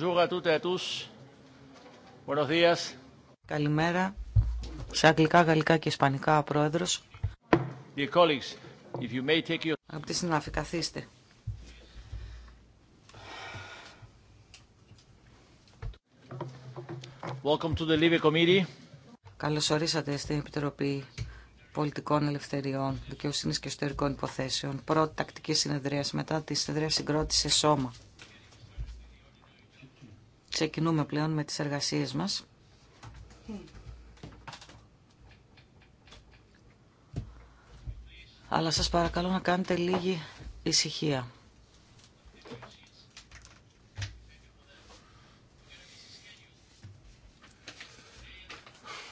Bonjour à toutes et à tous. Buenos días. Καλημέρα. Σε αγγλικά, γαλλικά και ισπανικά, ο Πρόεδρος. Dear colleagues, if you may take your... Αγαπητοί συνάδελφοι, καθίστε. Welcome to the Libre Committee. Καλώς ορίσατε στην Επιτροπή Πολιτικών Ελευθεριών, Δικαιοσύνης και Ιστορικών Υποθέσεων. Πρώτη τακτική συνεδρίαση μετά τη συνεδρία συγκρότησε σώμα. Ξεκινούμε πλέον με τις εργασίες μας. Αλλά σας παρακαλώ να κάνετε λίγη ησυχία.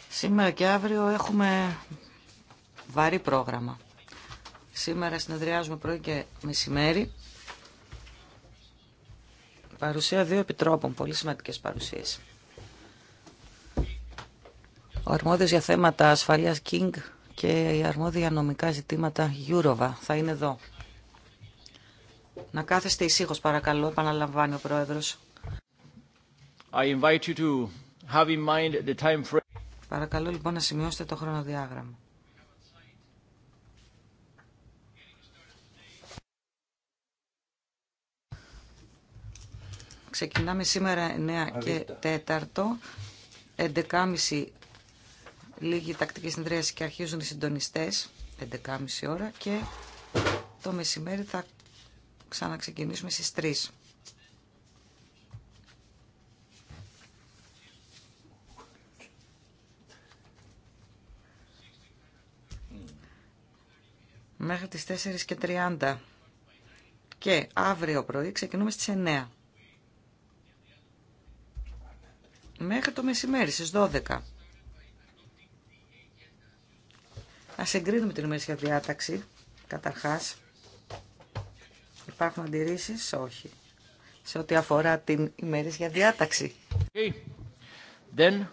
Σήμερα και αύριο έχουμε βαρύ πρόγραμμα. Σήμερα συνεδριάζουμε πρωί και μεσημέρι. Παρουσία δύο επιτρόπων, πολύ σημαντικέ παρουσίες. Ο αρμόδιος για θέματα ασφαλείας King και η αρμόδια νομικά ζητήματα Γιούροβα θα είναι εδώ. Να κάθεστε ησύχω, παρακαλώ, επαναλαμβάνει ο Πρόεδρος. Παρακαλώ λοιπόν να σημειώσετε το χρονοδιάγραμμα. Ξεκινάμε σήμερα 9 και 4, 11.30 λίγη τακτική συνδρίαση και αρχίζουν οι συντονιστές, 11.30 ώρα και το μεσημέρι θα ξαναξεκινήσουμε στις 3. μέχρι τις 4 και 30. Και αύριο πρωί ξεκινούμε στις 9. μέχρι το μεσημέρι στις 12. Ας εγκρίνουμε την ημερήσια διάταξη, καταρχάς. Υπάρχουν αντιρρήσεις, όχι. Σε ό,τι αφορά την ημερήσια διάταξη. Okay. Then...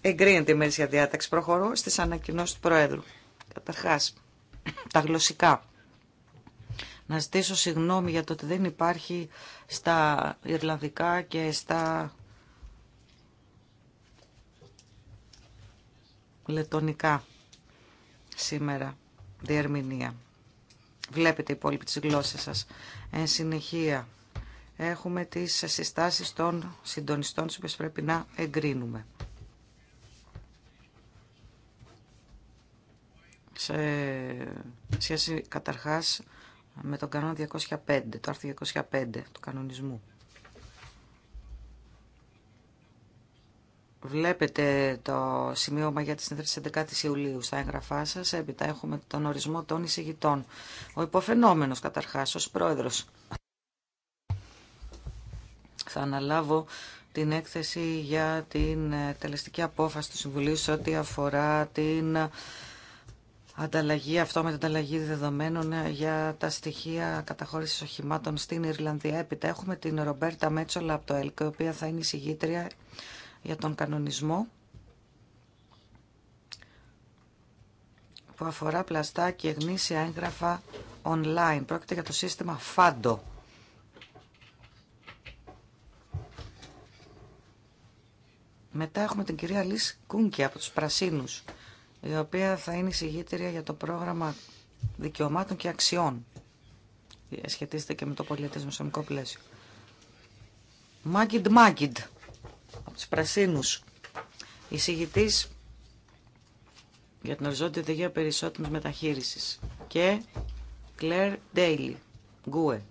Εγκρίνεται η ημερήσια διάταξη. Προχωρώ στις ανακοινώσεις του Προέδρου. Καταρχάς, τα γλωσσικά. Να ζητήσω συγγνώμη για το ότι δεν υπάρχει στα Ιρλανδικά και στα λετονικά σήμερα διερμηνία. Βλέπετε οι υπόλοιποι της γλώσσας σας. Εν συνεχεία έχουμε τις συστάσεις των συντονιστών τις πρέπει να εγκρίνουμε. Σε σχέση καταρχάς με τον κανόνα 205, το άρθρο 205 του κανονισμού. Βλέπετε το σημείωμα για τη συνέντευξη 11η Ιουλίου στα έγγραφά σα. Έπειτα έχουμε τον ορισμό των εισηγητών. Ο υποφαινόμενο καταρχά ω πρόεδρο. Θα αναλάβω την έκθεση για την ε, τελεστική απόφαση του Συμβουλίου σε ό,τι αφορά την ανταλλαγή, αυτό με την ανταλλαγή δεδομένων ε, για τα στοιχεία καταχώρησης οχημάτων στην Ιρλανδία. Έπειτα έχουμε την Ρομπέρτα Μέτσολα από το ΕΛΚ, η οποία θα είναι εισηγήτρια για τον κανονισμό που αφορά πλαστά και γνήσια έγγραφα online. Πρόκειται για το σύστημα FADO. Μετά έχουμε την κυρία Λις Κούνκη από τους Πρασίνους, η οποία θα είναι εισηγήτρια για το πρόγραμμα δικαιωμάτων και αξιών. Σχετίζεται και με το πολιτισμικό πλαίσιο. Μάγκιντ Μάγκιντ τους πρασίνους. Εισηγητής για την οριζόντια οδηγία περισσότερης μεταχείρισης. Και Κλέρ Ντέιλι, Γκούε.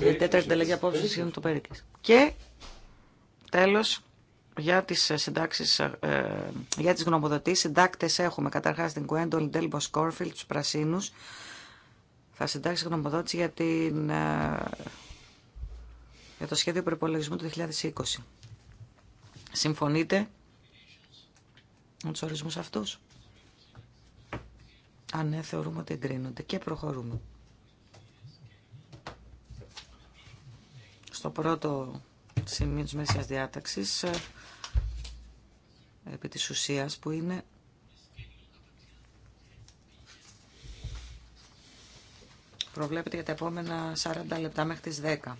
Η τέταρτη ανταλλαγή απόψη είναι το Και τέλος, για τις ε, συντάξεις, ε, ε, για τις γνωμοδοτήσεις, συντάκτες έχουμε καταρχάς την Κουέντολ Ντέλμπο Σκόρφιλ, τους Πρασίνους, θα συντάξει γνωμοδότηση για, την, ε, για το σχέδιο προπολογισμού του 2020. Συμφωνείτε με τους ορισμούς αυτούς. Αν ναι, θεωρούμε ότι εγκρίνονται και προχωρούμε. Στο πρώτο σημείο της μέσιας διάταξης, ε, επί της ουσίας που είναι προβλέπεται για τα επόμενα 40 λεπτά μέχρι τις 10.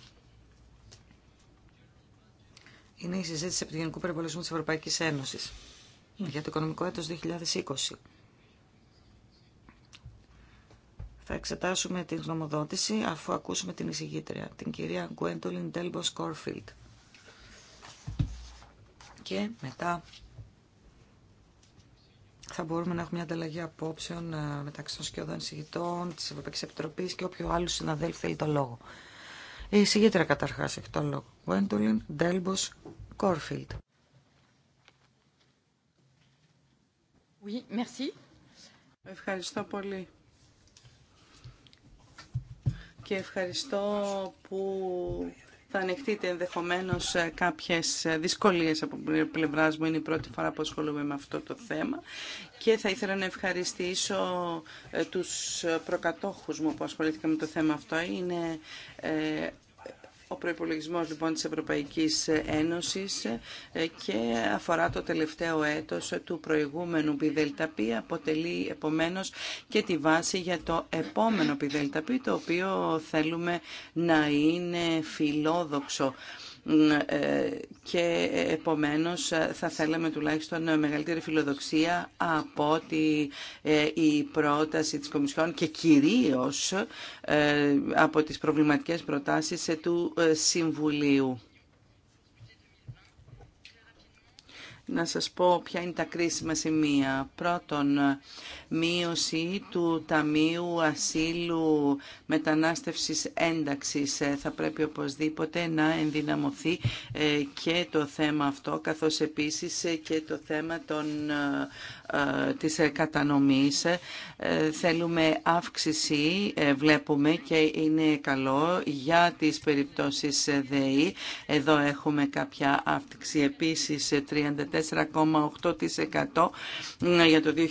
Είναι η συζήτηση από το Γενικό Περιβολισμό της Ευρωπαϊκής Ένωσης ναι. για το οικονομικό έτος 2020. Θα εξετάσουμε την γνωμοδότηση αφού ακούσουμε την εισηγήτρια, την κυρία Γκουέντολιν Τέλμπο Κόρφιλτ. Και μετά θα μπορούμε να έχουμε μια ανταλλαγή απόψεων ε, μεταξύ των σκιωδών εισηγητών, τη Ευρωπαϊκή Επιτροπή και όποιο άλλο συναδέλφου θέλει το λόγο. Η εισηγήτρια καταρχάς έχει το λόγο. Γουέντουλιν Ντέλμπος Κόρφιλτ. Ευχαριστώ πολύ. Και ευχαριστώ που θα ανεχτείτε ενδεχομένω ε, κάποιες ε, δυσκολίες από πλευρά μου. Είναι η πρώτη φορά που ασχολούμαι με αυτό το θέμα και θα ήθελα να ευχαριστήσω ε, τους προκατόχους μου που ασχολήθηκαν με το θέμα αυτό. Είναι ο προπολογισμό λοιπόν της Ευρωπαϊκής Ένωσης ε, και αφορά το τελευταίο έτος του προηγούμενου πιδελταπή αποτελεί επομένω και τη βάση για το επόμενο πιδελταπή το οποίο θέλουμε να είναι φιλόδοξο ε, και ε, επομένως ε, θα θέλαμε τουλάχιστον μεγαλύτερη φιλοδοξία από ότι η πρόταση της Κομισιόν και κυρίως από τις προβληματικές προτάσεις του Συμβουλίου. να σας πω ποια είναι τα κρίσιμα σημεία. Πρώτον, μείωση του Ταμείου Ασύλου Μετανάστευσης Ένταξης. Ε, θα πρέπει οπωσδήποτε να ενδυναμωθεί ε, και το θέμα αυτό, καθώς επίσης ε, και το θέμα των, της κατανομής. Θέλουμε αύξηση, βλέπουμε και είναι καλό για τις περιπτώσεις ΔΕΗ. Εδώ έχουμε κάποια αύξηση επίσης 34 4,8% ε, για το 2020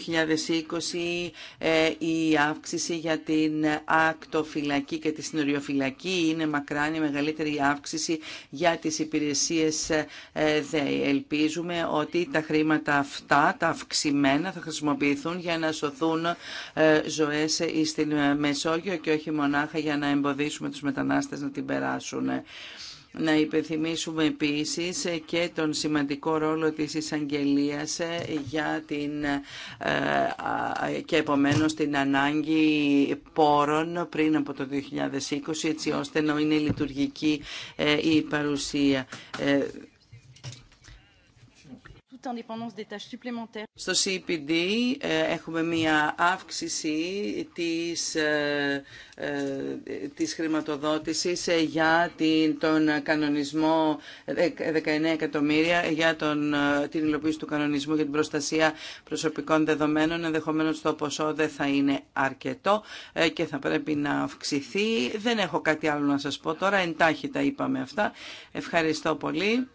ε, η αύξηση για την ακτοφυλακή και τη συνοριοφυλακή είναι μακράν η μεγαλύτερη αύξηση για τις υπηρεσίες ε, ΔΕΗ. Ελπίζουμε ότι τα χρήματα αυτά, τα αυξημένα, θα χρησιμοποιηθούν για να σωθούν ζωές στην Μεσόγειο και όχι μονάχα για να εμποδίσουμε τους μετανάστες να την περάσουν. Να υπενθυμίσουμε επίσης και τον σημαντικό ρόλο της εισαγγελία για την ε, και επομένως την ανάγκη πόρων πριν από το 2020 έτσι ώστε να είναι λειτουργική ε, η παρουσία. Ε, στο CPD ε, έχουμε μία αύξηση της, ε, ε, της χρηματοδότησης για τον κανονισμό 19 εκατομμύρια για την υλοποίηση του κανονισμού για την προστασία προσωπικών δεδομένων. Ενδεχομένω το ποσό δεν θα είναι αρκετό και θα πρέπει να αυξηθεί. Δεν έχω κάτι άλλο να σας πω τώρα. Εντάχει τα είπαμε αυτά. Ευχαριστώ πολύ.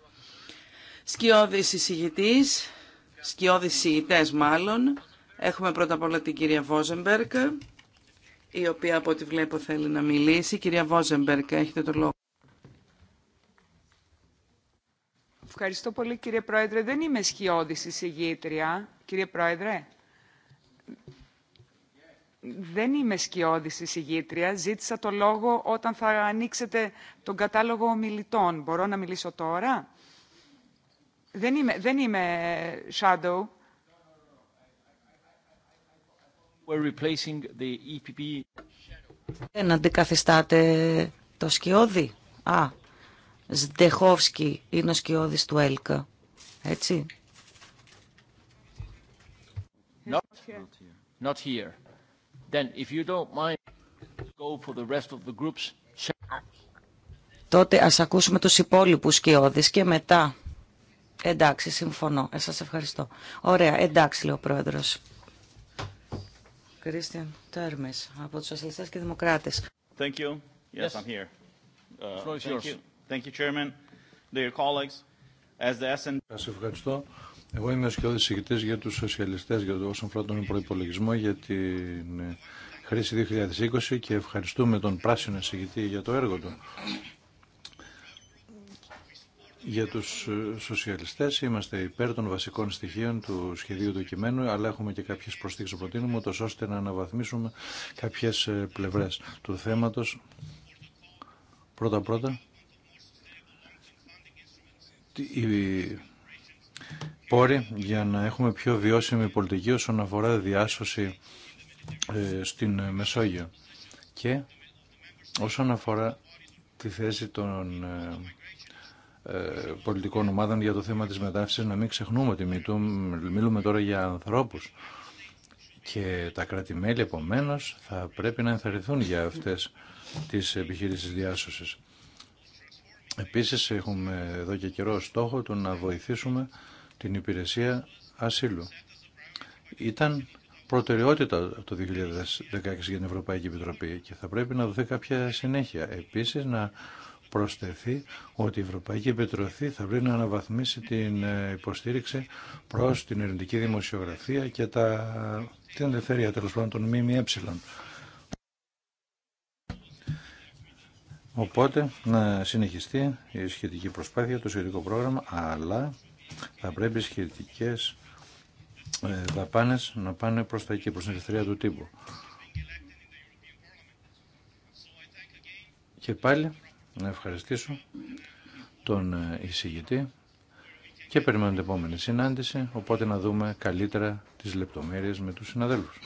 Σκιώδη εισηγητής, σκιώδη εισηγητές μάλλον. Έχουμε πρώτα απ' όλα την κυρία Βόζεμπερκ, η οποία από ό,τι βλέπω θέλει να μιλήσει. Κυρία Βόζεμπερκ, έχετε το λόγο. Ευχαριστώ πολύ κύριε Πρόεδρε. Δεν είμαι σκιώδη εισηγήτρια. Κύριε Πρόεδρε, δεν είμαι σκιώδη εισηγήτρια. Ζήτησα το λόγο όταν θα ανοίξετε τον κατάλογο ομιλητών. Μπορώ να μιλήσω τώρα. Δεν είμαι, δεν είμαι shadow. We're replacing the EPP. Δεν αντικαθιστάτε το σκιώδη. Α, Σντεχόφσκι είναι ο σκιώδης του ΕΛΚΑ. Έτσι. Not, not here. Then, if you don't mind, go for the rest of the groups. Τότε ας ακούσουμε τους υπόλοιπους σκιώδης και μετά Εντάξει, συμφωνώ. Ε, σας ευχαριστώ. Ωραία, εντάξει, λέει ο Πρόεδρος. Κρίστιαν Τέρμες, από τους Σοσιαλιστές και Δημοκράτες. Thank you. Yes, I'm here. Uh, thank you. Thank you, Chairman. Dear colleagues, as the Σας ευχαριστώ. Εγώ είμαι ο σκιώδης συγκητής για τους σοσιαλιστές, για το όσον αφορά τον προϋπολογισμό, για την ε, χρήση 2020 και ευχαριστούμε τον πράσινο συγκητή για το έργο του. Για τους ε, σοσιαλιστές είμαστε υπέρ των βασικών στοιχείων του σχεδίου του κειμένου, αλλά έχουμε και κάποιες προσθήκες που προτείνουμε, ώστε να αναβαθμίσουμε κάποιες ε, πλευρές του θέματος. Πρώτα-πρώτα, οι πόροι για να έχουμε πιο βιώσιμη πολιτική όσον αφορά διάσωση ε, στην Μεσόγειο. Και όσον αφορά τη θέση των ε, πολιτικών ομάδων για το θέμα της μετάφρασης να μην ξεχνούμε ότι μιλούμε τώρα για ανθρώπους και τα κράτη-μέλη επομένω θα πρέπει να ενθαρρυνθούν για αυτές τις επιχειρήσεις διάσωσης. Επίσης έχουμε εδώ και καιρό στόχο το να βοηθήσουμε την υπηρεσία ασύλου. Ήταν προτεραιότητα το 2016 για την Ευρωπαϊκή Επιτροπή και θα πρέπει να δοθεί κάποια συνέχεια. Επίσης να προσθεθεί ότι η Ευρωπαϊκή Επιτροφή θα πρέπει να αναβαθμίσει την ε, υποστήριξη προς την ελληνική δημοσιογραφία και τα, την ελευθερία τέλος πάντων των ΜΜΕ. Οπότε να συνεχιστεί η σχετική προσπάθεια, το σχετικό πρόγραμμα, αλλά θα πρέπει οι σχετικές ε, δαπάνες να πάνε προς τα εκεί, προς την ελευθερία του τύπου. Και πάλι να ευχαριστήσω τον ε, εισηγητή και περιμένω την επόμενη συνάντηση, οπότε να δούμε καλύτερα τις λεπτομέρειες με τους συναδέλφους.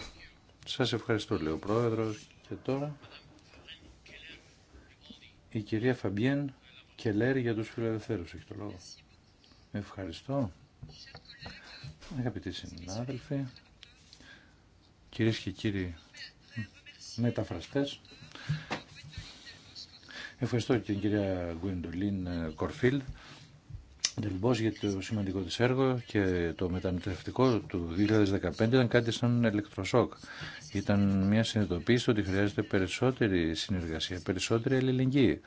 Σας ευχαριστώ, λέει ο Πρόεδρος. Και τώρα η κυρία Φαμπιέν Κελέρ για τους φιλελευθέρους έχει το λόγο. Ευχαριστώ. Αγαπητοί συνάδελφοι, κυρίες και κύριοι μεταφραστές, Ευχαριστώ και την κυρία Γκουίντολίν ε, Κορφίλ Δελμπός για το σημαντικό της έργο και το μεταναστευτικό του 2015 ήταν κάτι σαν ηλεκτροσόκ. Ήταν μια συνειδητοποίηση ότι χρειάζεται περισσότερη συνεργασία, περισσότερη αλληλεγγύη.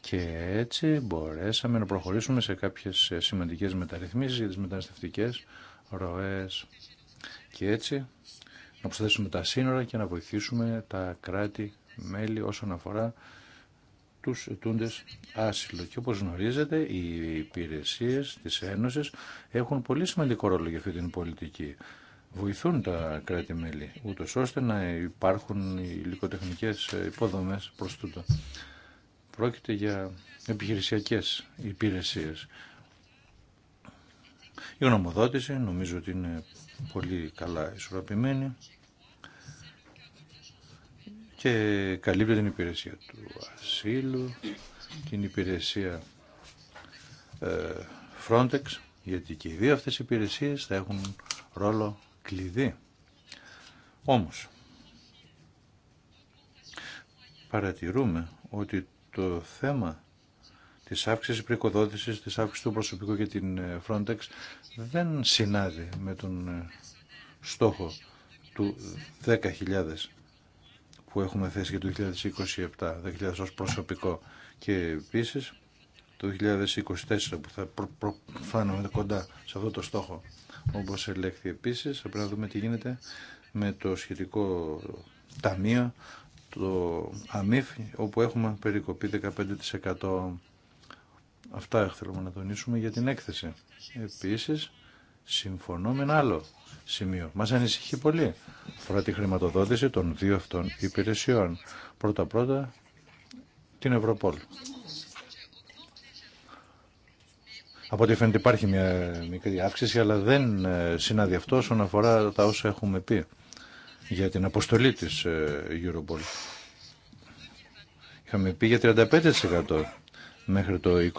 Και έτσι μπορέσαμε να προχωρήσουμε σε κάποιες σημαντικές μεταρρυθμίσεις για τις μεταναστευτικές ροές. Και έτσι να προσθέσουμε τα σύνορα και να βοηθήσουμε τα κράτη-μέλη όσον αφορά τους ετούντες άσυλο. Και όπως γνωρίζετε, οι υπηρεσίες της Ένωσης έχουν πολύ σημαντικό ρόλο για αυτή την πολιτική. Βοηθούν τα κράτη-μέλη, ούτως ώστε να υπάρχουν υλικοτεχνικές υποδομές προς τούτο. Πρόκειται για επιχειρησιακές υπηρεσίες. Η γνωμοδότηση νομίζω ότι είναι πολύ καλά ισορροπημένη και καλύπτει την υπηρεσία του ασύλου, την υπηρεσία ε, Frontex, γιατί και οι δύο αυτές οι υπηρεσίες θα έχουν ρόλο κλειδί. Όμως, παρατηρούμε ότι το θέμα της αύξησης πρικοδότησης, της αύξησης του προσωπικού και την ε, Frontex δεν συνάδει με τον ε, στόχο του 10.000 που έχουμε θέσει για το 2027, 2000 ως προσωπικό και επίσης το 2024 που θα προ, κοντά σε αυτό το στόχο. Όπως ελέγχθη επίσης, θα πρέπει να δούμε τι γίνεται με το σχετικό ταμείο, το ΑΜΙΦ, όπου έχουμε περικοπή 15%. Αυτά θέλουμε να τονίσουμε για την έκθεση. Επίσης, συμφωνώ με ένα άλλο σημείο. Μας ανησυχεί πολύ. Αφορά τη χρηματοδότηση των δύο αυτών υπηρεσιών. Πρώτα-πρώτα την Ευρωπόλ. Από ό,τι φαίνεται υπάρχει μια μικρή αύξηση, αλλά δεν ε, συνάδει αυτό όσον αφορά τα όσα έχουμε πει για την αποστολή της ε, Europol. Είχαμε πει για 35% μέχρι το 2022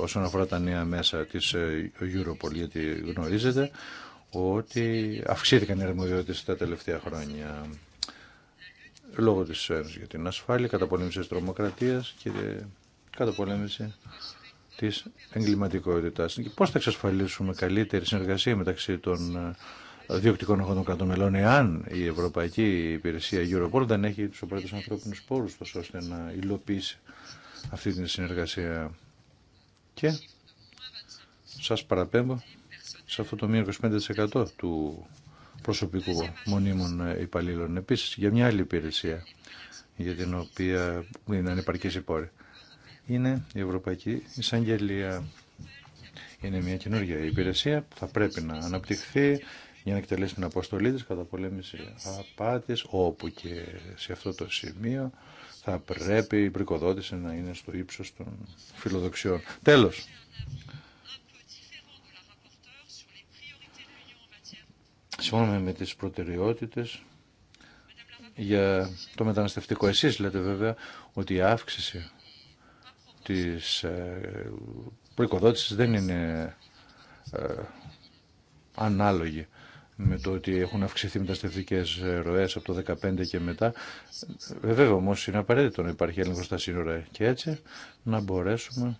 όσον αφορά τα νέα μέσα της ε, Europol γιατί γνωρίζετε ότι αυξήθηκαν οι αρμοδιότητες τα τελευταία χρόνια λόγω της Ένωσης για την ασφάλεια, καταπολέμηση της τρομοκρατίας και καταπολέμηση της εγκληματικότητας. Και πώς θα εξασφαλίσουμε καλύτερη συνεργασία μεταξύ των ε, διοκτικών αγώνων κρατών μελών, εάν η Ευρωπαϊκή Υπηρεσία Europol δεν έχει τους απαραίτητους ανθρώπινους πόρους, ώστε να υλοποιήσει αυτή την συνεργασία. Και σας παραπέμπω σε αυτό το 25% του προσωπικού μονίμων υπαλλήλων. Επίσης για μια άλλη υπηρεσία για την οποία είναι ανεπαρκής η Είναι η Ευρωπαϊκή Εισαγγελία. Είναι μια καινούργια υπηρεσία που θα πρέπει να αναπτυχθεί για να εκτελέσει την αποστολή της κατά πολέμηση απάτης, όπου και σε αυτό το σημείο θα πρέπει η πρικοδότηση να είναι στο ύψος των φιλοδοξιών. Τέλος. Συμφωνούμε με τις προτεραιότητες για το μεταναστευτικό. Εσείς λέτε βέβαια ότι η αύξηση της ε, προοικοδότησης δεν είναι ε, ανάλογη με το ότι έχουν αυξηθεί μεταστευτικέ ροέ από το 2015 και μετά. Ε, βέβαια όμω είναι απαραίτητο να υπάρχει έλεγχο στα σύνορα και έτσι να μπορέσουμε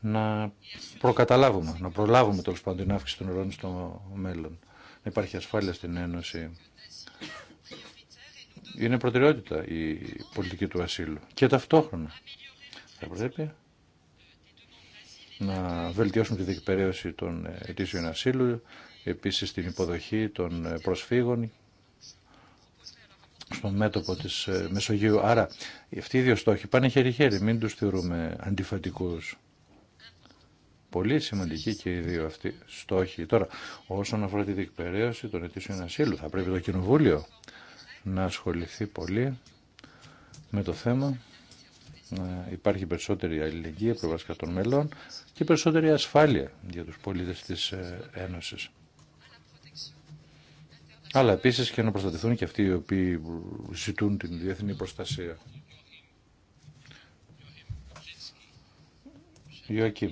να προκαταλάβουμε, να προλάβουμε τέλο πάντων την αύξηση των ροών στο μέλλον. Να υπάρχει ασφάλεια στην Ένωση. Είναι προτεραιότητα η πολιτική του ασύλου και ταυτόχρονα θα πρέπει να βελτιώσουμε τη διεκπαιρέωση των αιτήσεων ασύλου, επίσης την υποδοχή των ε, προσφύγων στο μέτωπο της ε, Μεσογείου. Άρα αυτοί οι δύο στόχοι πάνε χέρι-χέρι, μην τους θεωρούμε αντιφατικούς. Πολύ σημαντική και οι δύο αυτοί στόχοι. Τώρα, όσον αφορά τη διεκπαιρέωση των αιτήσεων ασύλου, θα πρέπει το Κοινοβούλιο να ασχοληθεί πολύ με το θέμα να υπάρχει περισσότερη αλληλεγγύη προβασκά των μελών και περισσότερη ασφάλεια για τους πολίτες της ε, Ένωσης αλλά επίση και να προστατευτούν και αυτοί οι οποίοι ζητούν την διεθνή προστασία. Ιωακήμ,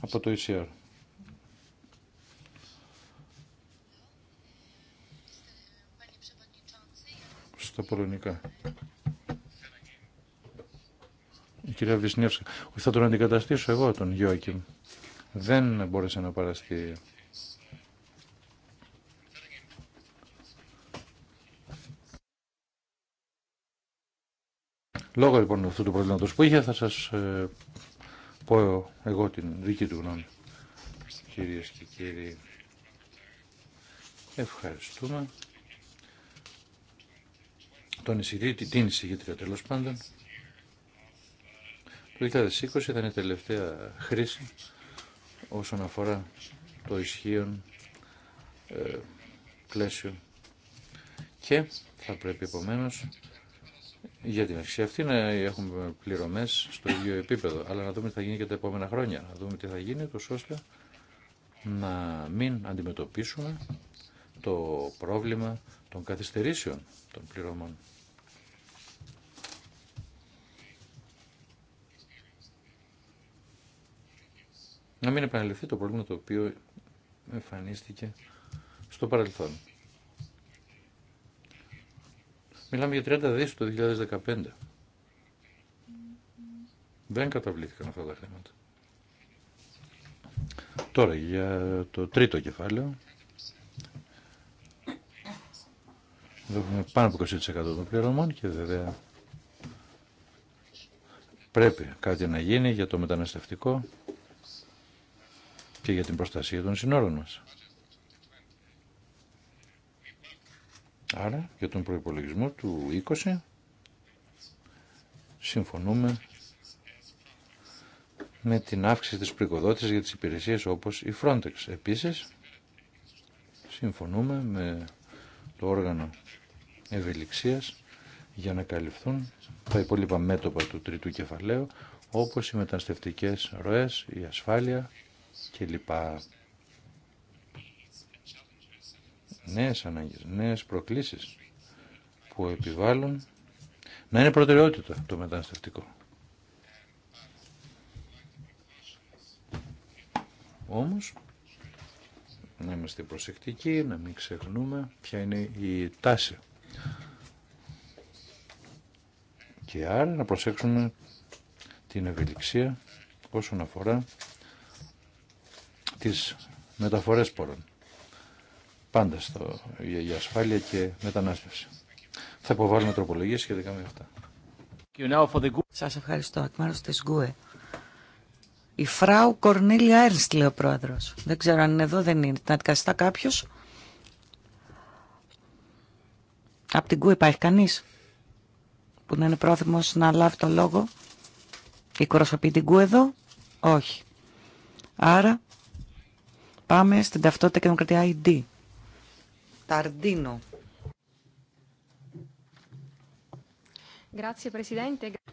από το ECR. Στα πολωνικά. Η κυρία Βυσνιεύσκα. Θα τον αντικαταστήσω εγώ τον Ιωακή. Δεν μπόρεσε να παραστεί Λόγω λοιπόν αυτού του προβλήματο που είχε θα σα ε, πω εγώ την δική του γνώμη. κύριε και κύριοι, ευχαριστούμε τον εισηγητή, την εισηγήτρια τέλο πάντων. Το 2020 ήταν η τελευταία χρήση όσον αφορά το ισχύον ε, πλαίσιο και θα πρέπει επομένως για την αρχή. αυτή να έχουμε πληρωμές στο ίδιο επίπεδο, αλλά να δούμε τι θα γίνει και τα επόμενα χρόνια, να δούμε τι θα γίνει, τόσο ώστε να μην αντιμετωπίσουμε το πρόβλημα των καθυστερήσεων των πληρωμών. Να μην επαναληφθεί το πρόβλημα το οποίο εμφανίστηκε στο παρελθόν. Μιλάμε για 30 δις το 2015. Δεν καταβλήθηκαν αυτά τα χρήματα. Τώρα για το τρίτο κεφάλαιο. Εδώ έχουμε πάνω από 20% των πληρωμών και βέβαια πρέπει κάτι να γίνει για το μεταναστευτικό και για την προστασία των συνόρων μας. Άρα για τον προϋπολογισμό του 20 συμφωνούμε με την αύξηση της πρικοδότησης για τις υπηρεσίες όπως η Frontex. Επίσης, συμφωνούμε με το όργανο ευελιξίας για να καλυφθούν τα υπόλοιπα μέτωπα του τρίτου κεφαλαίου, όπως οι μεταναστευτικές ροές, η ασφάλεια κλπ νέες ανάγκες, νέες προκλήσεις που επιβάλλουν να είναι προτεραιότητα το μεταναστευτικό. Όμως, να είμαστε προσεκτικοί, να μην ξεχνούμε ποια είναι η τάση. Και άρα να προσέξουμε την ευελιξία όσον αφορά τις μεταφορές πόρων πάντα στο, για, για ασφάλεια και μετανάστευση. Θα υποβάλουμε τροπολογίες σχετικά με αυτά. Σα ευχαριστώ. Εκ μέρου τη ΓΚΟΕ. Η Φράου Κορνίλια Έρνστ, λέει ο πρόεδρο. Δεν ξέρω αν είναι εδώ, δεν είναι. Την αντικαθιστά κάποιο. Από την ΚΟΕ υπάρχει κανεί που να είναι πρόθυμο να λάβει το λόγο. Εκπροσωπεί την ΚΟΕ εδώ. Όχι. Άρα πάμε στην ταυτότητα και δημοκρατία ID.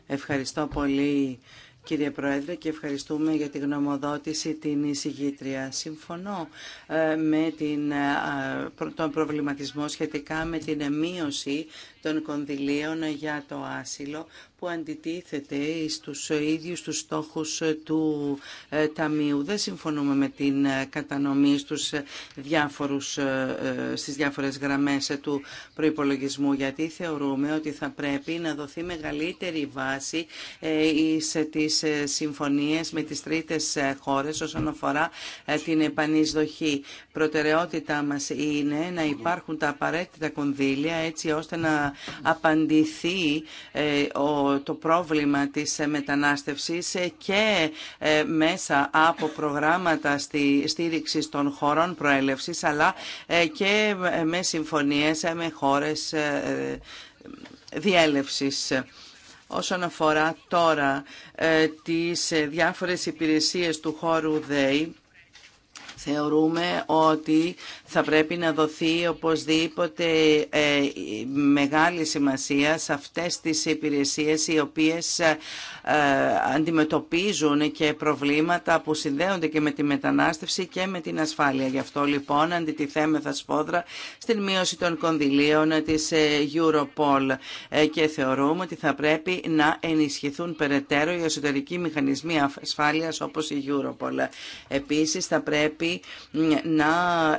Ευχαριστώ πολύ κύριε Πρόεδρε και ευχαριστούμε για τη γνωμοδότηση την εισηγήτρια. Συμφωνώ ε, με την, ε, τον προβληματισμό σχετικά με την μείωση των κονδυλίων για το άσυλο που αντιτίθεται στους ίδιους τους στόχους του ε, Ταμείου. Δεν συμφωνούμε με την ε, κατανομή στους ε, διάφορους, στις διάφορες γραμμές του προϋπολογισμού, γιατί θεωρούμε ότι θα πρέπει να δοθεί μεγαλύτερη βάση σε τις συμφωνίες με τις τρίτες χώρες όσον αφορά την επανεισδοχή. Προτεραιότητά μας είναι να υπάρχουν τα απαραίτητα κονδύλια έτσι ώστε να απαντηθεί ο το πρόβλημα της μετανάστευσης και ε, μέσα από προγράμματα στη στήριξη των χωρών προέλευσης αλλά ε, και ε, με συμφωνίες με χώρες διέλευσης. Όσον αφορά τώρα τις διάφορες υπηρεσίες του χώρου ΔΕΗ, Θεωρούμε ότι θα πρέπει να δοθεί οπωσδήποτε ε, μεγάλη σημασία σε αυτές τις υπηρεσίες οι οποίες ε, αντιμετωπίζουν και προβλήματα που συνδέονται και με τη μετανάστευση και με την ασφάλεια. Γι' αυτό λοιπόν αντιτιθέμεθα σπόδρα στην μείωση των κονδυλίων της ε, Europol και θεωρούμε ότι θα πρέπει να ενισχυθούν περαιτέρω οι εσωτερικοί μηχανισμοί ασφάλειας όπως η Europol. Επίσης θα πρέπει να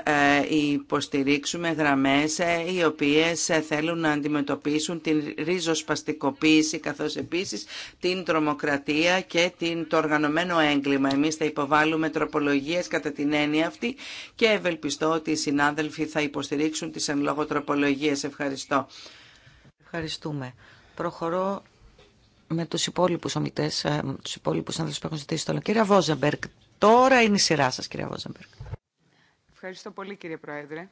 ε, υποστηρίξουμε γραμμές ε, οι οποίες ε, θέλουν να αντιμετωπίσουν την ριζοσπαστικοποίηση καθώς επίσης την τρομοκρατία και την, το οργανωμένο έγκλημα. Εμείς θα υποβάλουμε τροπολογίες κατά την έννοια αυτή και ευελπιστώ ότι οι συνάδελφοι θα υποστηρίξουν τις εν λόγω τροπολογίες. Ευχαριστώ. Ευχαριστούμε. Προχωρώ με τους υπόλοιπους ομιτές, τους υπόλοιπους άνθρωπους που έχουν ζητήσει το Βόζεμπεργκ, Τώρα είναι η σειρά σας, κυρία Βόζεμπερκ. Ευχαριστώ πολύ, κύριε Πρόεδρε.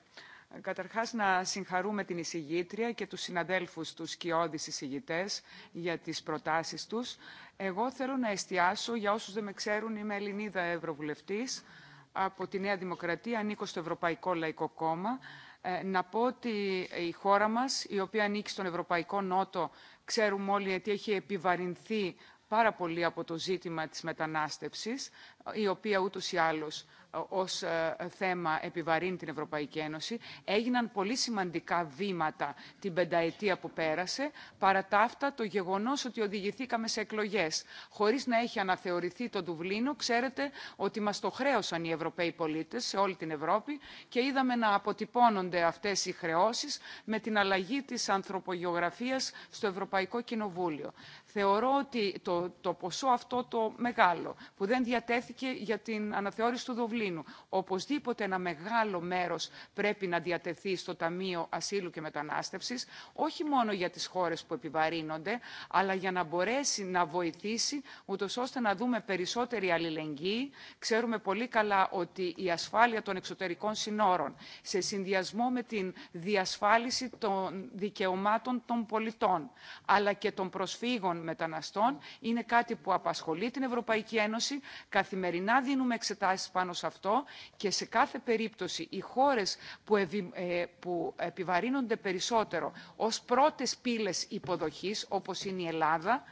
Καταρχάς να συγχαρούμε την εισηγήτρια και τους συναδέλφους τους σκιώδης εισηγητέ για τις προτάσεις τους. Εγώ θέλω να εστιάσω, για όσους δεν με ξέρουν είμαι Ελληνίδα Ευρωβουλευτής, από τη Νέα Δημοκρατία, ανήκω στο Ευρωπαϊκό Λαϊκό Κόμμα. Ε, να πω ότι η χώρα μας, η οποία ανήκει στον Ευρωπαϊκό Νότο, ξέρουμε όλοι ότι έχει επιβαρυνθεί πάρα πολύ από το ζήτημα της μετανάστευσης, η οποία ούτως ή άλλως ε, ως ε, θέμα επιβαρύνει την Ευρωπαϊκή Ένωση. Έγιναν πολύ σημαντικά βήματα την πενταετία που πέρασε, παρά τα αυτά το γεγονός ότι οδηγηθήκαμε σε εκλογές. Χωρίς να έχει αναθεωρηθεί το Δουβλίνο, ξέρετε ότι μας το χρέωσαν οι Ευρωπαίοι πολίτες σε όλη την Ευρώπη και είδαμε να αποτυπώνονται αυτές οι χρεώσεις με την αλλαγή της ανθρωπογεωγραφίας στο Ευρωπαϊκό Κοινοβούλιο θεωρώ ότι το, το ποσό αυτό το μεγάλο που δεν διατέθηκε για την αναθεώρηση του Δοβλίνου, οπωσδήποτε ένα μεγάλο μέρος πρέπει να διατεθεί στο Ταμείο Ασύλου και Μετανάστευσης, όχι μόνο για τις χώρες που επιβαρύνονται, αλλά για να μπορέσει να βοηθήσει, ούτω ώστε να δούμε περισσότερη αλληλεγγύη. Ξέρουμε πολύ καλά ότι η ασφάλεια των εξωτερικών συνόρων, σε συνδυασμό με την διασφάλιση των δικαιωμάτων των πολιτών, αλλά και των προσφύγων μεταναστών είναι κάτι που απασχολεί την Ευρωπαϊκή Ένωση. Καθημερινά δίνουμε εξετάσεις πάνω σε αυτό και σε κάθε περίπτωση οι χώρες που, ε, που επιβαρύνονται περισσότερο ως πρώτες πύλες υποδοχής, όπως είναι η Ελλάδα,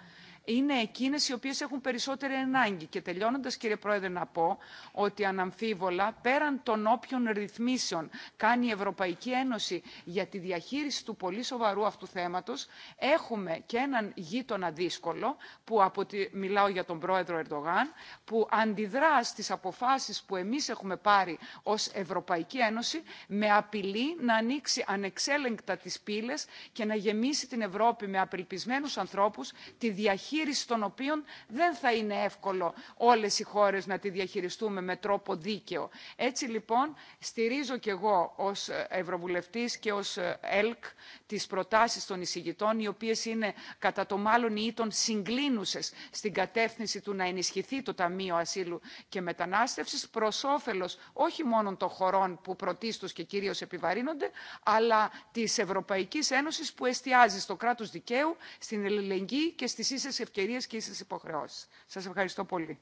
είναι εκείνες οι οποίες έχουν περισσότερη ανάγκη. Και τελειώνοντας, κύριε Πρόεδρε, να πω ότι αναμφίβολα, πέραν των όποιων ρυθμίσεων κάνει η Ευρωπαϊκή Ένωση για τη διαχείριση του πολύ σοβαρού αυτού θέματος, έχουμε και έναν γείτονα δύσκολο, που από μιλάω για τον Πρόεδρο Ερντογάν, που αντιδρά στις αποφάσεις που εμείς έχουμε πάρει ως Ευρωπαϊκή Ένωση, με απειλή να ανοίξει ανεξέλεγκτα τις πύλες και να γεμίσει την Ευρώπη με απελπισμένους ανθρώπους τη διαχείριση διαχείριση των οποίων δεν θα είναι εύκολο όλες οι χώρες να τη διαχειριστούμε με τρόπο δίκαιο. Έτσι λοιπόν στηρίζω και εγώ ως Ευρωβουλευτής και ως ΕΛΚ τις προτάσεις των εισηγητών οι οποίες είναι κατά το μάλλον ή των συγκλίνουσες στην κατεύθυνση του να ενισχυθεί το Ταμείο Ασύλου και Μετανάστευσης προς όφελος όχι μόνο των χωρών που πρωτίστως και κυρίως επιβαρύνονται αλλά της Ευρωπαϊκής Ένωσης που εστιάζει στο κράτος δικαίου, στην ελληνική και στις ίσες ευκαιρίε και στι υποχρεώσει. Σας ευχαριστώ πολύ.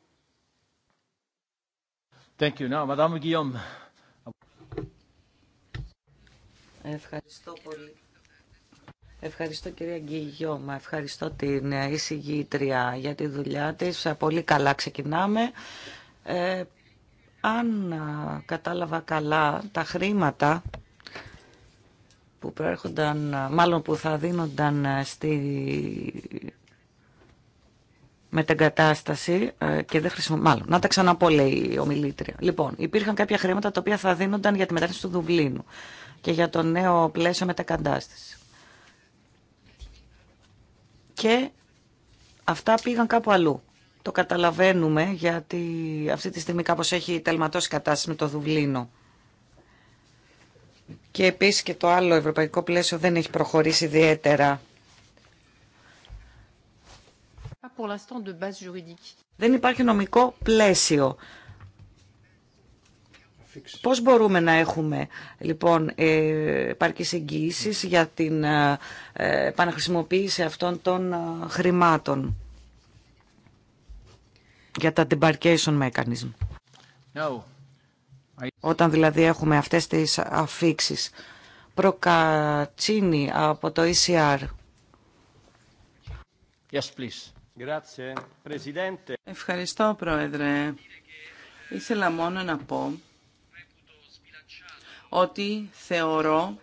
Thank you. Now, Madame Guillaume. Ευχαριστώ πολύ. Ευχαριστώ κυρία Γκυγιώμα, ευχαριστώ την ε, εισηγήτρια για τη δουλειά της. Ε, πολύ καλά ξεκινάμε. Ε, αν κατάλαβα καλά τα χρήματα που προέρχονταν, μάλλον που θα δίνονταν στη μετεγκατάσταση ε, και δεν χρησιμοποιούν. Μάλλον, να τα ξαναπώ, λέει η ομιλήτρια. Λοιπόν, υπήρχαν κάποια χρήματα τα οποία θα δίνονταν για τη μετάφραση του Δουβλίνου και για το νέο πλαίσιο μετακατάσταση. Και αυτά πήγαν κάπου αλλού. Το καταλαβαίνουμε γιατί αυτή τη στιγμή κάπως έχει τελματώσει κατάσταση με το Δουβλίνο. Και επίσης και το άλλο ευρωπαϊκό πλαίσιο δεν έχει προχωρήσει ιδιαίτερα pour l'instant de base juridique. Δεν υπάρχει νομικό πλαίσιο. Πώς μπορούμε να έχουμε λοιπόν ε, επαρκείς εγγύησεις για την ε, ε, επαναχρησιμοποίηση αυτών των χρημάτων για τα debarkation mechanism. No. Όταν δηλαδή έχουμε αυτές τις αφήξεις. Προκατσίνη από το ECR. Yes, please. Ευχαριστώ, Πρόεδρε. Ήθελα μόνο να πω ότι θεωρώ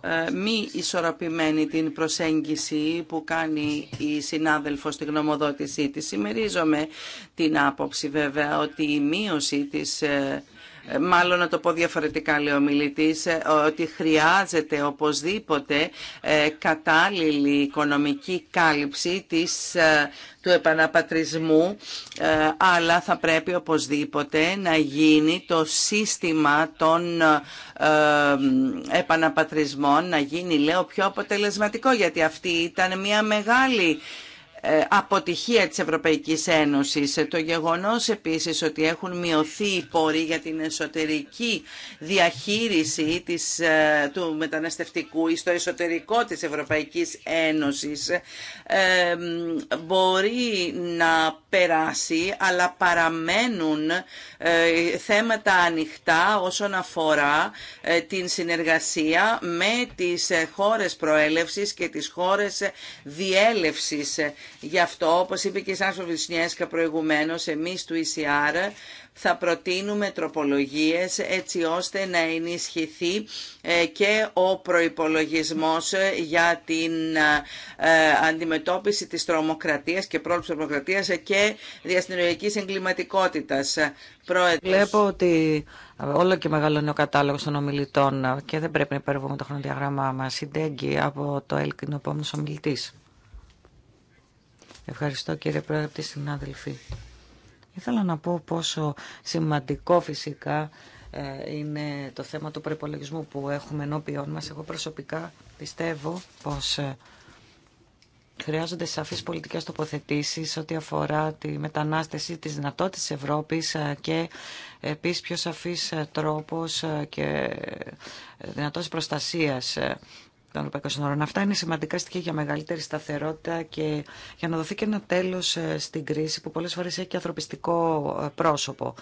ε, μη ισορροπημένη την προσέγγιση που κάνει η συνάδελφος στη γνωμοδότησή της. Συμμερίζομαι την άποψη βέβαια ότι η μείωση της ε, ε, μάλλον να το πω διαφορετικά λέει ο μιλητής, ε, ότι χρειάζεται οπωσδήποτε ε, κατάλληλη οικονομική κάλυψη της, του επαναπατρισμού, αλλά θα πρέπει οπωσδήποτε να γίνει το σύστημα των επαναπατρισμών, να γίνει λέω πιο αποτελεσματικό, γιατί αυτή ήταν μια μεγάλη ε, αποτυχία της Ευρωπαϊκής Ένωσης. Ε, το γεγονός επίσης ότι έχουν μειωθεί οι πόροι για την εσωτερική διαχείριση της, ε, του μεταναστευτικού στο εσωτερικό της Ευρωπαϊκής Ένωσης μπορεί να περάσει αλλά παραμένουν θέματα ανοιχτά όσον αφορά την συνεργασία με τις χώρες προέλευσης και τις χώρες διέλευσης Γι' αυτό, όπως είπε και η Σάνσο Βυσνιέσκα προηγουμένως, εμείς του ECR θα προτείνουμε τροπολογίες έτσι ώστε να ενισχυθεί ε, και ο προϋπολογισμός για την ε, αντιμετώπιση της τρομοκρατίας και πρόληψη τρομοκρατίας και διαστηνοριακής εγκληματικότητας. Πρόεδρος. Βλέπω ότι όλο και μεγαλώνει ο κατάλογο των ομιλητών και δεν πρέπει να υπερβούμε το χρονοδιαγράμμα μας. Συντέγγι από το ΕΛΚ είναι ο Ευχαριστώ κύριε Πρόεδρε, συνάδελφοι. Ήθελα να πω πόσο σημαντικό φυσικά ε, είναι το θέμα του προπολογισμού που έχουμε ενώπιόν μας. Εγώ προσωπικά πιστεύω πως ε, χρειάζονται σαφείς πολιτικές τοποθετήσεις ό,τι αφορά τη μετανάστευση της δυνατότητας της Ευρώπης ε, και επίσης πιο σαφής τρόπος και δυνατότητας προστασίας των Ευρωπαϊκών Αυτά είναι σημαντικά στοιχεία για μεγαλύτερη σταθερότητα και για να δοθεί και ένα τέλος ε, στην κρίση που πολλέ φορέ έχει και ανθρωπιστικό ε, πρόσωπο.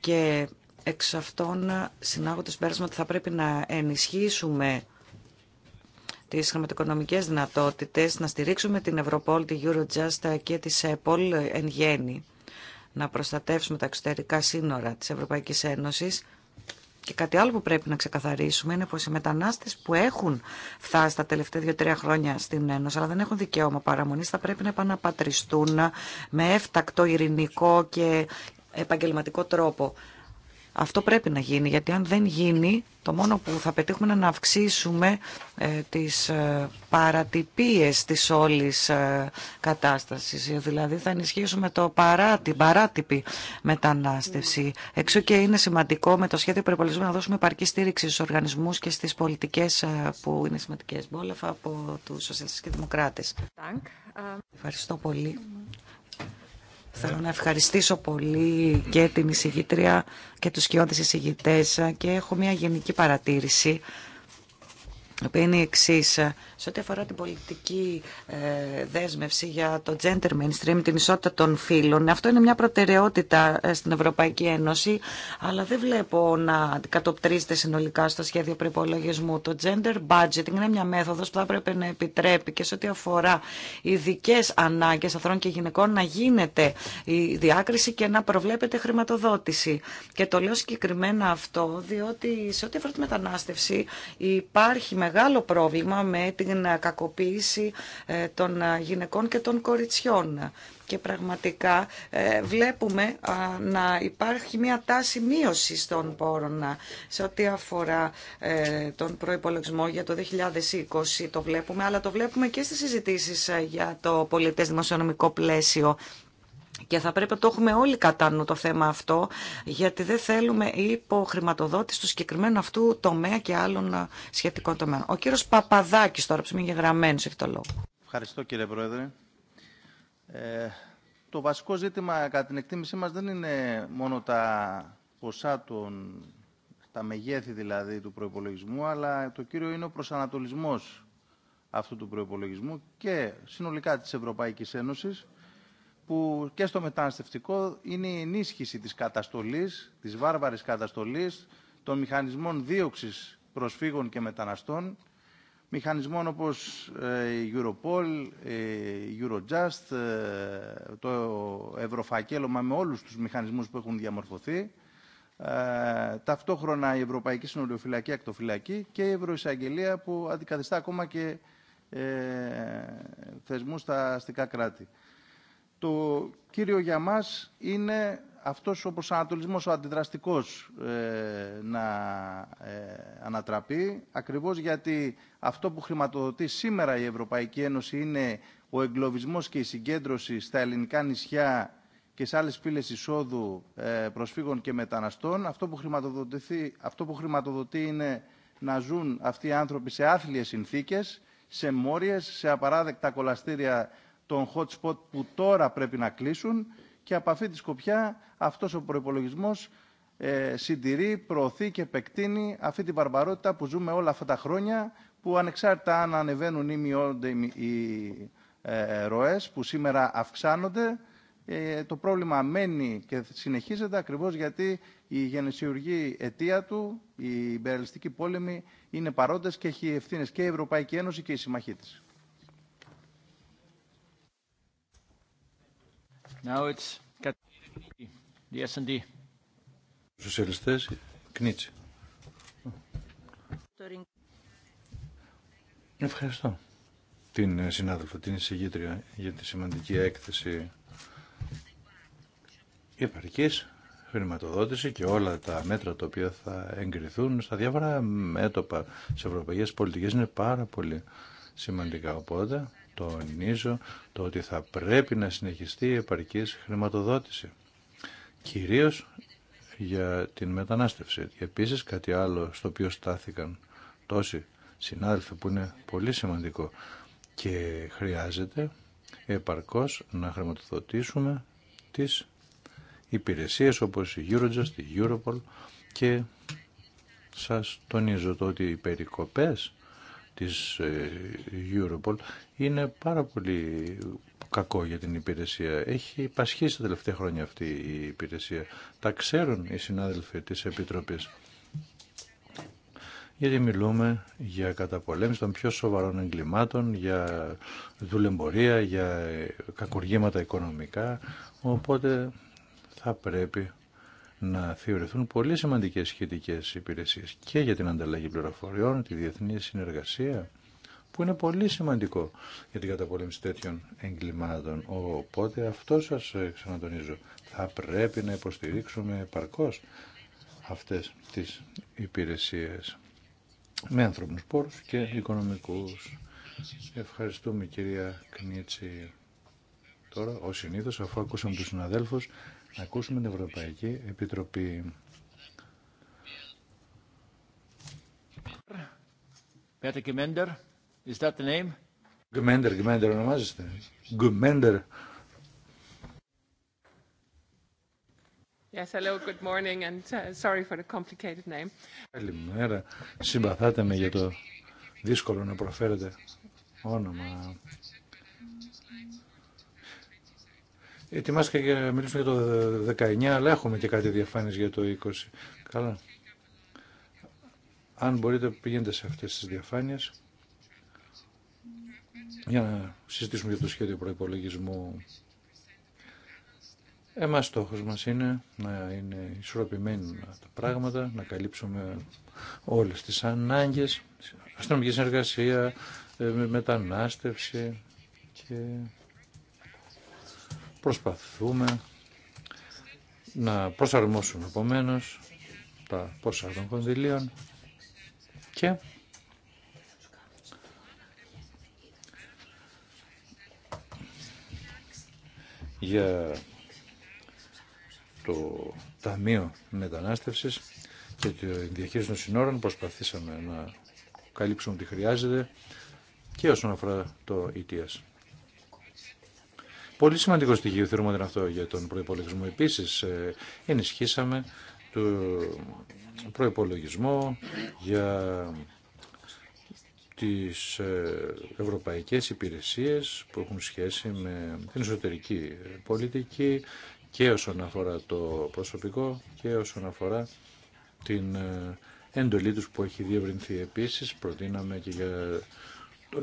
Και εξ αυτών ε, συνάγω το συμπέρασμα ότι θα πρέπει να ενισχύσουμε τις χρηματοοικονομικέ δυνατότητε, να στηρίξουμε την Ευρωπόλ, τη Eurojust και τη ΕΠΟΛ εν γέννη, να προστατεύσουμε τα εξωτερικά σύνορα της Ευρωπαϊκής Ένωσης και κάτι άλλο που πρέπει να ξεκαθαρίσουμε είναι πω οι μετανάστε που έχουν φτάσει τα τελευταία δύο-τρία χρόνια στην Ένωση αλλά δεν έχουν δικαίωμα παραμονής θα πρέπει να επαναπατριστούν με έφτακτο, ειρηνικό και επαγγελματικό τρόπο. Αυτό πρέπει να γίνει, γιατί αν δεν γίνει, το μόνο που θα πετύχουμε είναι να αυξήσουμε ε, τις ε, παρατυπίες της όλης ε, κατάστασης. Δηλαδή θα ενισχύσουμε το παρά, την παράτυπη μετανάστευση. Έξω και είναι σημαντικό με το σχέδιο περιπολισμού να δώσουμε επαρκή στήριξη στους οργανισμούς και στις πολιτικές που είναι σημαντικές. Μπόλεφα από τους σοσιαλιστές και δημοκράτες. Ευχαριστώ πολύ. Θέλω να ευχαριστήσω πολύ και την εισηγήτρια και τους κοιόντες εισηγητές και έχω μια γενική παρατήρηση οποία είναι η εξή. Σε ό,τι αφορά την πολιτική ε, δέσμευση για το gender mainstream, την ισότητα των φύλων, αυτό είναι μια προτεραιότητα ε, στην Ευρωπαϊκή Ένωση, αλλά δεν βλέπω να αντικατοπτρίζεται συνολικά στο σχέδιο προπολογισμού. Το gender budgeting είναι μια μέθοδο που θα έπρεπε να επιτρέπει και σε ό,τι αφορά ειδικέ ανάγκε ανθρώπων και γυναικών να γίνεται η διάκριση και να προβλέπεται χρηματοδότηση. Και το λέω συγκεκριμένα αυτό, διότι σε ό,τι αφορά τη μετανάστευση υπάρχει μεγάλο πρόβλημα με την κακοποίηση ε, των ε, γυναικών και των κοριτσιών. Και πραγματικά ε, βλέπουμε να υπάρχει μια τάση μείωση των πόρων σε ό,τι αφορά τον προϋπολογισμό για το 2020. Το βλέπουμε, αλλά το βλέπουμε και στις συζητήσεις για το πολιτές δημοσιονομικό πλαίσιο και θα πρέπει να το έχουμε όλοι κατά νου το θέμα αυτό, γιατί δεν θέλουμε υποχρηματοδότηση του συγκεκριμένου αυτού τομέα και άλλων ε, σχετικών τομέων. Ο κύριο Παπαδάκη, τώρα, που είναι για έχει το λόγο. Ευχαριστώ κύριε Πρόεδρε. Ε, το βασικό ζήτημα κατά την εκτίμησή μα δεν είναι μόνο τα ποσά των, τα μεγέθη δηλαδή του προπολογισμού, αλλά το κύριο είναι ο προσανατολισμό αυτού του προπολογισμού και συνολικά της Ευρωπαϊκή Ένωσης που και στο μεταναστευτικό είναι η ενίσχυση της καταστολής, της βάρβαρης καταστολής, των μηχανισμών δίωξης προσφύγων και μεταναστών, μηχανισμών όπως ε, η Europol, ε, η Eurojust, ε, το Ευρωφακέλωμα με όλους τους μηχανισμούς που έχουν διαμορφωθεί, ταυτόχρονα η Ευρωπαϊκή Συνοριοφυλακή, Ακτοφυλακή και η Ευρωεισαγγελία που αντικαθιστά ακόμα και θεσμούς στα αστικά κράτη. Το κύριο για μας είναι αυτός ο προσανατολισμός, ο αντιδραστικός ε, να ε, ανατραπεί, ακριβώς γιατί αυτό που χρηματοδοτεί σήμερα η Ευρωπαϊκή Ένωση είναι ο εγκλωβισμός και η συγκέντρωση στα ελληνικά νησιά και σε άλλες πύλες εισόδου ε, προσφύγων και μεταναστών. Αυτό που, αυτό που χρηματοδοτεί είναι να ζουν αυτοί οι άνθρωποι σε άθλιες συνθήκες, σε μόριες, σε απαράδεκτα κολαστήρια των hot spot που τώρα πρέπει να κλείσουν και από αυτή τη σκοπιά αυτός ο προϋπολογισμός ε, συντηρεί, προωθεί και επεκτείνει αυτή την βαρβαρότητα που ζούμε όλα αυτά τα χρόνια που ανεξάρτητα αν ανεβαίνουν ή μειώνονται οι ε, ροές που σήμερα αυξάνονται ε, το πρόβλημα μένει και συνεχίζεται ακριβώς γιατί η γενεσιουργή αιτία του, η υπεραλιστική πόλεμη είναι παρόντες και έχει ευθύνες και η Ευρωπαϊκή Ένωση και η συμμαχή της. Now it's S&D. Κνίτσι. Ευχαριστώ την ε, συνάδελφο, την εισηγήτρια για τη σημαντική έκθεση επαρκής χρηματοδότηση και όλα τα μέτρα τα οποία θα εγκριθούν στα διάφορα μέτωπα σε ευρωπαϊκές πολιτικές είναι πάρα πολύ σημαντικά. Οπότε τονίζω το ότι θα πρέπει να συνεχιστεί η επαρκής χρηματοδότηση. Κυρίως για την μετανάστευση. Επίσης κάτι άλλο στο οποίο στάθηκαν τόσοι συνάδελφοι που είναι πολύ σημαντικό και χρειάζεται επαρκώς να χρηματοδοτήσουμε τις υπηρεσίες όπως η Eurojust, η Europol και σας τονίζω το ότι οι περικοπές της ε, Europol είναι πάρα πολύ κακό για την υπηρεσία. Έχει υπασχίσει τα τελευταία χρόνια αυτή η υπηρεσία. Τα ξέρουν οι συνάδελφοι της Επιτροπής. Γιατί μιλούμε για καταπολέμηση των πιο σοβαρών εγκλημάτων, για δουλεμπορία, για κακουργήματα οικονομικά. Οπότε θα πρέπει να θεωρηθούν πολύ σημαντικές σχετικές υπηρεσίες και για την ανταλλαγή πληροφοριών, τη διεθνή συνεργασία, που είναι πολύ σημαντικό για την καταπολέμηση τέτοιων εγκλημάτων. Οπότε αυτό σας ξανατονίζω. Θα πρέπει να υποστηρίξουμε παρκώς αυτές τις υπηρεσίες με ανθρώπινους πόρους και οικονομικούς. Ευχαριστούμε κυρία Κνίτσι. Τώρα, ως συνήθως, αφού ακούσαμε τους συναδέλφους, να ακούσουμε την Ευρωπαϊκή Επιτροπή. Πέτε Κιμέντερ, is that the name? Γκμέντερ, Γκμέντερ ονομάζεστε. Γκμέντερ. Yes, hello, good morning and uh, sorry for the complicated name. Καλημέρα. Συμπαθάτε με για το δύσκολο να προφέρετε όνομα. Ετοιμάστηκα για να μιλήσουμε για το 19, αλλά έχουμε και κάτι διαφάνειες για το 20. Καλά. Αν μπορείτε, πηγαίνετε σε αυτές τις διαφάνειες για να συζητήσουμε για το σχέδιο προϋπολογισμού. Εμάς στόχος μας είναι να είναι ισορροπημένοι τα πράγματα, να καλύψουμε όλες τις ανάγκες, αστυνομική συνεργασία, ε, μετανάστευση και προσπαθούμε να προσαρμόσουμε επομένως τα πόσα των κονδυλίων και για το Ταμείο Μετανάστευσης και το διαχείριση των συνόρων προσπαθήσαμε να καλύψουμε τι χρειάζεται και όσον αφορά το ETS. Πολύ σημαντικό στοιχείο θεωρούμε ότι είναι αυτό για τον προπολογισμό. Επίση, ε, ενισχύσαμε το προπολογισμό για τις ε, ευρωπαϊκές υπηρεσίες που έχουν σχέση με την εσωτερική πολιτική και όσον αφορά το προσωπικό και όσον αφορά την ε, εντολή τους που έχει διευρυνθεί επίσης. Προτείναμε και για το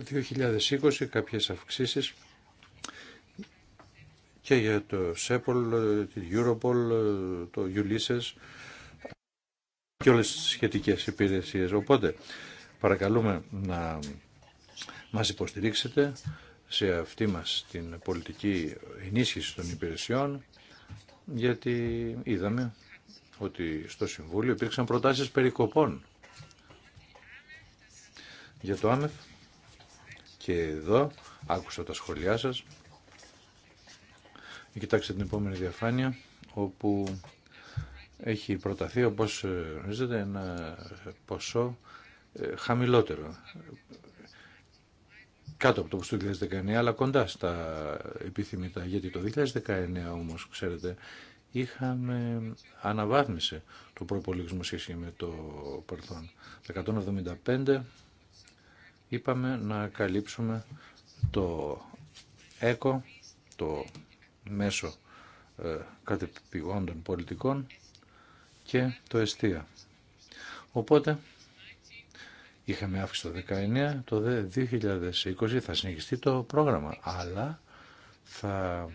2020 κάποιες αυξήσεις και για το ΣΕΠΟΛ, την Europol, το Ulysses και όλες τις σχετικές υπηρεσίες. Οπότε παρακαλούμε να μας υποστηρίξετε σε αυτή μας την πολιτική ενίσχυση των υπηρεσιών γιατί είδαμε ότι στο Συμβούλιο υπήρξαν προτάσεις περικοπών για το ΆΜΕΦ και εδώ άκουσα τα σχόλιά σας Κοιτάξτε την επόμενη διαφάνεια όπου έχει προταθεί όπως ε, γνωρίζετε ένα ποσό ε, χαμηλότερο κάτω από το ποσό του 2019 αλλά κοντά στα επιθυμητά γιατί το 2019 όμως ξέρετε είχαμε αναβάθμιση το προπολογισμό σχέση με το παρελθόν. Τα 175 είπαμε να καλύψουμε το ΕΚΟ, το μέσω ε, κατεπηγόντων πολιτικών και το εστία. Οπότε είχαμε αύξηση το 19, το 2020 θα συνεχιστεί το πρόγραμμα, αλλά θα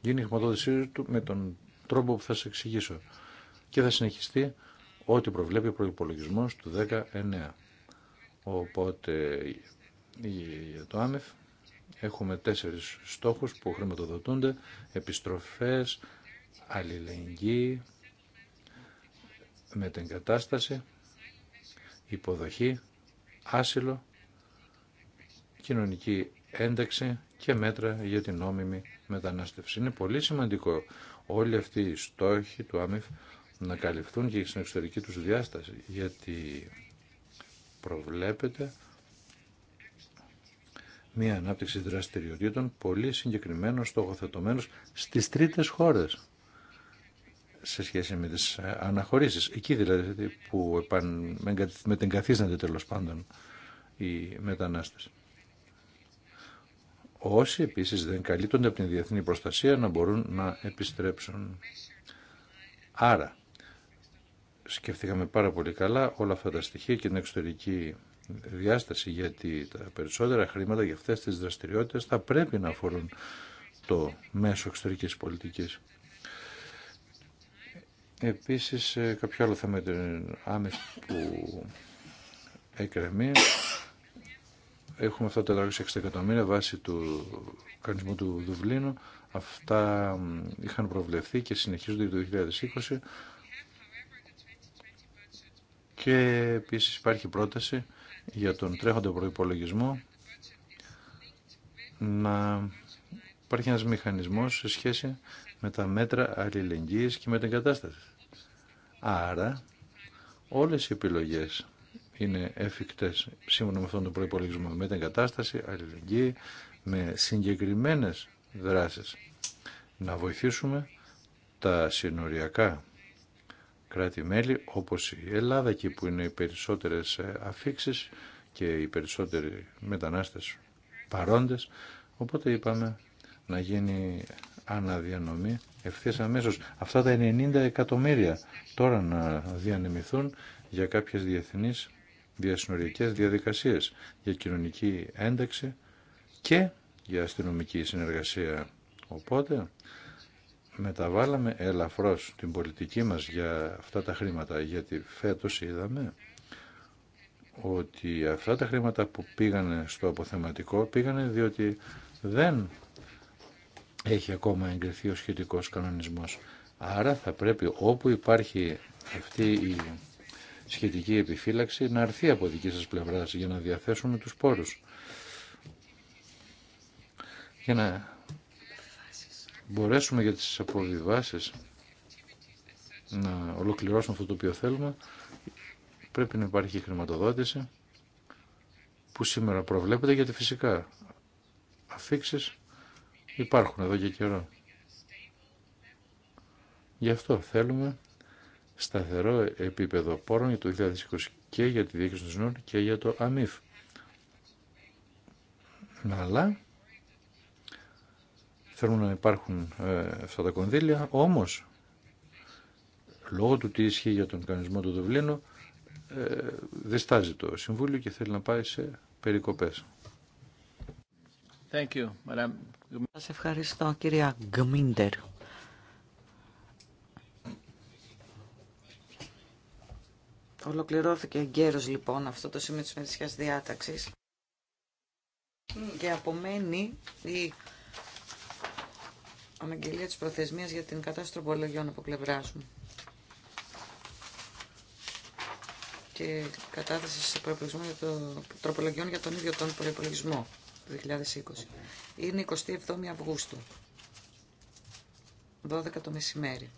γίνει η χρηματοδότησή του με τον τρόπο που θα σας εξηγήσω και θα συνεχιστεί ό,τι προβλέπει ο προϋπολογισμός του 19. Οπότε για το άμεφ Έχουμε τέσσερις στόχους που χρηματοδοτούνται, επιστροφές, αλληλεγγύη, κατάσταση, υποδοχή, άσυλο, κοινωνική ένταξη και μέτρα για την νόμιμη μετανάστευση. Είναι πολύ σημαντικό όλοι αυτοί οι στόχοι του ΆΜΙΦ να καλυφθούν και στην εξωτερική τους διάσταση, γιατί προβλέπεται μια ανάπτυξη δραστηριοτήτων πολύ συγκεκριμένο στοχοθετωμένο στις τρίτες χώρες σε σχέση με τις ε, αναχωρήσεις. Εκεί δηλαδή που επαν... μετεγκαθίστανται τέλο πάντων οι μετανάστες. Όσοι επίσης δεν καλύπτονται από την διεθνή προστασία να μπορούν να επιστρέψουν. Άρα, σκεφτήκαμε πάρα πολύ καλά όλα αυτά τα στοιχεία και την εξωτερική διάσταση γιατί τα περισσότερα χρήματα για αυτές τις δραστηριότητες θα πρέπει να αφορούν το μέσο εξωτερικής πολιτικής. Επίσης ε, κάποιο άλλο θέμα την άμεση που εκρεμεί. Έχουμε αυτά τα 460 εκατομμύρια βάσει του κανονισμού του Δουβλίνου. Αυτά είχαν προβλεφθεί και συνεχίζονται το 2020. Και επίσης υπάρχει πρόταση για τον τρέχοντα προϋπολογισμό να υπάρχει ένας μηχανισμός σε σχέση με τα μέτρα αλληλεγγύης και με την κατάσταση. Άρα όλες οι επιλογές είναι εφικτές σύμφωνα με αυτόν τον προϋπολογισμό με την κατάσταση, αλληλεγγύη, με συγκεκριμένες δράσεις. Να βοηθήσουμε τα συνοριακά κράτη-μέλη όπως η Ελλάδα εκεί που είναι οι περισσότερες ε, αφήξεις και οι περισσότεροι μετανάστες παρόντες. Οπότε είπαμε να γίνει αναδιανομή ευθύ αμέσω. Αυτά τα 90 εκατομμύρια τώρα να διανεμηθούν για κάποιες διεθνείς διασυνοριακές διαδικασίες, για κοινωνική ένταξη και για αστυνομική συνεργασία. Οπότε μεταβάλαμε ελαφρώς την πολιτική μας για αυτά τα χρήματα, γιατί φέτος είδαμε ότι αυτά τα χρήματα που πήγανε στο αποθεματικό πήγανε διότι δεν έχει ακόμα εγκριθεί ο σχετικός κανονισμός. Άρα θα πρέπει όπου υπάρχει αυτή η σχετική επιφύλαξη να έρθει από δική σας πλευρά για να διαθέσουμε τους πόρους. Για μπορέσουμε για τις αποβιβάσεις να ολοκληρώσουμε αυτό το οποίο θέλουμε, πρέπει να υπάρχει χρηματοδότηση που σήμερα προβλέπεται γιατί φυσικά αφήξεις υπάρχουν εδώ και καιρό. Γι' αυτό θέλουμε σταθερό επίπεδο πόρων για το 2020 και για τη διοίκηση των και για το ΑΜΙΦ. Αλλά θέλουν να υπάρχουν ε, αυτά τα κονδύλια, όμως λόγω του τι ισχύει για τον κανονισμό του Δουβλίνου ε, διστάζει το Συμβούλιο και θέλει να πάει σε περικοπές. Thank Σας ευχαριστώ κυρία Γκμίντερ. Ολοκληρώθηκε εγκαίρως λοιπόν αυτό το σημείο της μερισιάς διάταξης και απομένει η αναγγελία της προθεσμίας για την κατάσταση τροπολογιών από πλευρά μου και κατάθεση των για το, τροπολογιών για τον ίδιο τον προπολογισμό του 2020. Είναι 27 Αυγούστου, 12 το μεσημέρι.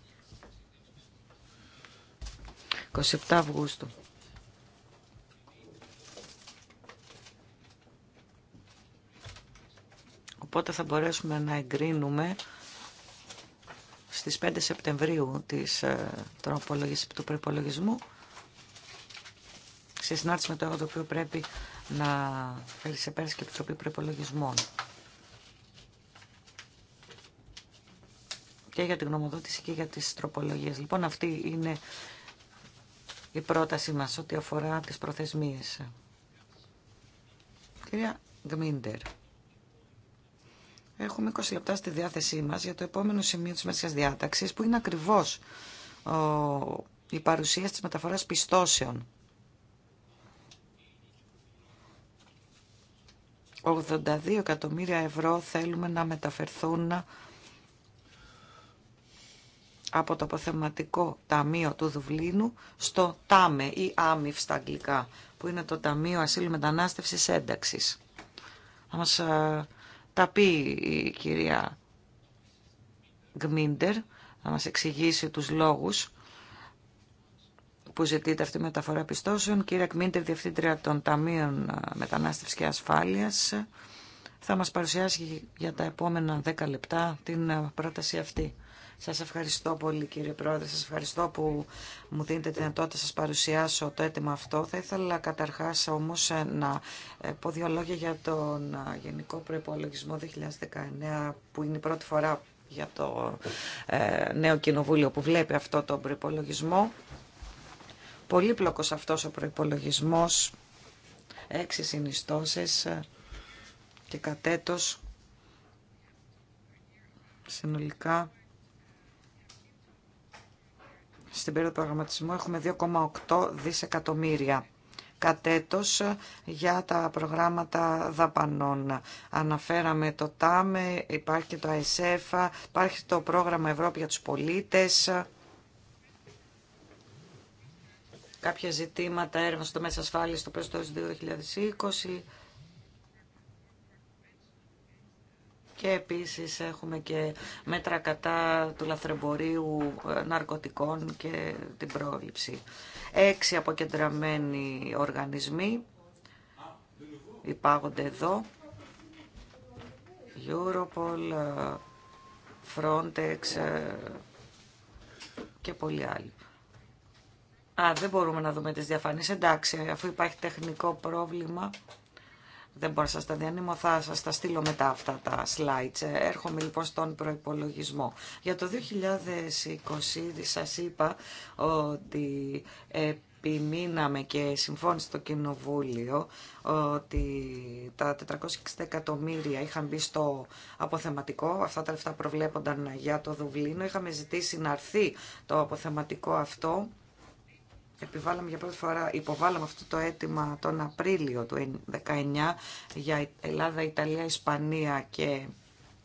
27 Αυγούστου. Οπότε θα μπορέσουμε να εγκρίνουμε στις 5 Σεπτεμβρίου της ε, τροπολογής του προπολογισμού σε συνάρτηση με το έργο το οποίο πρέπει να φέρει σε πέραση και Επιτροπή Προπολογισμών. Και για την γνωμοδότηση και για τις τροπολογίες. Λοιπόν, αυτή είναι η πρότασή μας ό,τι αφορά τις προθεσμίες. Κυρία Γκμίντερ. Έχουμε 20 λεπτά στη διάθεσή μας για το επόμενο σημείο της μέσης διάταξης που είναι ακριβώς η παρουσία της μεταφοράς πιστώσεων. 82 εκατομμύρια ευρώ θέλουμε να μεταφερθούν από το αποθεματικό ταμείο του Δουβλίνου στο ΤΑΜΕ ή ΆΜΙΦ στα αγγλικά, που είναι το Ταμείο Ασύλου Μετανάστευσης Ένταξης. Θα μας ε, τα πει η κυρία Γκμίντερ, να μας εξηγήσει τους λόγους που ζητείται αυτή η μεταφορά πιστώσεων. Κύριε Γκμίντερ, Διευθύντρια των Ταμείων Μετανάστευσης και Ασφάλειας, θα μας παρουσιάσει για τα επόμενα 10 λεπτά την πρόταση αυτή. Σας ευχαριστώ πολύ κύριε Πρόεδρε, σας ευχαριστώ που μου δίνετε τη δυνατότητα να σας παρουσιάσω το αίτημα αυτό. Θα ήθελα καταρχάς όμως ε, να ε, πω δύο λόγια για τον ε, Γενικό Προϋπολογισμό 2019 που είναι η πρώτη φορά για το νέο κοινοβούλιο που βλέπει αυτό τον προϋπολογισμό. Πολύπλοκος αυτός ο προϋπολογισμός, έξι συνιστώσεις και κατέτος συνολικά στην περίοδο προγραμματισμού έχουμε 2,8 δισεκατομμύρια κατέτος για τα προγράμματα δαπανών. Αναφέραμε το ΤΑΜΕ, υπάρχει και το ΑΕΣΕΦΑ, υπάρχει το πρόγραμμα Ευρώπη για τους πολίτες. Κάποια ζητήματα έρευνα στο μέσα ασφάλεια στο πρόσφατο 2020 και επίσης έχουμε και μέτρα κατά του λαθρεμπορίου ε, ναρκωτικών και την πρόληψη. Έξι αποκεντραμένοι οργανισμοί υπάγονται εδώ. Europol, ε, Frontex ε, και πολλοί άλλοι. Α, δεν μπορούμε να δούμε τις διαφανείς. Εντάξει, αφού υπάρχει τεχνικό πρόβλημα, δεν μπορώ να σας τα διανύμω, θα σας τα στείλω μετά αυτά τα slides. Ε, έρχομαι λοιπόν στον προϋπολογισμό. Για το 2020 σας είπα ότι επιμείναμε και συμφώνησε το Κοινοβούλιο ότι τα 460 εκατομμύρια είχαν μπει στο αποθεματικό. Αυτά τα λεφτά προβλέπονταν για το Δουβλίνο. Είχαμε ζητήσει να έρθει το αποθεματικό αυτό επιβάλαμε για πρώτη φορά, υποβάλαμε αυτό το αίτημα τον Απρίλιο του 19 για Ελλάδα, Ιταλία, Ισπανία και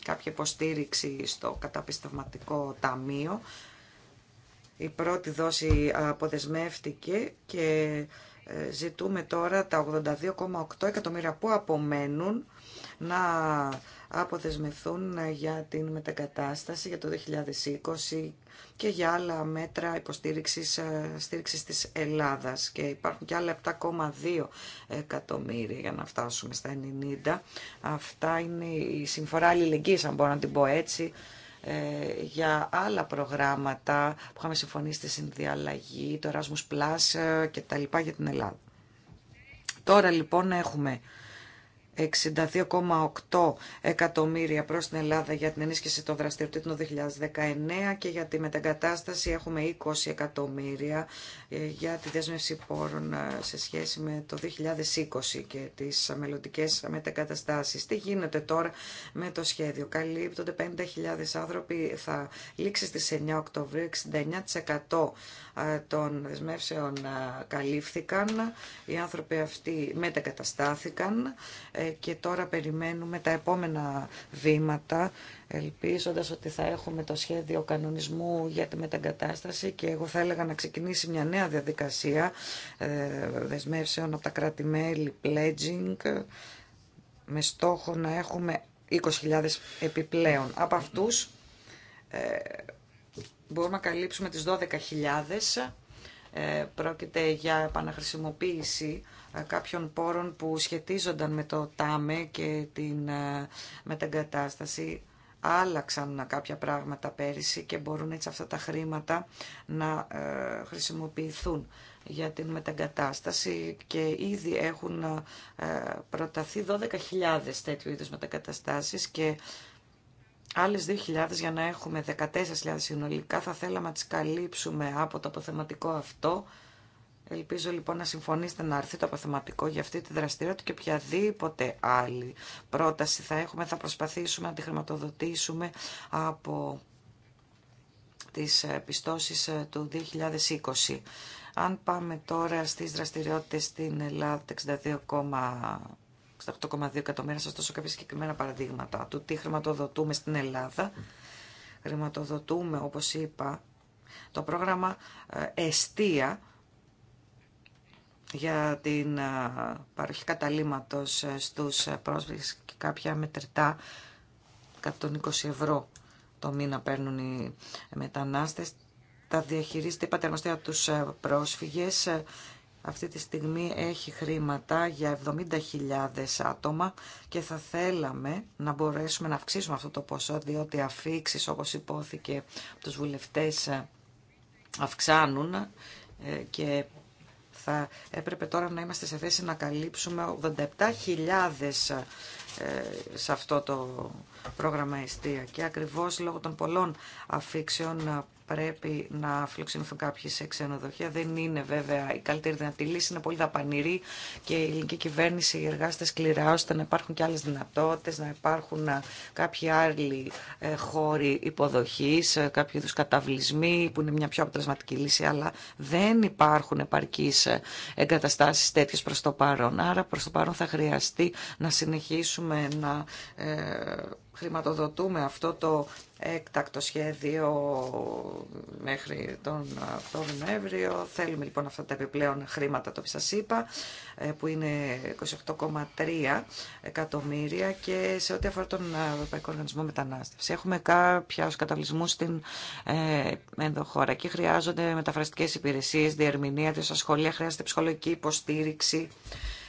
κάποια υποστήριξη στο καταπιστευματικό ταμείο. Η πρώτη δόση αποδεσμεύτηκε και ε, ζητούμε τώρα τα 82,8 εκατομμύρια που απομένουν να αποδεσμευθούν ε, για την μετακατάσταση για το 2020 και για άλλα μέτρα υποστήριξης ε, στήριξης της Ελλάδας. Και υπάρχουν και άλλα 7,2 εκατομμύρια για να φτάσουμε στα 90. Αυτά είναι η συμφορά αλληλεγγύης, αν μπορώ να την πω έτσι, ε, για άλλα προγράμματα που είχαμε συμφωνήσει στη συνδιαλλαγή, το Erasmus Plus και τα λοιπά για την Ελλάδα. Τώρα λοιπόν έχουμε 62,8 εκατομμύρια προς την Ελλάδα για την ενίσχυση των δραστηριοτήτων το 2019 και για τη μεταγκατάσταση έχουμε 20 εκατομμύρια ε, για τη δέσμευση πόρων ε, σε σχέση με το 2020 και τις μελλοντικέ μεταγκαταστάσεις. Τι γίνεται τώρα με το σχέδιο. Καλύπτονται 50.000 άνθρωποι, θα λήξει στις 9 Οκτωβρίου 69% ε, των δεσμεύσεων καλύφθηκαν, οι άνθρωποι αυτοί μετακαταστάθηκαν ε, και τώρα περιμένουμε τα επόμενα βήματα ελπίζοντας ότι θα έχουμε το σχέδιο κανονισμού για τη μεταγκατάσταση και εγώ θα έλεγα να ξεκινήσει μια νέα διαδικασία ε, δεσμεύσεων από τα κράτη-μέλη, pledging, με στόχο να έχουμε 20.000 επιπλέον. Από αυτούς ε, μπορούμε να καλύψουμε τις 12.000 ε, πρόκειται για επαναχρησιμοποίηση ε, κάποιων πόρων που σχετίζονταν με το ΤΑΜΕ και την ε, μεταγκατάσταση. Άλλαξαν κάποια πράγματα πέρυσι και μπορούν έτσι αυτά τα χρήματα να χρησιμοποιηθούν για την μεταγκατάσταση και ήδη έχουν προταθεί 12.000 τέτοιου είδους μεταγκαταστάσεις και Άλλες 2.000 για να έχουμε 14.000 συνολικά θα θέλαμε να τις καλύψουμε από το αποθεματικό αυτό. Ελπίζω λοιπόν να συμφωνήσετε να έρθει το αποθεματικό για αυτή τη δραστηριότητα και οποιαδήποτε άλλη πρόταση θα έχουμε θα προσπαθήσουμε να τη χρηματοδοτήσουμε από τις ε, πιστώσεις ε, του 2020. Αν πάμε τώρα στις δραστηριότητες στην Ελλάδα, 62,5 68,2 εκατομμύρια. σα δώσω κάποια συγκεκριμένα παραδείγματα του τι χρηματοδοτούμε στην Ελλάδα. Χρηματοδοτούμε, όπως είπα, το πρόγραμμα ε, Εστία για την ε, παροχή καταλήμματος ε, στους πρόσφυγες και κάποια μετρητά 120 ευρώ το μήνα παίρνουν οι μετανάστες. Τα διαχειρίζεται η πατερμοστία τους πρόσφυγες αυτή τη στιγμή έχει χρήματα για 70.000 άτομα και θα θέλαμε να μπορέσουμε να αυξήσουμε αυτό το ποσό διότι αφήξει, όπως υπόθηκε από τους βουλευτές αυξάνουν ε, και θα έπρεπε τώρα να είμαστε σε θέση να καλύψουμε 87.000 ε, σε αυτό το πρόγραμμα εστία και ακριβώς λόγω των πολλών αφήξεων πρέπει να φιλοξενηθούν κάποιοι σε ξενοδοχεία. Δεν είναι βέβαια η καλύτερη δυνατή λύση, είναι πολύ δαπανηρή και η ελληνική κυβέρνηση εργάζεται σκληρά ώστε να υπάρχουν και άλλε δυνατότητε, να υπάρχουν κάποιοι άλλοι ε, χώροι υποδοχή, ε, κάποιοι είδου καταβλισμοί που είναι μια πιο αποτελεσματική λύση, αλλά δεν υπάρχουν επαρκεί ε, εγκαταστάσει τέτοιε προ το παρόν. Άρα προ το παρόν θα χρειαστεί να συνεχίσουμε να χρηματοδοτούμε αυτό το έκτακτο σχέδιο μέχρι τον Νοέμβριο. Θέλουμε λοιπόν αυτά τα επιπλέον χρήματα, το οποίο είπα, ε, που είναι 28,3 εκατομμύρια και σε ό,τι αφορά τον Ευρωπαϊκό Οργανισμό Μετανάστευση. Έχουμε κάποια ως καταβλισμού στην ενδοχώρα. Εκεί χρειάζονται μεταφραστικές υπηρεσίες, διερμηνία, στα σχολεία χρειάζεται ψυχολογική υποστήριξη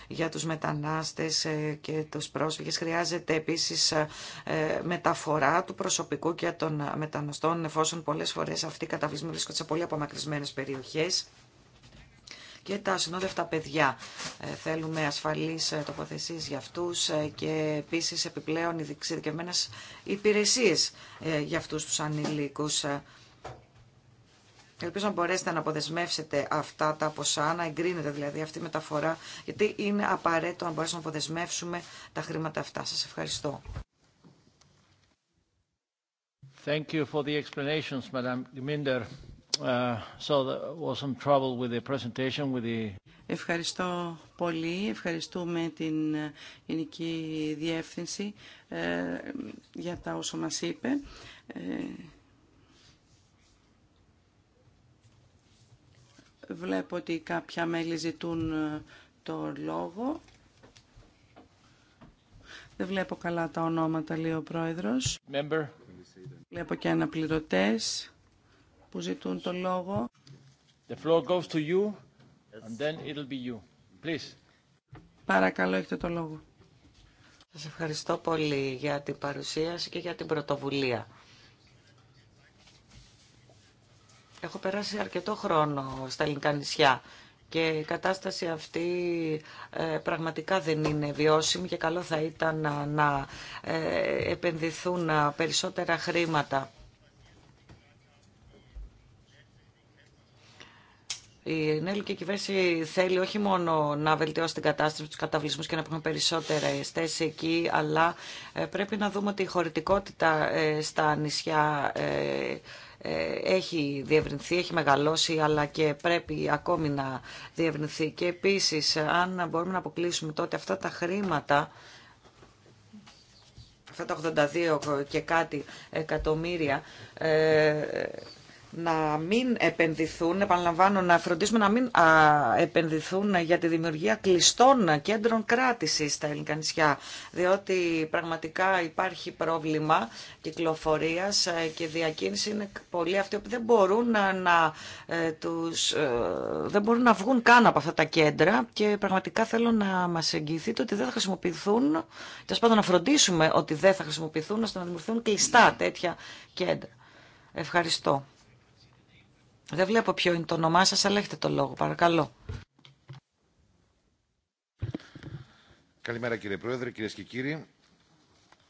για τους μετανάστες ε, και τους πρόσφυγες. Χρειάζεται επίσης ε, ε, μεταφορά του προσωπικού και των μεταναστών, εφόσον πολλές φορές αυτοί οι καταβλισμοί βρίσκονται σε πολύ απομακρυσμένες περιοχές και τα συνόδευτα παιδιά. θέλουμε ασφαλής τοποθεσίες για αυτούς και επίσης επιπλέον ειδικευμένες υπηρεσίες για αυτούς τους ανηλίκους. Ελπίζω να μπορέσετε να αποδεσμεύσετε αυτά τα ποσά, να εγκρίνετε δηλαδή αυτή η μεταφορά, γιατί είναι απαραίτητο να μπορέσουμε να αποδεσμεύσουμε τα χρήματα αυτά. Σας ευχαριστώ. Ευχαριστώ πολύ. Ευχαριστούμε την Γενική Διεύθυνση ε, για τα όσα μας είπε. Ε, Βλέπω ότι κάποια μέλη ζητούν ε, το λόγο. Δεν βλέπω καλά τα ονόματα, λέει ο πρόεδρος. Βλέπω και αναπληρωτές που ζητούν το λόγο. The floor to you, and then it'll be you. Please. Παρακαλώ, έχετε το λόγο. Σας ευχαριστώ πολύ για την παρουσίαση και για την πρωτοβουλία. Έχω περάσει αρκετό χρόνο στα ελληνικά νησιά και η κατάσταση αυτή ε, πραγματικά δεν είναι βιώσιμη και καλό θα ήταν να ε, επενδυθούν ε, περισσότερα χρήματα. Η λογική κυβέρνηση θέλει όχι μόνο να βελτιώσει την κατάσταση του καταβλισμού και να έχουμε περισσότερα θέσει εκεί, αλλά πρέπει να δούμε ότι η χωρητικότητα στα νησιά ε, έχει διευρυνθεί, έχει μεγαλώσει, αλλά και πρέπει ακόμη να διευρυνθεί. Και επίσης, αν μπορούμε να αποκλείσουμε τότε αυτά τα χρήματα, αυτά τα 82 και κάτι εκατομμύρια, ε, να μην επενδυθούν, επαναλαμβάνω να φροντίσουμε να μην επενδυθούν για τη δημιουργία κλειστών κέντρων κράτησης στα ελληνικά νησιά, διότι πραγματικά υπάρχει πρόβλημα κυκλοφορίας ε, και διακίνηση είναι πολλοί αυτοί που δεν μπορούν να, να ε, τους, ε, δεν μπορούν να βγουν καν από αυτά τα κέντρα και πραγματικά θέλω να μας εγγυηθείτε ότι δεν θα χρησιμοποιηθούν, τέλος πάντων να φροντίσουμε ότι δεν θα χρησιμοποιηθούν ώστε να δημιουργηθούν κλειστά τέτοια κέντρα. Ευχαριστώ. Δεν βλέπω ποιο είναι το όνομά σας, αλλά έχετε το λόγο. Παρακαλώ. Καλημέρα κύριε Πρόεδρε, κυρίε και κύριοι.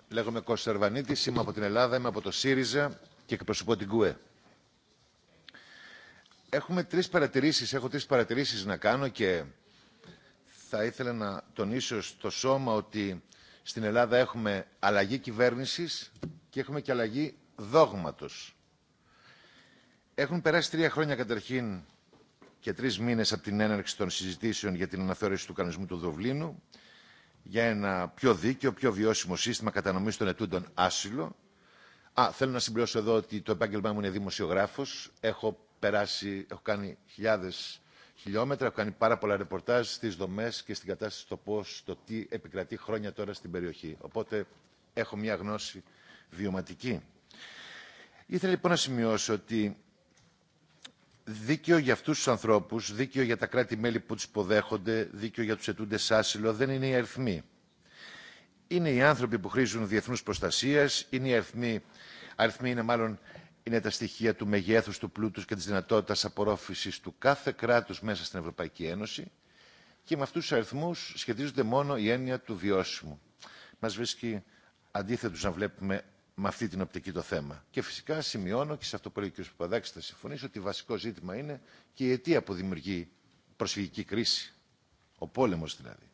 Λέγομαι Κώστα Αρβανίτης, είμαι από την Ελλάδα, είμαι από το ΣΥΡΙΖΑ και εκπροσωπώ την ΚΟΕ. Έχουμε τρεις παρατηρήσεις, έχω τρεις παρατηρήσεις να κάνω και θα ήθελα να τονίσω στο σώμα ότι στην Ελλάδα έχουμε αλλαγή κυβέρνησης και έχουμε και αλλαγή δόγματος. Έχουν περάσει τρία χρόνια καταρχήν και τρει μήνε από την έναρξη των συζητήσεων για την αναθεώρηση του κανονισμού του Δοβλίνου για ένα πιο δίκαιο, πιο βιώσιμο σύστημα κατανομή των ετούντων άσυλο. Α, θέλω να συμπληρώσω εδώ ότι το επάγγελμά μου είναι δημοσιογράφο. Έχω περάσει, έχω κάνει χιλιάδε χιλιόμετρα, έχω κάνει πάρα πολλά ρεπορτάζ στι δομέ και στην κατάσταση το πώ, το τι επικρατεί χρόνια τώρα στην περιοχή. Οπότε έχω μια γνώση βιωματική. Ήθελα λοιπόν να σημειώσω ότι δίκαιο για αυτού του ανθρώπου, δίκαιο για τα κράτη-μέλη που του υποδέχονται, δίκαιο για του ετούντε άσυλο, δεν είναι οι αριθμοί. Είναι οι άνθρωποι που χρήζουν διεθνού προστασία, είναι οι αριθμοί, αριθμοί είναι μάλλον είναι τα στοιχεία του μεγέθου του Πλούτου και τη δυνατότητα απορρόφησης του κάθε κράτου μέσα στην Ευρωπαϊκή Ένωση και με αυτού του αριθμού σχετίζονται μόνο η έννοια του βιώσιμου. Μα βρίσκει αντίθετου να βλέπουμε με αυτή την οπτική το θέμα. Και φυσικά σημειώνω και σε αυτό που λέει ο κ. Παπαδάκη θα συμφωνήσω ότι βασικό ζήτημα είναι και η αιτία που δημιουργεί προσφυγική κρίση. Ο πόλεμο δηλαδή.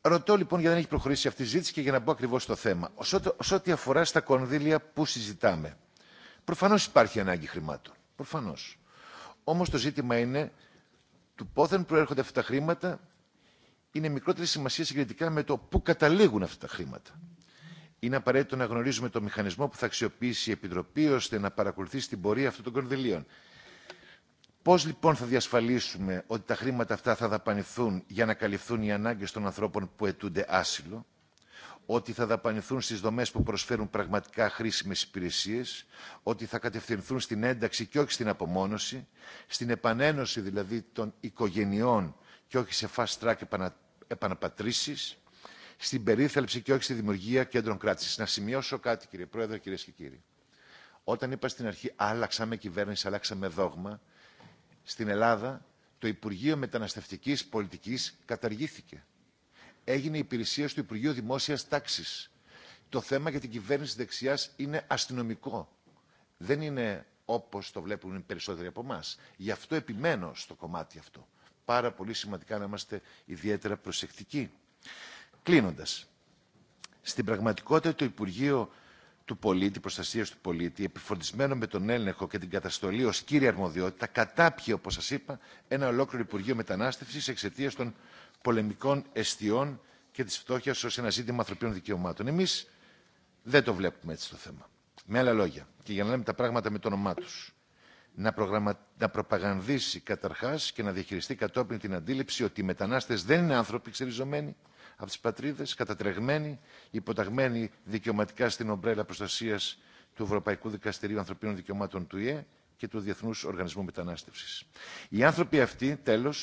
Ρωτώ λοιπόν γιατί δεν έχει προχωρήσει αυτή η ζήτηση και για να μπω ακριβώ στο θέμα. Σε ό,τι αφορά στα κονδύλια που συζητάμε. Προφανώ υπάρχει ανάγκη χρημάτων. Προφανώ. Όμω το ζήτημα είναι του πόθεν προέρχονται αυτά τα χρήματα είναι μικρότερη σημασία συγκριτικά με το πού καταλήγουν αυτά τα χρήματα είναι απαραίτητο να γνωρίζουμε το μηχανισμό που θα αξιοποιήσει η Επιτροπή ώστε να παρακολουθήσει την πορεία αυτών των κονδυλίων. Πώ λοιπόν θα διασφαλίσουμε ότι τα χρήματα αυτά θα δαπανηθούν για να καλυφθούν οι ανάγκε των ανθρώπων που αιτούνται άσυλο, ότι θα δαπανηθούν στι δομέ που προσφέρουν πραγματικά χρήσιμε υπηρεσίε, ότι θα κατευθυνθούν στην ένταξη και όχι στην απομόνωση, στην επανένωση δηλαδή των οικογενειών και όχι σε fast track επαναπατρίσει, στην περίθαλψη και όχι στη δημιουργία κέντρων κράτηση. Να σημειώσω κάτι, κύριε Πρόεδρε, κυρίε και κύριοι. Όταν είπα στην αρχή άλλαξαμε κυβέρνηση, αλλάξαμε δόγμα, στην Ελλάδα το Υπουργείο Μεταναστευτική Πολιτική καταργήθηκε. Έγινε υπηρεσία στο Υπουργείο Δημόσια Τάξη. Το θέμα για την κυβέρνηση δεξιά είναι αστυνομικό. Δεν είναι όπω το βλέπουν οι περισσότεροι από εμά. Γι' αυτό επιμένω στο κομμάτι αυτό. Πάρα πολύ σημαντικά να είμαστε ιδιαίτερα προσεκτικοί. Κλείνοντας, στην πραγματικότητα το Υπουργείο του Πολίτη, Προστασία του Πολίτη, επιφορτισμένο με τον έλεγχο και την καταστολή ω κύρια αρμοδιότητα, κατάπιε, όπω σα είπα, ένα ολόκληρο Υπουργείο Μετανάστευση εξαιτία των πολεμικών αιστειών και τη φτώχεια ω ένα ζήτημα ανθρωπίνων δικαιωμάτων. Εμεί δεν το βλέπουμε έτσι το θέμα. Με άλλα λόγια, και για να λέμε τα πράγματα με το όνομά του, να, προγραμμα... να προπαγανδίσει καταρχά και να διαχειριστεί κατόπιν την αντίληψη ότι οι μετανάστε δεν είναι άνθρωποι ξεριζωμένοι, από τι πατρίδε, κατατρεγμένοι, υποταγμένοι δικαιωματικά στην ομπρέλα προστασία του Ευρωπαϊκού Δικαστηρίου Ανθρωπίνων Δικαιωμάτων του ΙΕ και του Διεθνού Οργανισμού Μετανάστευση. Οι άνθρωποι αυτοί, τέλο,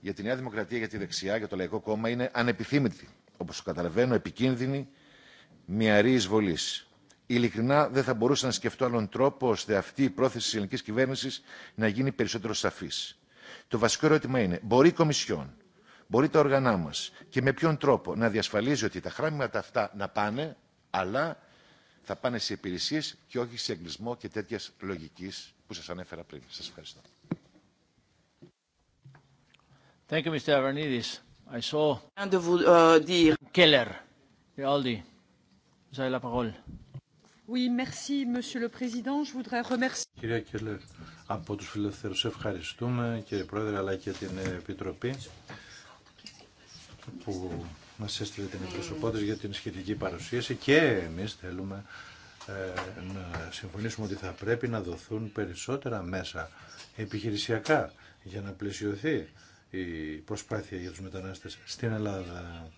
για τη Νέα Δημοκρατία, για τη δεξιά, για το Λαϊκό Κόμμα, είναι ανεπιθύμητοι, όπω το καταλαβαίνω, επικίνδυνοι, μιαρή εισβολή. Ειλικρινά δεν θα μπορούσα να σκεφτώ άλλον τρόπο ώστε αυτή η πρόθεση τη ελληνική κυβέρνηση να γίνει περισσότερο σαφή. Το βασικό ερώτημα είναι, μπορεί η μπορεί τα όργανά μας και με ποιον τρόπο να διασφαλίζει ότι τα χρήματα αυτά να πάνε, αλλά θα πάνε σε υπηρεσίε και όχι σε εγκλισμό και τέτοιες λογική που σας ανέφερα πριν. Σας ευχαριστώ. Thank you, Mr. Avernidis. I saw... De vous, uh, dire... Keller, de Aldi. Vous avez la parole. Oui, merci, Monsieur le Président. Je voudrais remercier... Κυρία Κέλλερ, από τους φιλελευθέρους ευχαριστούμε, κύριε Πρόεδρε, αλλά και την Επιτροπή που μα έστειλε την εκπροσωπό για την σχετική παρουσίαση και εμείς θέλουμε ε, να συμφωνήσουμε ότι θα πρέπει να δοθούν περισσότερα μέσα επιχειρησιακά για να πλαισιωθεί η προσπάθεια για τους μετανάστες στην Ελλάδα.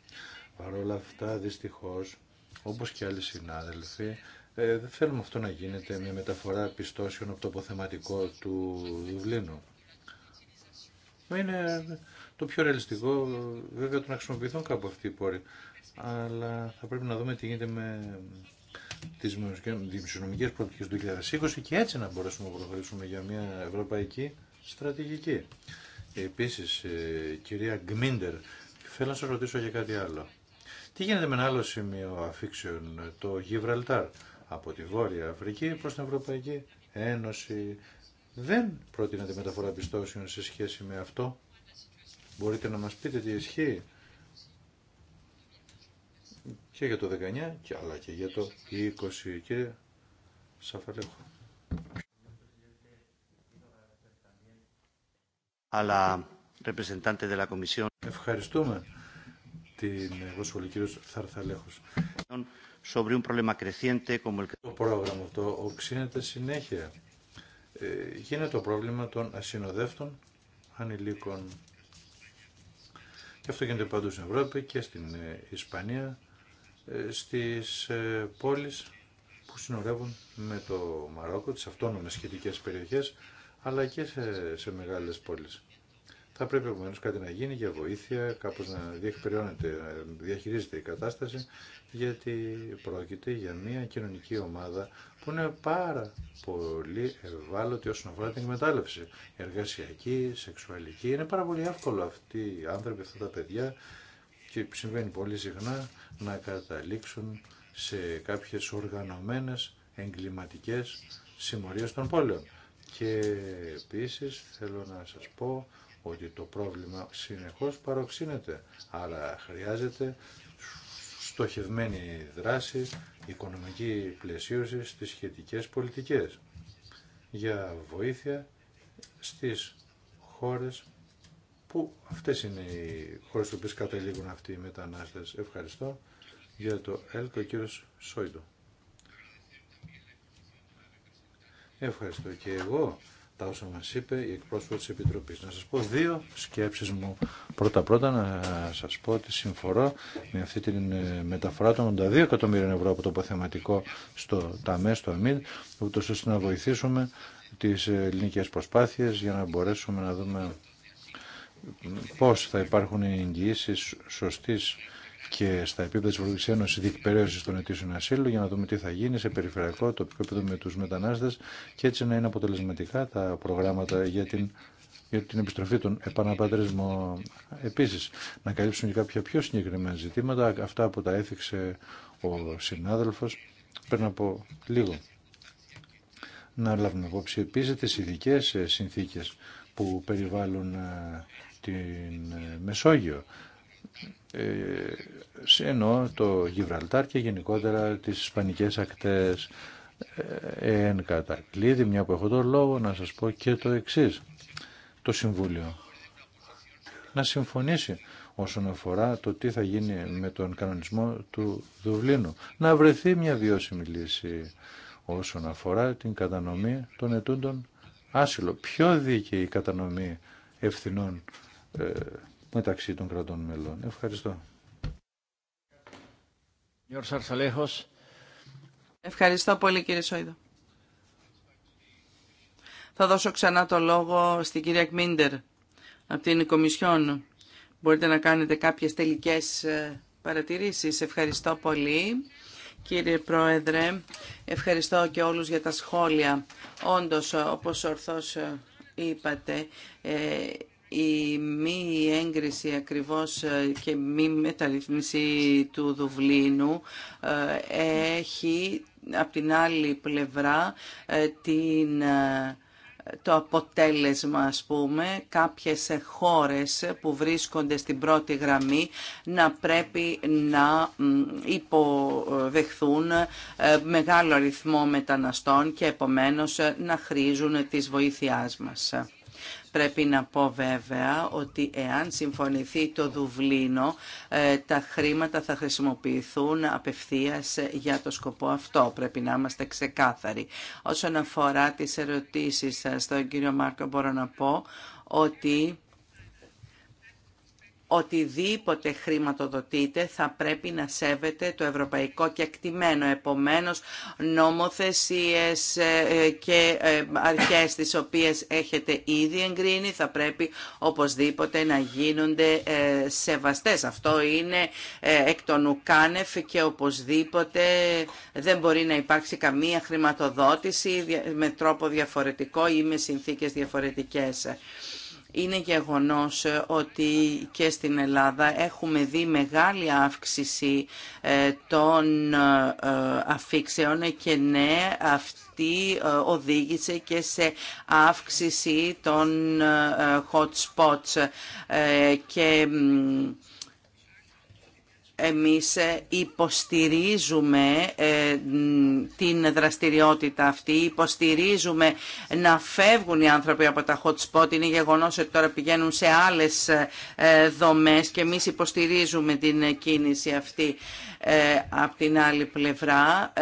Παρ' όλα αυτά, δυστυχώς, όπως και άλλοι συνάδελφοι, ε, δεν θέλουμε αυτό να γίνεται μια μεταφορά πιστώσεων από το αποθεματικό του Δουβλίνου. Είναι το πιο ρεαλιστικό βέβαια το να χρησιμοποιηθούν κάπου αυτοί οι πόροι. Αλλά θα πρέπει να δούμε τι γίνεται με τι δημοσιονομικέ πολιτικέ του 2020 και έτσι να μπορέσουμε να προχωρήσουμε για μια ευρωπαϊκή στρατηγική. Επίση, ε, κυρία Γκμίντερ, θέλω να σα ρωτήσω για κάτι άλλο. Τι γίνεται με ένα άλλο σημείο αφήξεων, το Γιβραλτάρ, από τη Βόρεια Αφρική προ την Ευρωπαϊκή Ένωση. Δεν προτείνεται μεταφορά πιστώσεων σε σχέση με αυτό. Μπορείτε να μας πείτε τι ισχύει και για το 19 και αλλά και για το 20 και Σαφαλέχο. Αλλά representante de la Comisión. Ευχαριστούμε την Γοσβολή κύριος Θαρθαλέχος. Το πρόγραμμα αυτό οξύνεται συνέχεια. Ε, γίνεται το πρόβλημα των ασυνοδεύτων ανηλίκων. Και αυτό γίνεται παντού στην Ευρώπη και στην ε, Ισπανία, ε, στις ε, πόλεις που συνορεύουν με το Μαρόκο, τις αυτόνομες σχετικές περιοχές, αλλά και σε, σε μεγάλες πόλεις. Θα πρέπει επομένω κάτι να γίνει για βοήθεια, κάπως να διεκπεριώνεται, να διαχειρίζεται η κατάσταση, γιατί πρόκειται για μια κοινωνική ομάδα που είναι πάρα πολύ ευάλωτη όσον αφορά την εκμετάλλευση. Εργασιακή, σεξουαλική. Είναι πάρα πολύ εύκολο αυτοί οι άνθρωποι, αυτά τα παιδιά και συμβαίνει πολύ συχνά να καταλήξουν σε κάποιες οργανωμένες εγκληματικές συμμορίες των πόλεων. Και επίσης θέλω να σας πω ότι το πρόβλημα συνεχώς παροξύνεται. Άρα χρειάζεται στοχευμένη δράση, οικονομική πλαισίωση στις σχετικές πολιτικές για βοήθεια στις χώρες που αυτές είναι οι χώρες που καταλήγουν αυτοί οι μετανάστες. Ευχαριστώ για το ΕΛΚΟ κύριο Σόιντο. Ευχαριστώ και εγώ τα όσα μας είπε η εκπρόσωπο της Επιτροπής. Να σας πω δύο σκέψεις μου. Πρώτα-πρώτα να σας πω ότι συμφορώ με αυτή τη ε, μεταφορά των 82 εκατομμύριων ευρώ από το αποθεματικό στο ΤΑΜΕ, στο ΑΜΗΝ, ούτως ώστε να βοηθήσουμε τις ελληνικές προσπάθειες για να μπορέσουμε να δούμε πώς θα υπάρχουν οι εγγυήσεις σωστής και στα επίπεδα τη Ευρωπαϊκή Ένωση διεκπαιρέωση των αιτήσεων ασύλου για να δούμε τι θα γίνει σε περιφερειακό τοπικό επίπεδο με του μετανάστε και έτσι να είναι αποτελεσματικά τα προγράμματα για την, για την επιστροφή των επαναπατρισμών. Επίση, να καλύψουν και κάποια πιο συγκεκριμένα ζητήματα, αυτά που τα έθιξε ο συνάδελφο πριν από λίγο. Να λάβουμε υπόψη επίση τι ειδικέ συνθήκε που περιβάλλουν ε, την ε, Μεσόγειο ε, ενώ το Γιβραλτάρ και γενικότερα τις ισπανικές ακτές ε, εν κατακλείδη, μια που έχω τον λόγο, να σας πω και το εξής. Το Συμβούλιο να συμφωνήσει όσον αφορά το τι θα γίνει με τον κανονισμό του Δουβλίνου. Να βρεθεί μια βιώσιμη λύση όσον αφορά την κατανομή των ετούντων άσυλο. Πιο δίκαιη η κατανομή ευθυνών ε, μεταξύ των κρατών μελών. Ευχαριστώ. Ευχαριστώ πολύ κύριε Σόιδο. Θα δώσω ξανά το λόγο στην κυρία Κμίντερ από την Κομισιόν. Μπορείτε να κάνετε κάποιες τελικές ε, παρατηρήσεις. Ευχαριστώ πολύ. Κύριε Πρόεδρε, ευχαριστώ και όλους για τα σχόλια. Όντως, ε, όπως ορθώς ε, είπατε, η μη έγκριση ακριβώς ε, και μη μεταρρύθμιση του Δουβλίνου ε, έχει από την άλλη πλευρά ε, την το αποτέλεσμα, ας πούμε, κάποιες χώρες που βρίσκονται στην πρώτη γραμμή να πρέπει να υποδεχθούν μεγάλο αριθμό μεταναστών και επομένως να χρήζουν της βοήθειάς μας. Πρέπει να πω βέβαια ότι εάν συμφωνηθεί το Δουβλίνο, ε, τα χρήματα θα χρησιμοποιηθούν απευθείας για το σκοπό αυτό. Πρέπει να είμαστε ξεκάθαροι. Όσον αφορά τις ερωτήσεις στον κύριο Μάρκο μπορώ να πω ότι οτιδήποτε χρηματοδοτείτε θα πρέπει να σέβεται το ευρωπαϊκό κεκτημένο. Επομένως, νομοθεσίες ε, ε, και ε, αρχές τις οποίες έχετε ήδη εγκρίνει θα πρέπει οπωσδήποτε να γίνονται σεβαστές. Αυτό είναι εκ των ουκάνευ και οπωσδήποτε δεν μπορεί να υπάρξει καμία χρηματοδότηση με τρόπο διαφορετικό ή με συνθήκες διαφορετικές. Είναι γεγονός ε, ότι και στην Ελλάδα έχουμε δει μεγάλη αύξηση ε, των ε, αφήξεων και ναι, αυτή οδήγησε και σε αύξηση των hot spots και εμείς ε, υποστηρίζουμε ε, την δραστηριότητα αυτή, υποστηρίζουμε να φεύγουν οι άνθρωποι από τα hot spot. Είναι γεγονός ότι τώρα πηγαίνουν σε άλλες ε, δομές και εμείς υποστηρίζουμε την κίνηση αυτή. από την άλλη πλευρά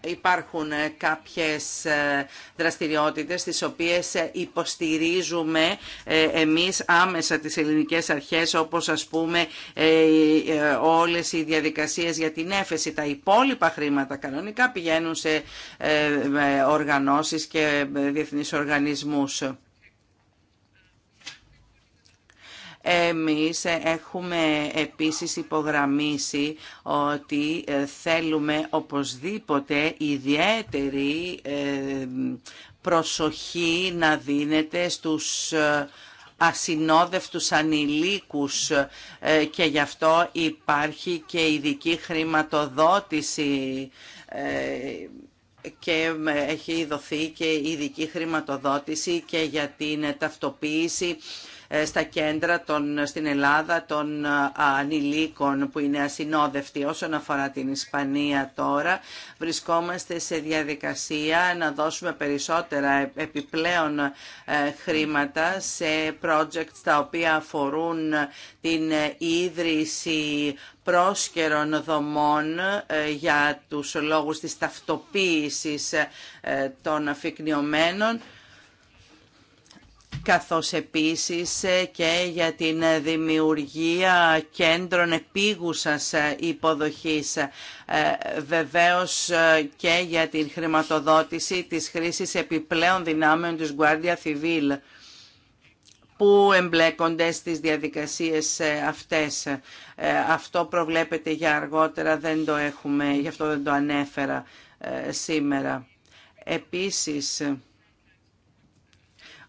υπάρχουν κάποιες ε, δραστηριότητες τις οποίες ε, υποστηρίζουμε ε, εμείς άμεσα τις ελληνικές αρχές όπως ας πούμε όλες οι διαδικασίες για την έφεση. Τα υπόλοιπα χρήματα κανονικά πηγαίνουν σε οργανώσεις και διεθνείς οργανισμούς. Εμείς έχουμε επίσης υπογραμμίσει ότι ε, θέλουμε οπωσδήποτε ιδιαίτερη ε, προσοχή να δίνεται στους ε, ασυνόδευτους ανηλίκους και γι' αυτό υπάρχει και ειδική χρηματοδότηση και έχει δοθεί και ειδική χρηματοδότηση και για την ταυτοποίηση ε, στα κέντρα των, στην Ελλάδα των ε, ανηλίκων που είναι ασυνόδευτοι. Όσον αφορά την Ισπανία τώρα, βρισκόμαστε σε διαδικασία να δώσουμε περισσότερα ε, επιπλέον χρήματα σε projects τα οποία αφορούν την ίδρυση πρόσκαιρων δομών για τους λόγους της ταυτοποίησης των αφικνιωμένων καθώς επίσης ε, και για την δημιουργία κέντρων επίγουσας ε, υποδοχής, ε, βεβαίως και για την χρηματοδότηση της χρήσης επιπλέον δυνάμεων της Guardia Civil που εμπλέκονται στις διαδικασίες αυτές. Αυτό προβλέπεται για αργότερα, δεν το έχουμε, γι' αυτό δεν το ανέφερα σήμερα. Επίσης,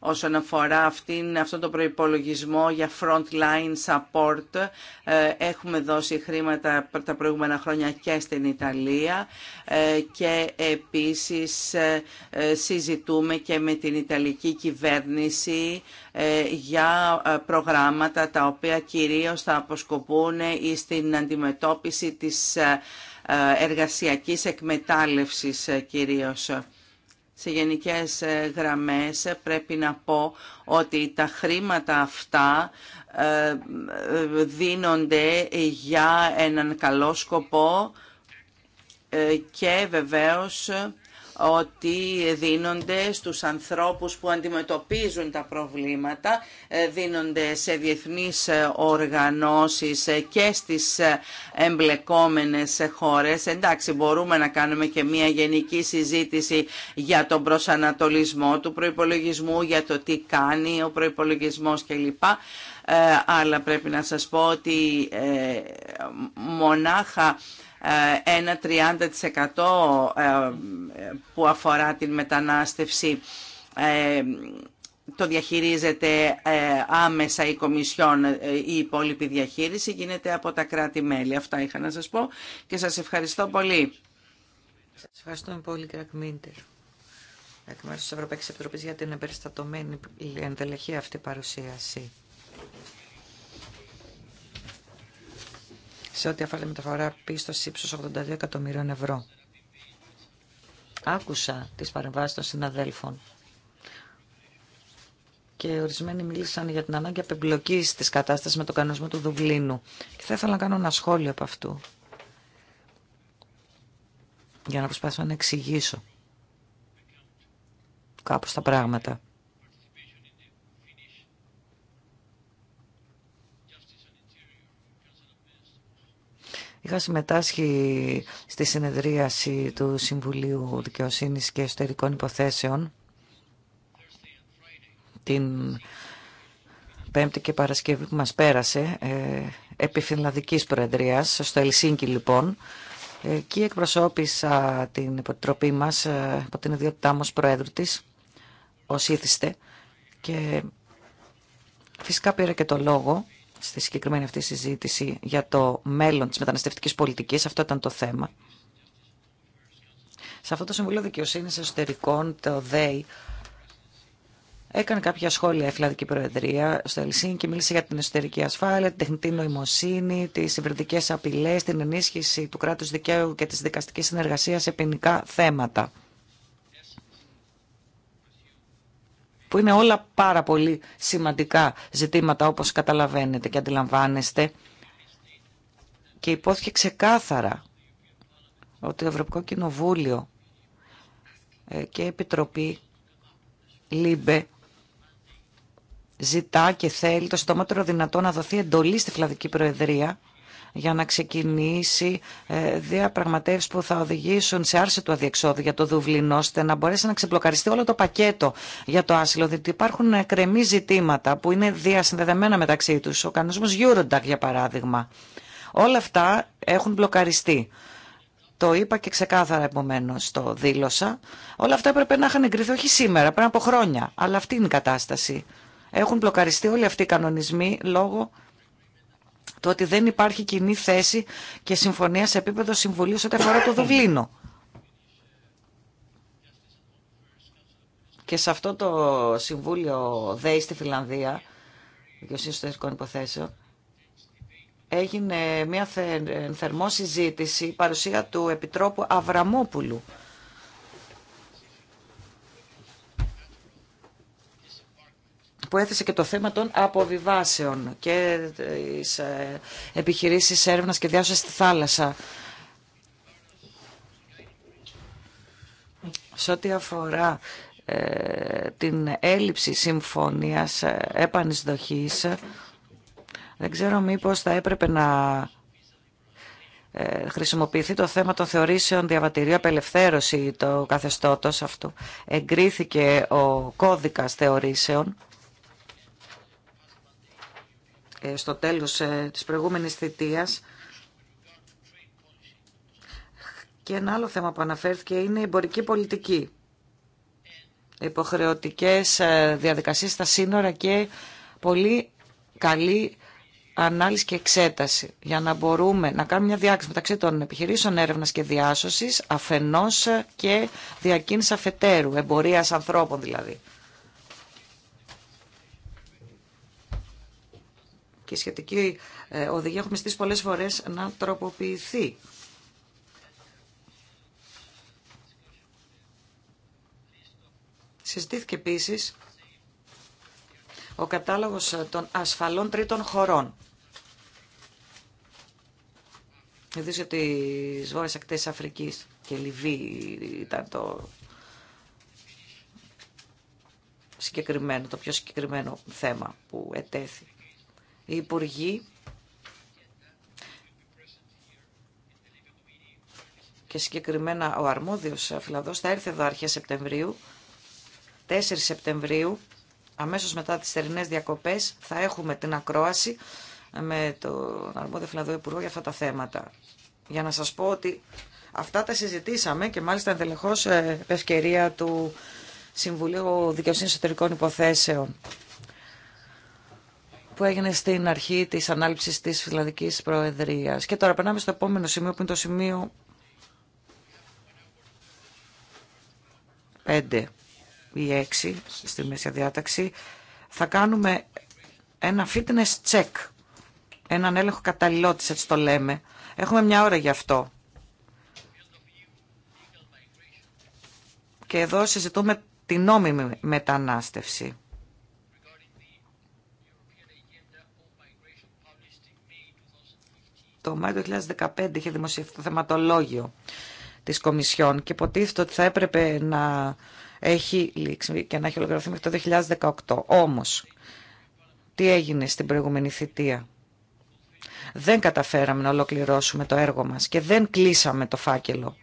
όσον αφορά αυτήν, αυτόν τον προϋπολογισμό για frontline support. Ε, έχουμε δώσει χρήματα τα προηγούμενα χρόνια και στην Ιταλία ε, και επίσης ε, συζητούμε και με την Ιταλική κυβέρνηση για προγράμματα τα οποία κυρίως θα αποσκοπούν στην αντιμετώπιση της εργασιακής εκμετάλλευσης κυρίως σε γενικές ε, γραμμές πρέπει να πω ότι τα χρήματα αυτά ε, δίνονται για έναν καλό σκοπό ε, και βεβαίως ότι δίνονται στους ανθρώπους που αντιμετωπίζουν τα προβλήματα, ε, δίνονται σε διεθνείς ε, οργανώσεις ε, και στις εμπλεκόμενες χώρες. Εντάξει, μπορούμε να κάνουμε και μια γενική συζήτηση για τον προσανατολισμό του προϋπολογισμού, για το τι κάνει ο προϋπολογισμός κλπ. Αλλά πρέπει να σας πω ότι μονάχα ε, ένα 30% ε, που αφορά την μετανάστευση ε, το διαχειρίζεται άμεσα η Κομισιόν, η υπόλοιπη διαχείριση γίνεται από τα κράτη-μέλη. Αυτά είχα να σας πω και σας ευχαριστώ πολύ. Σας ευχαριστούμε πολύ κύριε Μίντερ. Εκ μέρους της Ευρωπαϊκής Επιτροπής για την εμπεριστατωμένη εντελεχή αυτή παρουσίαση. σε ό,τι αφορά τη μεταφορά πίστοση ύψους 82 εκατομμυρίων ευρώ. Άκουσα τις παρεμβάσεις των συναδέλφων και ορισμένοι μίλησαν για την ανάγκη απεμπλοκής της κατάστασης με τον κανονισμό του Δουβλίνου. Και θα ήθελα να κάνω ένα σχόλιο από αυτού για να προσπαθώ να εξηγήσω κάπως τα πράγματα. Είχα συμμετάσχει στη συνεδρίαση του Συμβουλίου Δικαιοσύνης και Εσωτερικών Υποθέσεων την Πέμπτη και Παρασκευή που μας πέρασε, ε, επί Φινλανδικής Προεδρίας, στο Ελσίνκι λοιπόν. και εκπροσώπησα την υποτροπή μας, ε, από την ιδιότητά μου Προέδρου της, ως ήθιστε, και φυσικά πήρα και το λόγο στη συγκεκριμένη αυτή συζήτηση για το μέλλον της μεταναστευτικής πολιτικής. Αυτό ήταν το θέμα. Σε αυτό το Συμβουλίο Δικαιοσύνη Εσωτερικών, το ΔΕΗ, έκανε κάποια σχόλια η Φιλανδική Προεδρία στο Ελσίνη και μίλησε για την εσωτερική ασφάλεια, την τεχνητή νοημοσύνη, τι υβριδικέ απειλέ, την ενίσχυση του κράτου δικαίου και τη δικαστική συνεργασία σε ποινικά θέματα. που είναι όλα πάρα πολύ σημαντικά ζητήματα όπως καταλαβαίνετε και αντιλαμβάνεστε. Και υπόθηκε ξεκάθαρα ότι το Ευρωπαϊκό Κοινοβούλιο ε, και η Επιτροπή ΛΥΜΠΕ ζητά και θέλει το στόματρο δυνατό να δοθεί εντολή στη Φλαδική Προεδρία για να ξεκινήσει ε, διαπραγματεύσει που θα οδηγήσουν σε άρση του αδιεξόδου για το Δουβλίνο, ώστε να μπορέσει να ξεπλοκαριστεί όλο το πακέτο για το άσυλο, διότι υπάρχουν ε, κρεμή ζητήματα που είναι διασυνδεδεμένα μεταξύ του. Ο κανονισμό Eurodac, για παράδειγμα. Όλα αυτά έχουν μπλοκαριστεί. Το είπα και ξεκάθαρα επομένω το δήλωσα. Όλα αυτά έπρεπε να είχαν εγκριθεί όχι σήμερα, πριν από χρόνια. Αλλά αυτή είναι η κατάσταση. Έχουν μπλοκαριστεί όλοι αυτοί οι κανονισμοί λόγω το ότι δεν υπάρχει κοινή θέση και συμφωνία σε επίπεδο συμβουλίου σε ό,τι αφορά το Δουβλίνο. Και σε αυτό το Συμβούλιο ΔΕΗ στη Φιλανδία, δικαιοσύνη εσωτερικών υποθέσεων, έγινε μια θερμό συζήτηση, παρουσία του Επιτρόπου Αβραμόπουλου που έθεσε και το θέμα των αποβιβάσεων και τις ε, επιχειρήσεις έρευνας και διάσωσης στη θάλασσα. Σε ό,τι αφορά ε, την έλλειψη συμφωνίας ε, επανεισδοχής, δεν ξέρω μήπως θα έπρεπε να χρησιμοποιηθεί το θέμα των θεωρήσεων διαβατηρίου απελευθέρωση το καθεστώτος αυτού. Εγκρίθηκε ο κώδικας θεωρήσεων ε, στο τέλος ε, της προηγούμενης θητείας. Και ένα άλλο θέμα που αναφέρθηκε είναι η εμπορική πολιτική. Υποχρεωτικές ε, διαδικασίες στα σύνορα και πολύ καλή ανάλυση και εξέταση για να μπορούμε να κάνουμε μια διάκριση μεταξύ των επιχειρήσεων έρευνας και διάσωσης αφενός και διακίνηση αφετέρου, εμπορίας ανθρώπων δηλαδή. και σχετική ε, οδηγία έχουμε στις πολλές φορές να τροποποιηθεί. Συζητήθηκε επίσης ο κατάλογος των ασφαλών τρίτων χωρών. Ειδήσει για τις βόρειες ακτές Αφρικής και Λιβύη ήταν το συγκεκριμένο, το πιο συγκεκριμένο θέμα που ετέθη οι υπουργοί και συγκεκριμένα ο αρμόδιος φυλαδός θα έρθει εδώ αρχές Σεπτεμβρίου, 4 Σεπτεμβρίου, αμέσως μετά τις θερινές διακοπές θα έχουμε την ακρόαση με τον αρμόδιο φυλαδό υπουργό για αυτά τα θέματα. Για να σας πω ότι αυτά τα συζητήσαμε και μάλιστα ενδελεχώς ε, ευκαιρία του Συμβουλίου Δικαιοσύνης Εσωτερικών Υποθέσεων που έγινε στην αρχή της ανάληψη της Φιλανδική Προεδρίας. Και τώρα περνάμε στο επόμενο σημείο που είναι το σημείο 5 ή 6 στη Μέση Διάταξη. Θα κάνουμε ένα fitness check, έναν έλεγχο καταλληλότητας, έτσι το λέμε. Έχουμε μια ώρα γι' αυτό. Και εδώ συζητούμε την νόμιμη μετανάστευση. Το Μάιο 2015 είχε δημοσιευτεί το θεματολόγιο της Κομισιόν και υποτίθεται ότι θα έπρεπε να έχει λήξει και να έχει ολοκληρωθεί μέχρι το 2018. Όμως, τι έγινε στην προηγούμενη θητεία. Δεν καταφέραμε να ολοκληρώσουμε το έργο μας και δεν κλείσαμε το φάκελο.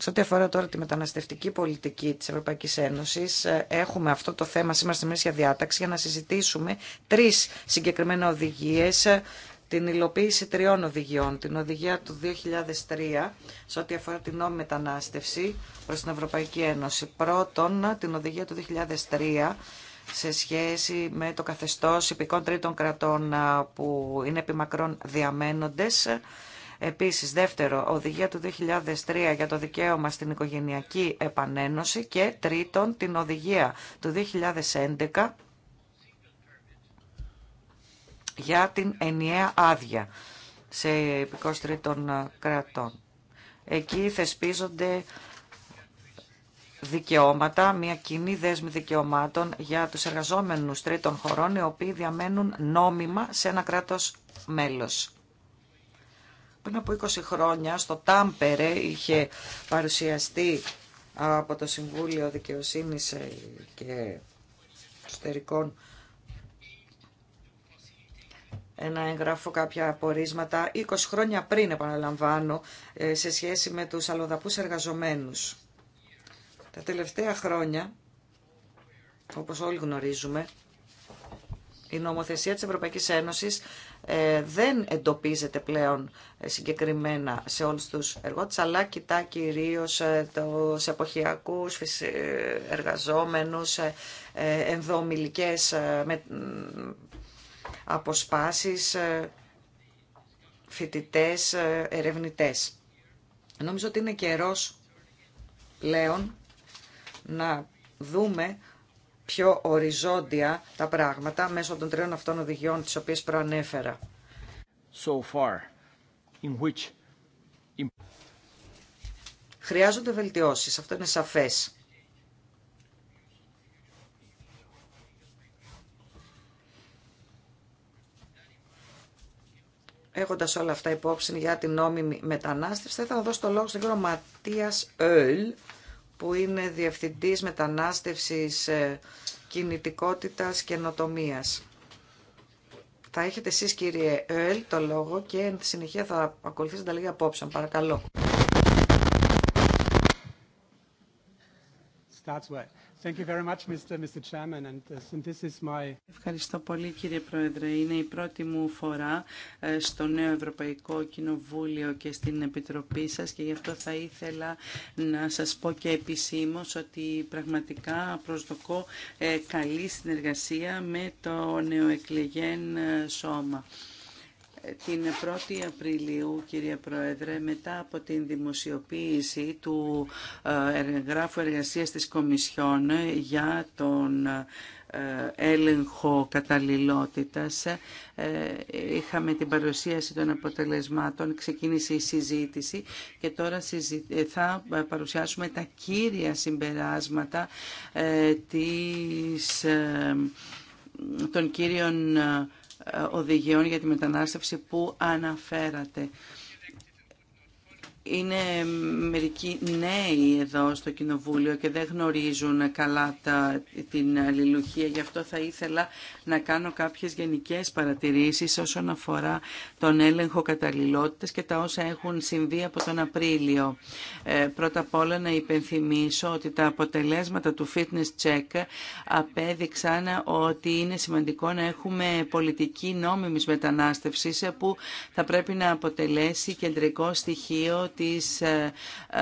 Σε ό,τι αφορά τώρα τη μεταναστευτική πολιτική της Ευρωπαϊκής Ένωσης, ε, έχουμε αυτό το θέμα σήμερα στη μέση διάταξη για να συζητήσουμε τρεις συγκεκριμένα οδηγίες ε, την υλοποίηση τριών οδηγιών. Την οδηγία του 2003 σε ό,τι αφορά την νόμη μετανάστευση προς την Ευρωπαϊκή Ένωση. Πρώτον, την οδηγία του 2003 σε σχέση με το καθεστώς υπηκών τρίτων κρατών που είναι επιμακρών διαμένοντες. Επίσης, δεύτερο, οδηγία του 2003 για το δικαίωμα στην οικογενειακή επανένωση και τρίτον, την οδηγία του 2011 για την ενιαία άδεια σε επικοστρίτων των κρατών. Εκεί θεσπίζονται δικαιώματα, μια κοινή δέσμη δικαιωμάτων για τους εργαζόμενους τρίτων χωρών, οι οποίοι διαμένουν νόμιμα σε ένα κράτος μέλος. Πριν από 20 χρόνια στο Τάμπερε είχε παρουσιαστεί από το Συμβούλιο Δικαιοσύνης και Εξωτερικών ένα εγγράφω κάποια απορίσματα, 20 χρόνια πριν επαναλαμβάνω, ε, σε σχέση με τους αλλοδαπούς εργαζομένους. Τα τελευταία χρόνια, όπως όλοι γνωρίζουμε, η νομοθεσία της Ευρωπαϊκής Ένωσης ε, δεν εντοπίζεται πλέον ε, συγκεκριμένα σε όλους τους εργότες, αλλά κοιτά κυρίως το, σε εποχιακούς εργαζόμενους, ενδομιλικές αποσπάσεις, ε, φοιτητές, ε, ερευνητές. Νομίζω ότι είναι καιρός πλέον να δούμε πιο οριζόντια τα πράγματα μέσω των τριών αυτών οδηγιών τις οποίες προανέφερα. So far, in which... Χρειάζονται βελτιώσεις, αυτό είναι σαφές. Έχοντας όλα αυτά υπόψη για την νόμιμη μετανάστευση, θα δώσω το λόγο στον κύριο Ματίας Ελ, που είναι Διευθυντής Μετανάστευσης ε, Κινητικότητας και Ενοτομίας. Θα έχετε εσείς κύριε Έλ το λόγο και στη συνεχεία θα ακολουθήσετε τα λίγα Παρακαλώ. Thank you very much, Mr. Mr. Chairman, and uh, this is my. Ευχαριστώ πολύ, κύριε Πρόεδρε. Είναι η πρώτη μου φορά ε, στο νέο Ευρωπαϊκό Κοινοβούλιο και στην Επιτροπή σας και γι' αυτό θα ήθελα να σας πω και επισήμως ότι πραγματικά προσδοκώ ε, καλή συνεργασία με το νεοεκλεγέν ε, σώμα την 1η Απριλίου, κυρία Πρόεδρε, μετά από την δημοσιοποίηση του ε, γράφου εργασίας της Κομισιόν για τον ε, έλεγχο καταλληλότητας. Ε, είχαμε την παρουσίαση των αποτελεσμάτων, ξεκίνησε η συζήτηση και τώρα θα παρουσιάσουμε τα κύρια συμπεράσματα των κύριων ε, οδηγιών για τη μετανάστευση που αναφέρατε είναι μερικοί νέοι εδώ στο Κοινοβούλιο και δεν γνωρίζουν καλά τα, την αλληλουχία. Γι' αυτό θα ήθελα να κάνω κάποιες γενικές παρατηρήσεις όσον αφορά τον έλεγχο καταλληλότητας και τα όσα έχουν συμβεί από τον Απρίλιο. Ε, πρώτα απ' όλα να υπενθυμίσω ότι τα αποτελέσματα του fitness check απέδειξαν ότι είναι σημαντικό να έχουμε πολιτική νόμιμης μετανάστευσης που θα πρέπει να αποτελέσει κεντρικό στοιχείο της ε, ε,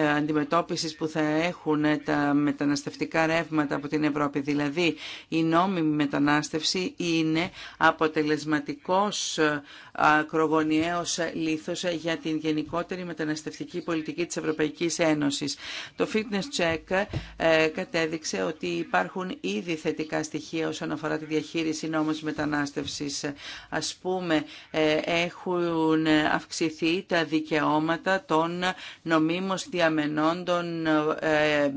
ε, αντιμετώπισης που θα έχουν τα μεταναστευτικά ρεύματα από την Ευρώπη. Δηλαδή η νόμιμη μετανάστευση είναι αποτελεσματικός ακρογωνιαίος λήθος για την γενικότερη μεταναστευτική πολιτική της Ευρωπαϊκής Ένωσης. Το fitness check ε, κατέδειξε ότι υπάρχουν ήδη θετικά στοιχεία όσον αφορά τη διαχείριση νόμος μετανάστευσης. Ας πούμε, ε, έχουν αυξηθεί τα δικαιώματα των νομίμως διαμενών των ε,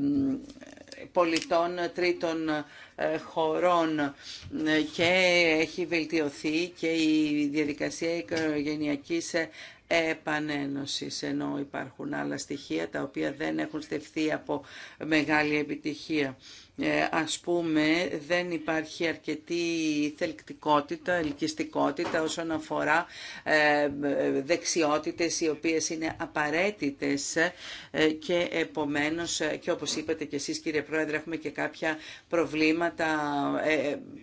πολιτών τρίτων ε, χωρών ε, και έχει βελτιωθεί και η διαδικασία οικογενειακής ε, επανένωσης ενώ υπάρχουν άλλα στοιχεία τα οποία δεν έχουν στεφθεί από μεγάλη επιτυχία. Ε, ας πούμε δεν υπάρχει αρκετή θελκτικότητα, ελκυστικότητα όσον αφορά ε, δεξιότητες οι οποίες είναι απαραίτητες ε, και επομένως και όπως είπατε και εσείς κύριε Πρόεδρε έχουμε και κάποια προβλήματα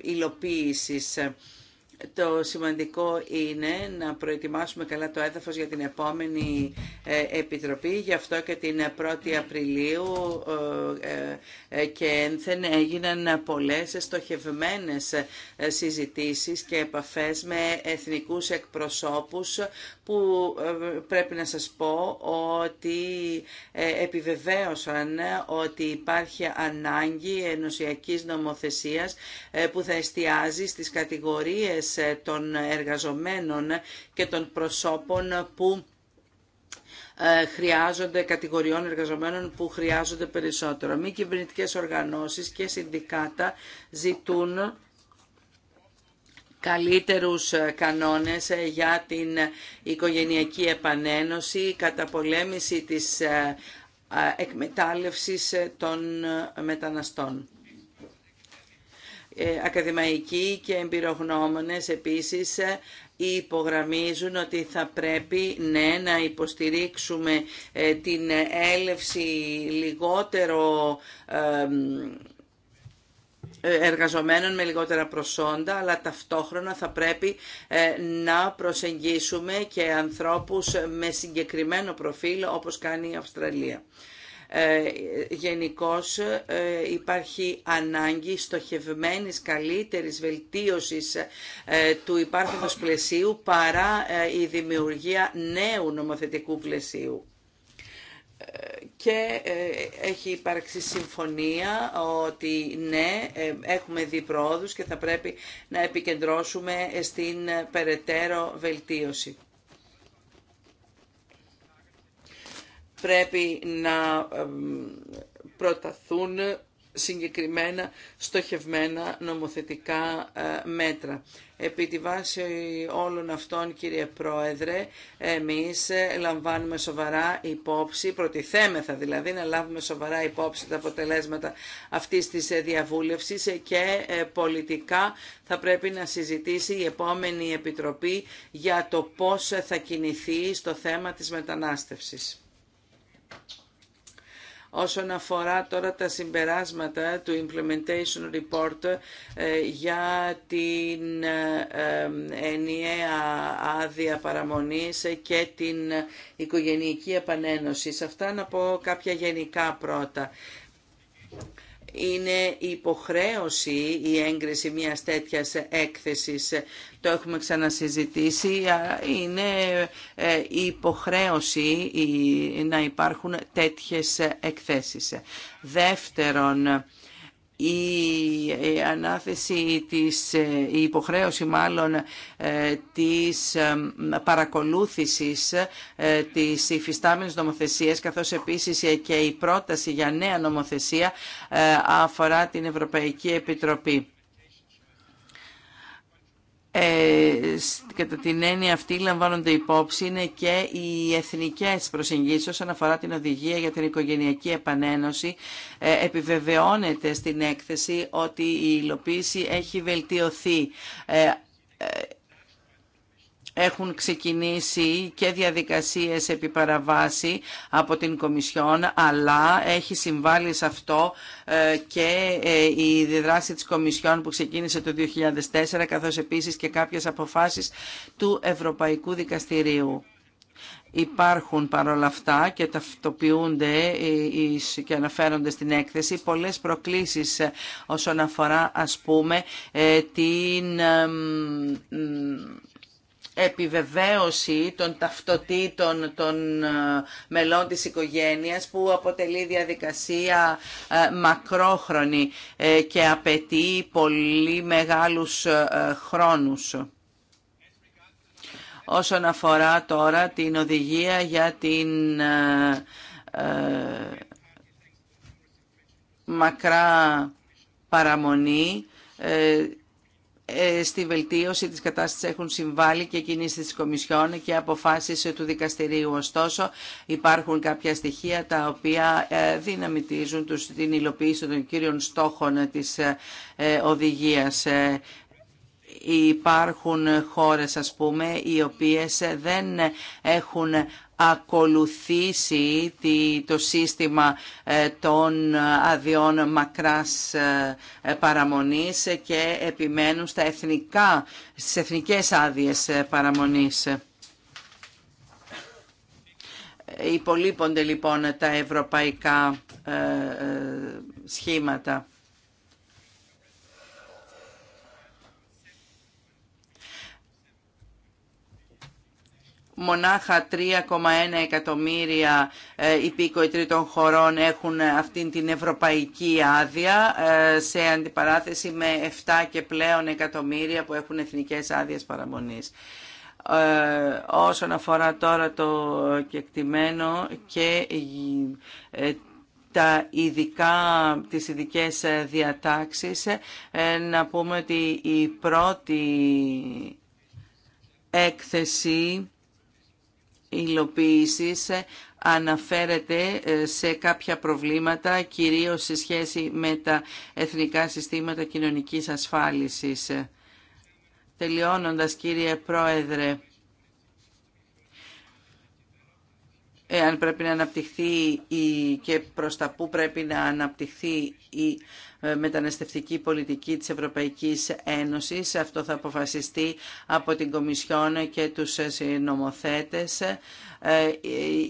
υλοποίησης το σημαντικό είναι να προετοιμάσουμε καλά το έδαφος για την επόμενη ε, Επιτροπή. Γι' αυτό και την 1η Απριλίου ε, ε, και ένθεν έγιναν πολλές στοχευμένες συζητήσεις και επαφές με εθνικούς εκπροσώπους που πρέπει να σας πω ότι επιβεβαίωσαν ότι υπάρχει ανάγκη ενωσιακής νομοθεσίας που θα εστιάζει στις κατηγορίες ε, των εργαζομένων και των προσώπων που ε, χρειάζονται κατηγοριών εργαζομένων που χρειάζονται περισσότερο. Μη κυβερνητικέ οργανώσεις και συνδικάτα ζητούν καλύτερους ε, κανόνες για την οικογενειακή επανένωση, καταπολέμηση της εκμετάλλευσης των μεταναστών. Ε, ακαδημαϊκοί και εμπειρογνώμονες επίσης ε, υπογραμμίζουν ότι θα πρέπει ναι να υποστηρίξουμε ε, την έλευση λιγότερο εργαζομένων με λιγότερα προσόντα, αλλά ταυτόχρονα θα πρέπει να προσεγγίσουμε και ανθρώπους με συγκεκριμένο προφίλ όπως κάνει η Αυστραλία. Ε, Γενικώ ε, υπάρχει ανάγκη στοχευμένης καλύτερης βελτίωσης ε, του υπάρχοντος πλαισίου παρά η δημιουργία νέου νομοθετικού πλαισίου και έχει υπάρξει συμφωνία ότι ναι, έχουμε δει προόδους και θα πρέπει να επικεντρώσουμε στην περαιτέρω βελτίωση. πρέπει να προταθούν συγκεκριμένα στοχευμένα νομοθετικά ε, μέτρα. Επί τη βάση όλων αυτών, κύριε Πρόεδρε, εμείς ε, λαμβάνουμε σοβαρά υπόψη, προτιθέμεθα δηλαδή να λάβουμε σοβαρά υπόψη τα αποτελέσματα αυτής της ε, διαβούλευσης και πολιτικά θα πρέπει να συζητήσει η επόμενη Επιτροπή για το πώς θα κινηθεί στο θέμα της μετανάστευσης. Όσον αφορά τώρα τα συμπεράσματα του Implementation Report ε, για την ε, ε, ενιαία άδεια παραμονής και την οικογενειακή επανένωση. Σε αυτά να πω κάποια γενικά πρώτα είναι υποχρέωση η έγκριση μιας τέτοιας έκθεσης. Το έχουμε ξανασυζητήσει. Είναι ε, υποχρέωση να υπάρχουν τέτοιες εκθέσεις. Δεύτερον, η ανάθεση της, ε, η υποχρέωση μάλλον ε, της ε, παρακολούθησης της υφιστάμενης νομοθεσίας καθώς επίσης και η πρόταση για νέα νομοθεσία αφορά την Ευρωπαϊκή Επιτροπή. Ε, κατά την έννοια αυτή λαμβάνονται υπόψη είναι και οι εθνικές προσεγγίσεις όσον αφορά την οδηγία για την οικογενειακή επανένωση ε, επιβεβαιώνεται στην έκθεση ότι η υλοποίηση έχει βελτιωθεί ε, έχουν ξεκινήσει και διαδικασίες επί παραβάση από την Κομισιόν, αλλά έχει συμβάλει σε αυτό ε, και ε, η διδράση της Κομισιόν που ξεκίνησε το 2004, καθώς επίσης και κάποιες αποφάσεις του Ευρωπαϊκού Δικαστηρίου υπάρχουν παρόλα αυτά και ταυτοποιούνται ε, και αναφέρονται στην έκθεση πολλές προκλήσεις όσον αφορά ας πούμε την επιβεβαίωση των ταυτοτήτων των ε, μελών της οικογένειας που αποτελεί διαδικασία ε, μακρόχρονη ε, και απαιτεί πολύ μεγάλους χρόνους. Όσον αφορά τώρα την οδηγία για την μακρά παραμονή, ε, στη βελτίωση της κατάστασης έχουν συμβάλει και κινήσεις της Κομισιόν και αποφάσεις του δικαστηρίου. Ωστόσο, υπάρχουν κάποια στοιχεία τα οποία ε, δυναμητίζουν την υλοποίηση των κύριων στόχων της ε, οδηγίας υπάρχουν χώρες ας πούμε οι οποίες δεν έχουν ακολουθήσει το σύστημα ε, των αδειών μακράς ε, παραμονής και επιμένουν στα εθνικά, στις εθνικές άδειες ε, παραμονής. Υπολείπονται λοιπόν τα ευρωπαϊκά σχήματα. μονάχα 3,1 εκατομμύρια ε, υπήκοοι τρίτων χωρών έχουν αυτή την ευρωπαϊκή άδεια ε, σε αντιπαράθεση με 7 και πλέον εκατομμύρια που έχουν εθνικές άδειες παραμονής. Ε, όσον αφορά τώρα το κεκτημένο και τα ειδικά, τις ειδικές διατάξεις, να πούμε ότι η πρώτη έκθεση υλοποίησης ε, αναφέρεται ε, σε κάποια προβλήματα, κυρίως σε σχέση με τα εθνικά συστήματα κοινωνικής ασφάλισης. Ε, τελειώνοντας, κύριε Πρόεδρε, εάν πρέπει να αναπτυχθεί η, και προς τα πού πρέπει να αναπτυχθεί η ε, μεταναστευτική πολιτική της Ευρωπαϊκής Ένωσης. Αυτό θα αποφασιστεί από την Κομισιόν και τους ε, νομοθέτες. Ε,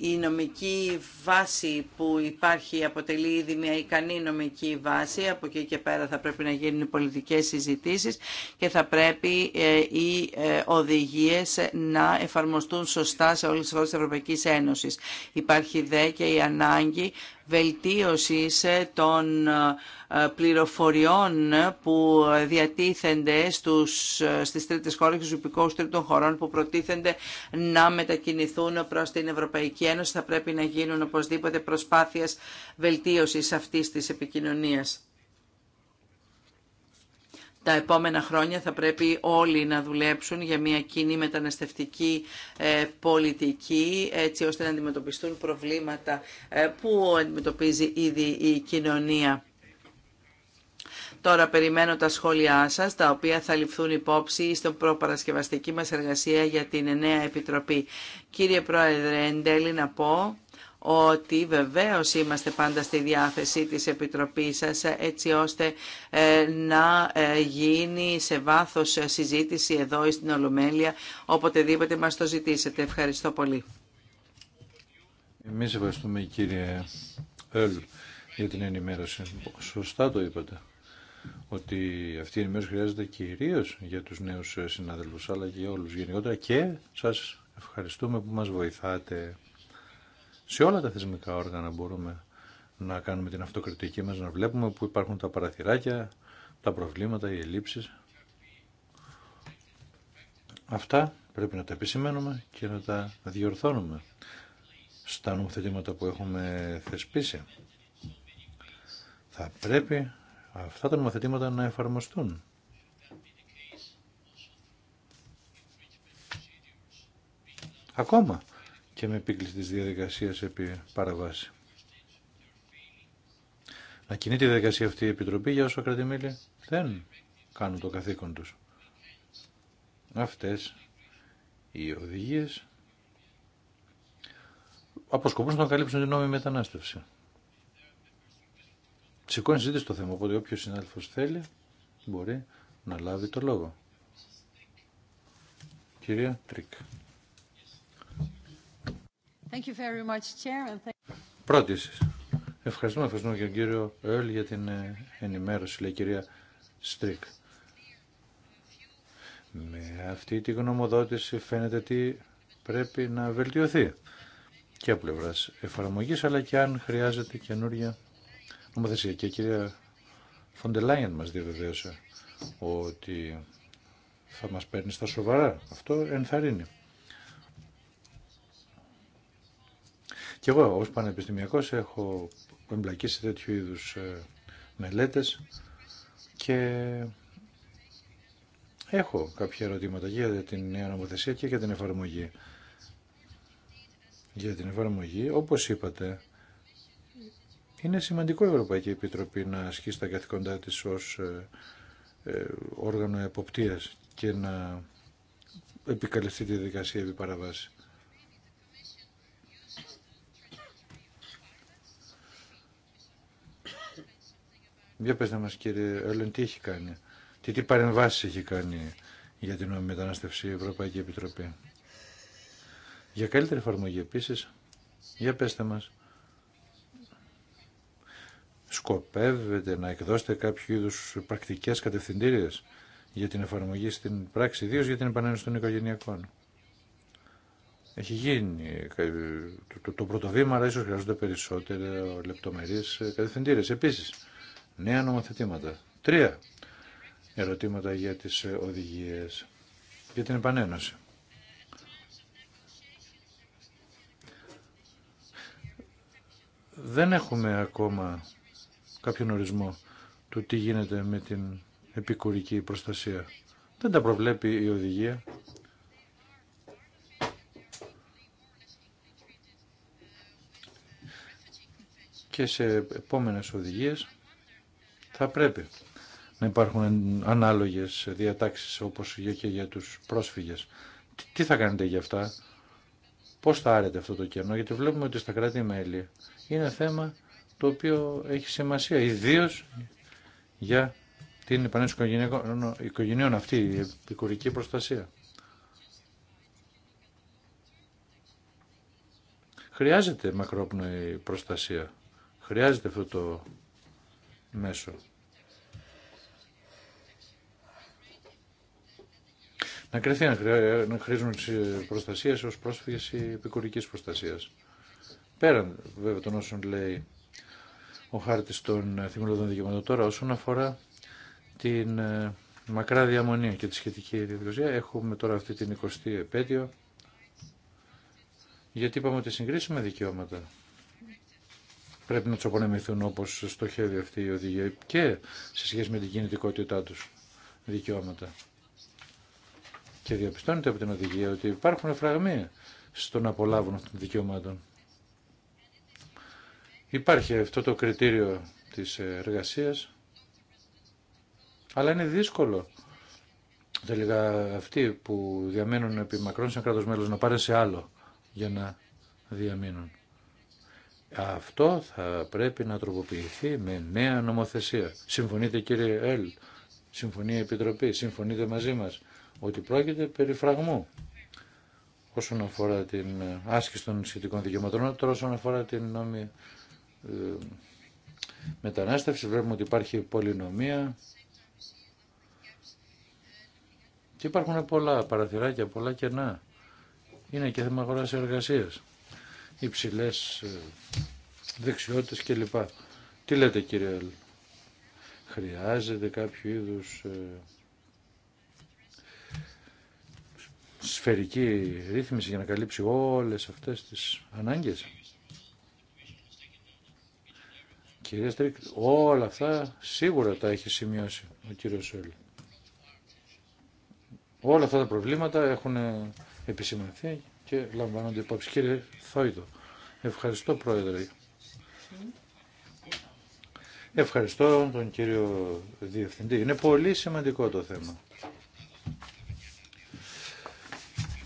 η νομική βάση που υπάρχει αποτελεί ήδη μια ικανή νομική βάση. Από εκεί και πέρα θα πρέπει να γίνουν πολιτικές συζητήσεις και θα πρέπει ε, οι ε, οδηγίες να εφαρμοστούν σωστά σε όλες τις χώρες της Ευρωπαϊκής Ένωσης. Υπάρχει δε και η ανάγκη βελτίωσης των πληροφοριών που διατίθενται στους, στις τρίτες χώρες και στους υπηκόους τρίτων χωρών που προτίθενται να μετακινηθούν προς στην Ευρωπαϊκή Ένωση θα πρέπει να γίνουν οπωσδήποτε προσπάθειες βελτίωσης αυτής της επικοινωνίας. Τα επόμενα χρόνια θα πρέπει όλοι να δουλέψουν για μια κοινή μεταναστευτική ε, πολιτική έτσι ώστε να αντιμετωπιστούν προβλήματα ε, που αντιμετωπίζει ήδη η κοινωνία. Τώρα περιμένω τα σχόλιά σας, τα οποία θα ληφθούν υπόψη στον προπαρασκευαστική μας εργασία για την νέα Επιτροπή. Κύριε Πρόεδρε, εν τέλει να πω ότι βεβαίως είμαστε πάντα στη διάθεση της Επιτροπής σας έτσι ώστε ε, να ε, γίνει σε βάθος συζήτηση εδώ στην Ολομέλεια οποτεδήποτε μας το ζητήσετε. Ευχαριστώ πολύ. Εμείς ευχαριστούμε κύριε Ελ για την ενημέρωση. Σωστά το είπατε ότι αυτή η ενημέρωση χρειάζεται κυρίω για τους νέου συναδέλφου αλλά και για όλους γενικότερα και σας ευχαριστούμε που μας βοηθάτε σε όλα τα θεσμικά όργανα μπορούμε να κάνουμε την αυτοκριτική μας, να βλέπουμε που υπάρχουν τα παραθυράκια, τα προβλήματα, οι ελλείψεις. Αυτά πρέπει να τα επισημαίνουμε και να τα διορθώνουμε στα νομοθετήματα που έχουμε θεσπίσει. Θα πρέπει αυτά τα νομοθετήματα να εφαρμοστούν. Ακόμα και με επίκληση της διαδικασίας επί παραβάση. Να κινεί τη διαδικασία αυτή η Επιτροπή για όσο κρατημήλια δεν κάνουν το καθήκον τους. Αυτές οι οδηγίες αποσκοπούν να καλύψουν την νόμιμη μετανάστευση σηκώνει ζήτηση το θέμα, οπότε όποιος συνάδελφος θέλει μπορεί να λάβει το λόγο. Κυρία Τρίκ. Thank Πρώτη Ευχαριστούμε, ευχαριστούμε και τον κύριο Ελ για την ε, ενημέρωση, λέει η κυρία Στρίκ. Με αυτή τη γνωμοδότηση φαίνεται ότι πρέπει να βελτιωθεί και από πλευρά εφαρμογή, αλλά και αν χρειάζεται καινούργια νομοθεσία. Και η κυρία Φοντελάιεν μας διαβεβαίωσε ότι θα μας παίρνει στα σοβαρά. Αυτό ενθαρρύνει. Και εγώ ως πανεπιστημιακός έχω εμπλακεί σε τέτοιου είδους ε, μελέτες και έχω κάποια ερωτήματα για την νέα νομοθεσία και για την εφαρμογή. Για την εφαρμογή, όπως είπατε, είναι σημαντικό η Ευρωπαϊκή Επιτροπή να ασκήσει τα καθηκοντά της ως ε, ε, όργανο εποπτείας και να επικαλεστεί τη δικασία επί παραβάση. Για πες να μας κύριε Έλλον, τι έχει κάνει, τι, τι παρεμβάσεις έχει κάνει για την νόμιμη μετανάστευση η Ευρωπαϊκή Επιτροπή. Για καλύτερη εφαρμογή επίσης, για πέστε μας σκοπεύετε να εκδώσετε κάποιο είδου πρακτικές κατευθυντήριες για την εφαρμογή στην πράξη, ιδίω για την επανένωση των οικογενειακών. Έχει γίνει ε, το, το, το αλλά ίσως χρειάζονται περισσότερε λεπτομερείς ε, κατευθυντήριε. Επίσης, νέα νομοθετήματα. Τρία ερωτήματα για τις ε, οδηγίες για την επανένωση. Δεν έχουμε ακόμα κάποιον ορισμό του τι γίνεται με την επικουρική προστασία. Δεν τα προβλέπει η οδηγία. Και σε επόμενες οδηγίες θα πρέπει να υπάρχουν ανάλογες διατάξεις όπως και για τους πρόσφυγες. Τι θα κάνετε για αυτά, πώς θα άρετε αυτό το κενό, γιατί βλέπουμε ότι στα κράτη-μέλη είναι θέμα το οποίο έχει σημασία, ιδίω για την επανένωση οικογενειών, οικογενειών αυτή, η επικουρική προστασία. Χρειάζεται μακρόπνοη προστασία. Χρειάζεται αυτό το μέσο. Να κρυθεί να χρήζουν προστασίες ως πρόσφυγες επικουρικής προστασίας. Πέραν βέβαια των όσων λέει ο χάρτης των θεμελιωδών δικαιωμάτων. Τώρα όσον αφορά την ε, μακρά διαμονή και τη σχετική διαδικασία, έχουμε τώρα αυτή την 20η επέτειο, γιατί είπαμε ότι συγκρίσουμε δικαιώματα. Πρέπει να του απονεμηθούν όπω στοχεύει αυτή η οδηγία και σε σχέση με την κινητικότητά του δικαιώματα. Και διαπιστώνεται από την οδηγία ότι υπάρχουν φραγμοί στο να απολάβουν αυτών των δικαιωμάτων. Υπάρχει αυτό το κριτήριο της εργασίας, αλλά είναι δύσκολο τελικά αυτοί που διαμένουν επί μακρόν σε κράτος μέλος να πάρουν σε άλλο για να διαμείνουν. Αυτό θα πρέπει να τροποποιηθεί με νέα νομοθεσία. Συμφωνείτε κύριε Ελ, συμφωνεί η Επιτροπή, συμφωνείτε μαζί μας ότι πρόκειται περί φραγμού όσον αφορά την άσκηση των σχετικών δικαιωματών, όσον αφορά την νόμη ε, μετανάστευση, βλέπουμε ότι υπάρχει πολυνομία και υπάρχουν πολλά παραθυράκια, πολλά κενά. Είναι και θέμα αγοράς εργασίας, υψηλές ε, δεξιότητες κλπ. Τι λέτε κύριε χρειάζεται κάποιο είδους ε, σφαιρική ρύθμιση για να καλύψει όλες αυτές τις ανάγκες. Κυρία Στρίκ, όλα αυτά σίγουρα τα έχει σημειώσει ο κύριος Σόλη. Όλα αυτά τα προβλήματα έχουν επισημανθεί και λαμβάνονται υπόψη. Κύριε Θόητο, ευχαριστώ Πρόεδρε. Ευχαριστώ τον κύριο Διευθυντή. Είναι πολύ σημαντικό το θέμα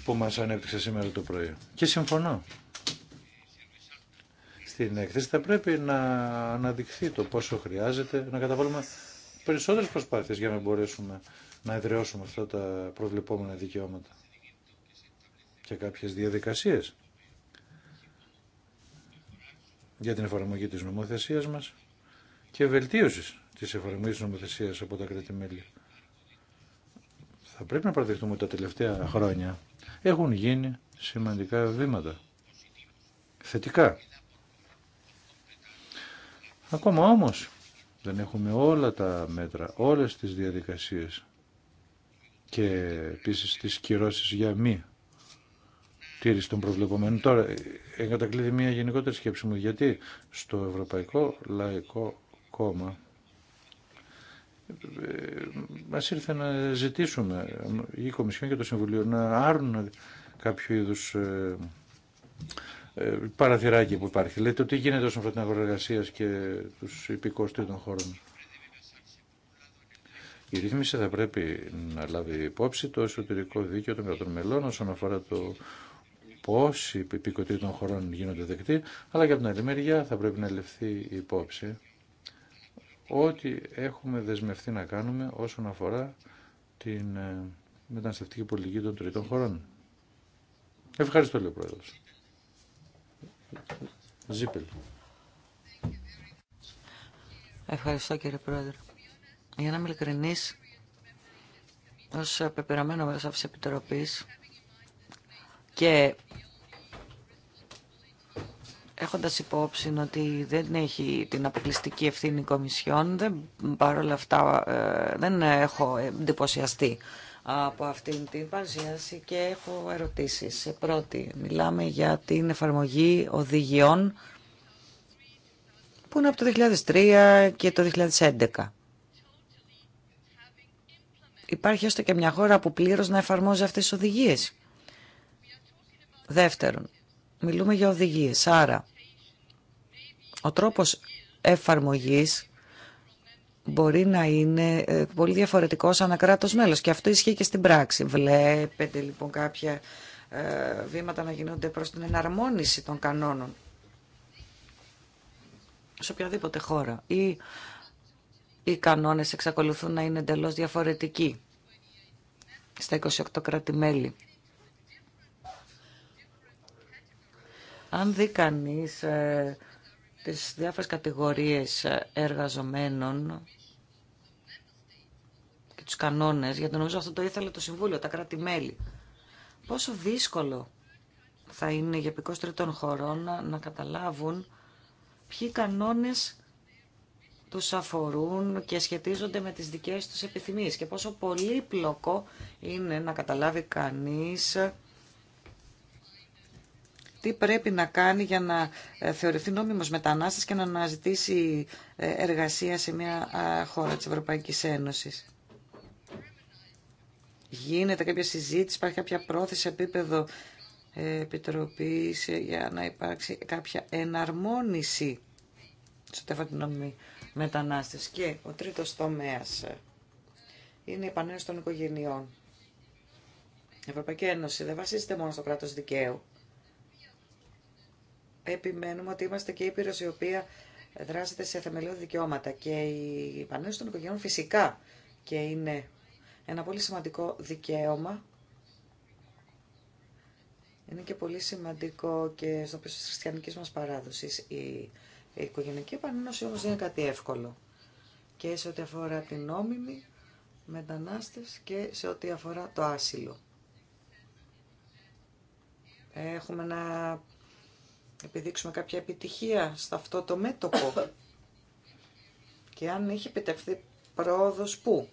που μας ανέπτυξε σήμερα το πρωί. Και συμφωνώ στην έκθεση θα πρέπει να αναδειχθεί το πόσο χρειάζεται, να καταβάλουμε περισσότερες προσπάθειες για να μπορέσουμε να εδραιώσουμε αυτά τα προβλεπόμενα δικαιώματα και κάποιες διαδικασίες για την εφαρμογή της νομοθεσίας μας και βελτίωση της εφαρμογής της νομοθεσίας από τα κρατη Θα πρέπει να παραδειχτούμε ότι τα τελευταία χρόνια έχουν γίνει σημαντικά βήματα. Θετικά. Ακόμα όμως δεν έχουμε όλα τα μέτρα, όλες τις διαδικασίες και επίσης τις κυρώσεις για μη τήρηση των προβλεπωμένων. Τώρα εγκατακλείδη μια γενικότερη σκέψη μου γιατί στο Ευρωπαϊκό Λαϊκό Κόμμα ε, μα ήρθε να ζητήσουμε ε, η Κομισιόν και το Συμβουλίο να άρουν κάποιο είδους ε, ε, παραθυράκι που υπάρχει. Λέτε ότι γίνεται όσον αφορά την αγορά εργασία και του υπηκόου των χώρων. Η ρύθμιση θα πρέπει να λάβει υπόψη το εσωτερικό δίκαιο των κρατών μελών όσον αφορά το πώ οι υπηκοτοί των χωρών γίνονται δεκτοί, αλλά και από την άλλη μεριά θα πρέπει να ληφθεί υπόψη ό,τι έχουμε δεσμευτεί να κάνουμε όσον αφορά την ε, μεταναστευτική πολιτική των τρίτων χωρών. Ευχαριστώ, λέει ο Ζήπελ. Ευχαριστώ κύριε Πρόεδρε. Για να είμαι ειλικρινής, ως πεπειραμένο μέσα αυτής της Επιτροπής και έχοντας υπόψη ότι δεν έχει την αποκλειστική ευθύνη η Κομισιόν, δεν, παρόλα αυτά ε, δεν έχω εντυπωσιαστεί από αυτήν την παρουσίαση και έχω ερωτήσεις. Σε πρώτη, μιλάμε για την εφαρμογή οδηγιών που είναι από το 2003 και το 2011. Υπάρχει έστω και μια χώρα που πλήρως να εφαρμόζει αυτές τις οδηγίες. Δεύτερον, μιλούμε για οδηγίες. Άρα, ο τρόπος εφαρμογής μπορεί να είναι ε, πολύ διαφορετικό σαν κράτο μέλος και αυτό ισχύει και στην πράξη. Βλέπετε λοιπόν κάποια ε, βήματα να γίνονται προς την εναρμόνιση των κανόνων σε οποιαδήποτε χώρα ή οι κανόνες εξακολουθούν να είναι εντελώ διαφορετικοί στα 28 κράτη-μέλη. Αν δει κανείς ε, τις διάφορες κατηγορίες εργαζομένων και τους κανόνες, γιατί νομίζω αυτό το ήθελε το Συμβούλιο, τα κράτη-μέλη. Πόσο δύσκολο θα είναι για επικός τρίτων χωρών να καταλάβουν ποιοι κανόνες τους αφορούν και σχετίζονται με τις δικές τους επιθυμίες και πόσο πολύπλοκο είναι να καταλάβει κανείς τι πρέπει να κάνει για να ε, θεωρηθεί νόμιμος μετανάστης και να αναζητήσει ε, εργασία σε μια χώρα της Ευρωπαϊκής Ένωσης. Γίνεται κάποια συζήτηση, υπάρχει κάποια πρόθεση σε επίπεδο ε, επιτροπής για να υπάρξει κάποια εναρμόνιση στο τέφα την νόμιμη μετανάστες. Και ο τρίτος τομέας είναι η επανένωση των οικογενειών. Η Ευρωπαϊκή Ένωση δεν βασίζεται μόνο στο κράτος δικαίου επιμένουμε ότι είμαστε και ήπειρος η οποία δράζεται σε θεμελιώδη δικαιώματα και η επανένωση των οικογενειών φυσικά και είναι ένα πολύ σημαντικό δικαίωμα. Είναι και πολύ σημαντικό και στο πίσω τη χριστιανικής μας παράδοσης η οικογενειακή επανένωση όμως δεν είναι κάτι εύκολο. Και σε ό,τι αφορά την νόμιμη μετανάστες και σε ό,τι αφορά το άσυλο. Έχουμε ένα επιδείξουμε κάποια επιτυχία σε αυτό το μέτωπο και αν έχει επιτευχθεί πρόοδος πού.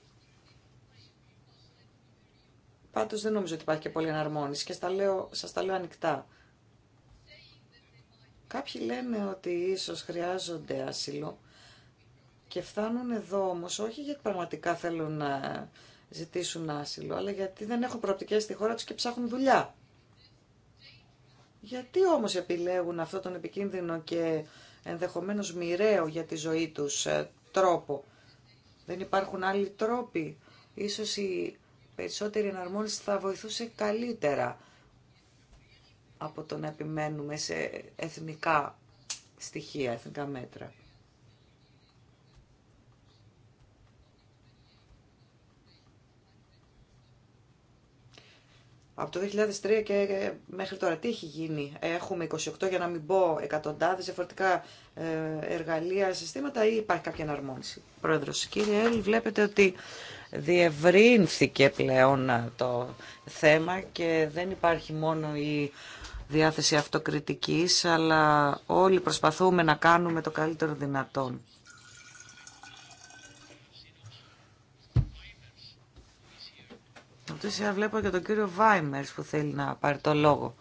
Πάντως δεν νομίζω ότι υπάρχει και πολύ εναρμόνιση και στα λέω, σας τα λέω ανοιχτά. Κάποιοι λένε ότι ίσως χρειάζονται άσυλο και φτάνουν εδώ όμως όχι γιατί πραγματικά θέλουν να ζητήσουν άσυλο, αλλά γιατί δεν έχουν προοπτικές στη χώρα τους και ψάχνουν δουλειά. Γιατί όμως επιλέγουν αυτό τον επικίνδυνο και ενδεχομένως μοιραίο για τη ζωή τους ε, τρόπο. Δεν υπάρχουν άλλοι τρόποι. Ίσως η περισσότερη εναρμόνιση θα βοηθούσε καλύτερα από το να επιμένουμε σε εθνικά στοιχεία, εθνικά μέτρα. Από το 2003 και ε, μέχρι τώρα τι έχει γίνει. Έχουμε 28 για να μην πω εκατοντάδες διαφορετικά ε, εργαλεία, συστήματα ή υπάρχει κάποια εναρμόνιση. Πρόεδρος, κύριε Έλλη βλέπετε ότι διευρύνθηκε πλέον ε, το θέμα και δεν υπάρχει μόνο η διάθεση αυτοκριτικής, αλλά όλοι προσπαθούμε να κάνουμε το καλύτερο δυνατόν. ερωτήσει. Βλέπω και τον κύριο Βάιμερ που θέλει να πάρει το λόγο.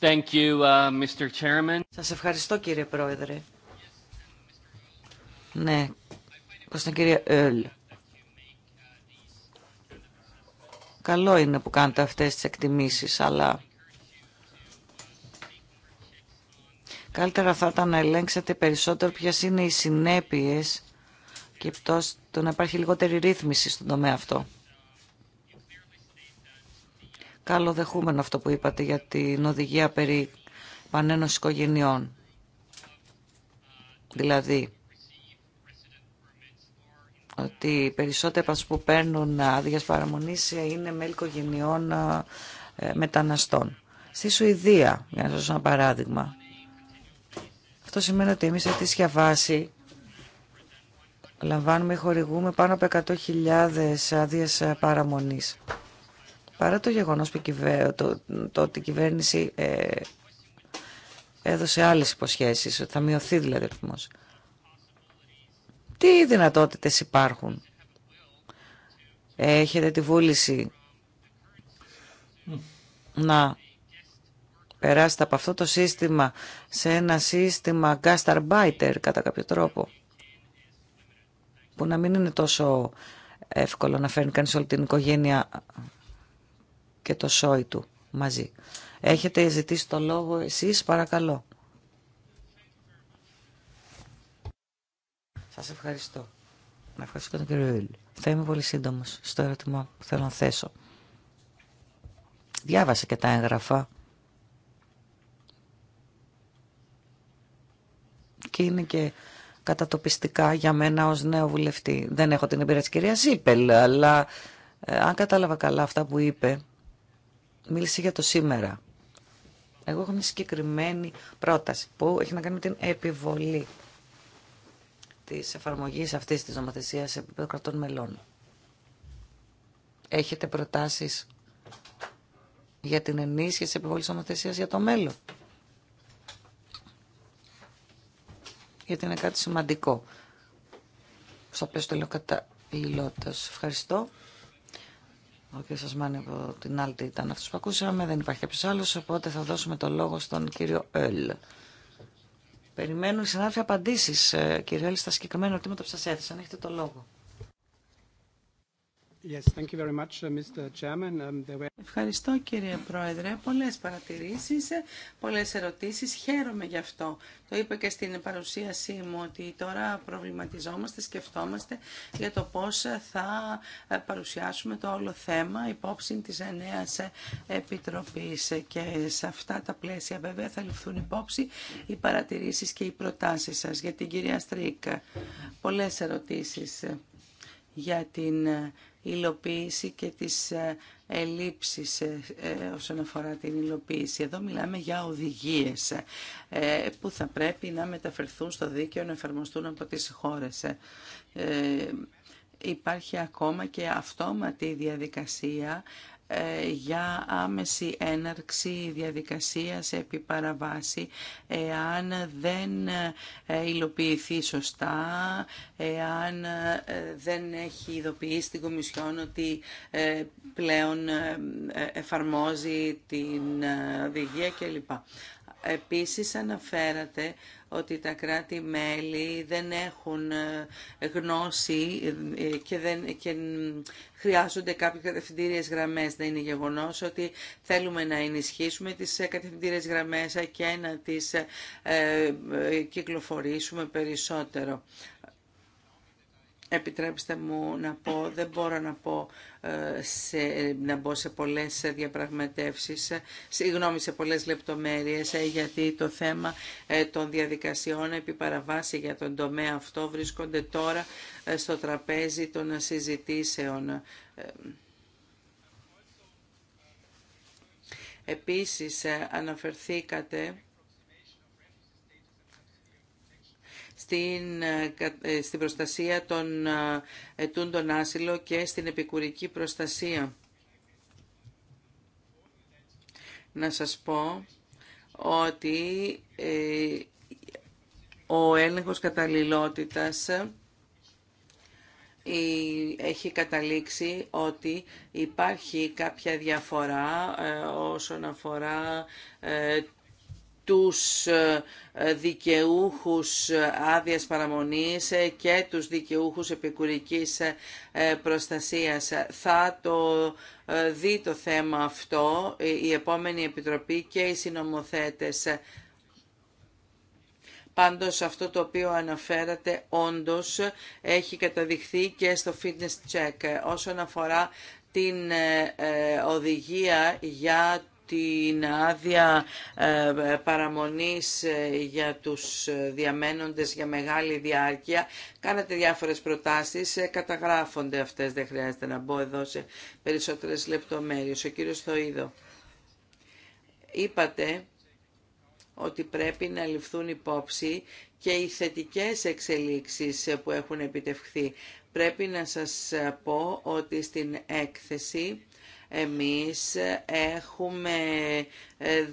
Thank you, uh, Mr. Chairman. Σας ευχαριστώ κύριε Πρόεδρε. Ναι, προς την κυρία Ελ. Καλό είναι που κάνετε αυτές τις εκτιμήσεις, αλλά καλύτερα θα ήταν να ελέγξετε περισσότερο ποιες είναι οι συνέπειες και πτώση του να υπάρχει λιγότερη ρύθμιση στον τομέα αυτό. Καλό καλοδεχούμενο αυτό που είπατε για την οδηγία περί πανένωσης οικογενειών. Δηλαδή, ότι οι περισσότεροι από που παίρνουν άδειε παραμονή είναι μέλη οικογενειών ε, μεταναστών. Στη Σουηδία, για να σας δώσω ένα παράδειγμα, αυτό σημαίνει ότι εμείς σε αιτήσια βάση λαμβάνουμε ή χορηγούμε πάνω από 100.000 άδειε παραμονής. Παρά το γεγονός που το... το ότι η κυβέρνηση ε... έδωσε άλλες υποσχέσεις, ότι θα μειωθεί δηλαδή ο Τι δυνατότητες υπάρχουν. Έχετε τη βούληση να περάσετε από αυτό το σύστημα σε ένα σύστημα gastarbeiter κατά κάποιο τρόπο που να μην είναι τόσο εύκολο να φέρνει κανείς όλη την οικογένεια και το σόι του μαζί. Έχετε ζητήσει το λόγο εσείς, παρακαλώ. Σας ευχαριστώ. Να ευχαριστώ τον κύριο Ιούλη. Θα είμαι πολύ σύντομο στο ερώτημα που θέλω να θέσω. Διάβασα και τα έγγραφα. Και είναι και κατατοπιστικά για μένα ως νέο βουλευτή. Δεν έχω την εμπειρία της κυρίας Ζίπελ, αλλά ε, αν κατάλαβα καλά αυτά που είπε, μίλησε για το σήμερα. Εγώ έχω μια συγκεκριμένη πρόταση που έχει να κάνει με την επιβολή της εφαρμογής αυτής της νομοθεσία σε επίπεδο κρατών μελών. Έχετε προτάσεις για την ενίσχυση επιβολής νομοθεσίας για το μέλλον. Γιατί είναι κάτι σημαντικό. Στο οποίο το λέω κατά Ευχαριστώ. Ο κ. Σασμάνη από την Άλτη ήταν αυτός που ακούσαμε, δεν υπάρχει κάποιο άλλο. οπότε θα δώσουμε το λόγο στον κύριο Ελ. Περιμένουν οι συνάδελφοι απαντήσεις, κύριε Ελ, στα συγκεκριμένα ερωτήματα που σα έθεσαν. Έχετε το λόγο. Uh, um, Ευχαριστώ κύριε Πρόεδρε. Πολλές παρατηρήσεις, ε, πολλές ερωτήσεις. Χαίρομαι γι' αυτό. Το είπα και στην παρουσίασή μου ότι τώρα προβληματιζόμαστε, σκεφτόμαστε για το πώς θα ε, παρουσιάσουμε το όλο θέμα υπόψη της νέα ε, Επιτροπής και σε αυτά τα πλαίσια βέβαια θα ληφθούν υπόψη οι παρατηρήσεις και οι προτάσεις σας. Για την κυρία Στρίκ, πολλές ερωτήσεις για την υλοποίηση και τις ε, ελλείψεις ε, ε, όσον αφορά την υλοποίηση. Εδώ μιλάμε για οδηγίες που θα πρέπει να μεταφερθούν στο δίκαιο, να εφαρμοστούν από τις χώρες. Υπάρχει ακόμα και αυτόματη διαδικασία για άμεση έναρξη διαδικασίας επί παραβάση εάν δεν ε, υλοποιηθεί σωστά, εάν ε, δεν έχει ειδοποιήσει την Κομισιόν ότι ε, πλέον εφαρμόζει την οδηγία κλπ. Επίσης αναφέρατε ότι τα κράτη-μέλη δεν έχουν ε, γνώση ε, και, δεν, και χρειάζονται κάποιες κατευθυντήριες γραμμές. Δεν είναι γεγονός ότι θέλουμε να ενισχύσουμε τις ε, κατευθυντήριες γραμμές και να τις κυκλοφορήσουμε περισσότερο. Επιτρέψτε μου να πω, δεν μπορώ να, πω, ε, σε, να μπω σε πολλές διαπραγματεύσεις, συγγνώμη σε πολλές λεπτομέρειες, ε, γιατί το θέμα ε, των διαδικασιών επί παραβάση για τον τομέα αυτό βρίσκονται τώρα στο τραπέζι των συζητήσεων. Επίσης αναφερθήκατε στην, ε, ε, στην προστασία των ε, τον άσυλο και στην επικουρική προστασία. Να σας πω ότι ο έλεγχος καταλληλότητας έχει καταλήξει ότι υπάρχει κάποια διαφορά όσον αφορά τους ε, δικαιούχους ε, άδεια παραμονής ε, και τους δικαιούχους επικουρικής προστασίας. Θα το δει το θέμα αυτό η επόμενη Επιτροπή και οι συνομοθέτες. Πάντως αυτό το οποίο αναφέρατε όντως έχει καταδειχθεί και στο fitness check όσον αφορά την οδηγία για την άδεια ε, παραμονής ε, για τους διαμένοντες για μεγάλη διάρκεια. Κάνατε διάφορες προτάσεις, ε, καταγράφονται αυτές, δεν χρειάζεται να μπω εδώ σε περισσότερες λεπτομέρειες. Ο κύριος Θοίδο, είπατε ότι πρέπει να ληφθούν υπόψη και οι θετικές εξελίξεις που έχουν επιτευχθεί. Πρέπει να σας πω ότι στην έκθεση εμείς έχουμε ε,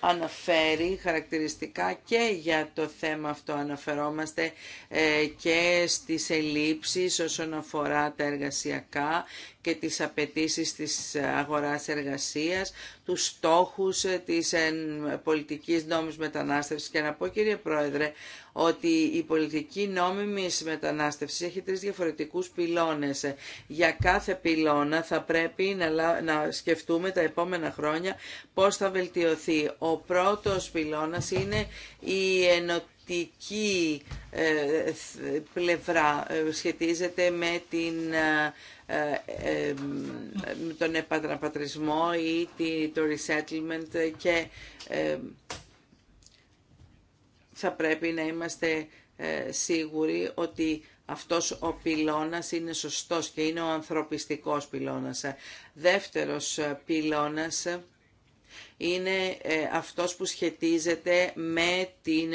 αναφέρει χαρακτηριστικά και για το θέμα αυτό αναφερόμαστε ε, και στις ελλείψεις όσον αφορά τα εργασιακά και τις απαιτήσεις της αγοράς εργασίας, τους στόχους ε, της πολιτικής νόμιμης μετανάστευσης. Και να πω κύριε Πρόεδρε ότι η πολιτική νόμιμης μετανάστευσης έχει τρεις διαφορετικούς πυλώνες. Για κάθε πυλώνα θα πρέπει να σκεφτούμε τα επόμενα χρόνια πώς θα βελτιωθεί. Ο πρώτος πυλώνας είναι η ενωτική ε, πλευρά, ε, σχετίζεται με την ε, τον επαναπατρισμό ή το resettlement και θα πρέπει να είμαστε σίγουροι ότι αυτός ο πυλώνας είναι σωστός και είναι ο ανθρωπιστικός πυλώνας. Δεύτερος πυλώνας είναι ε, αυτός που σχετίζεται με την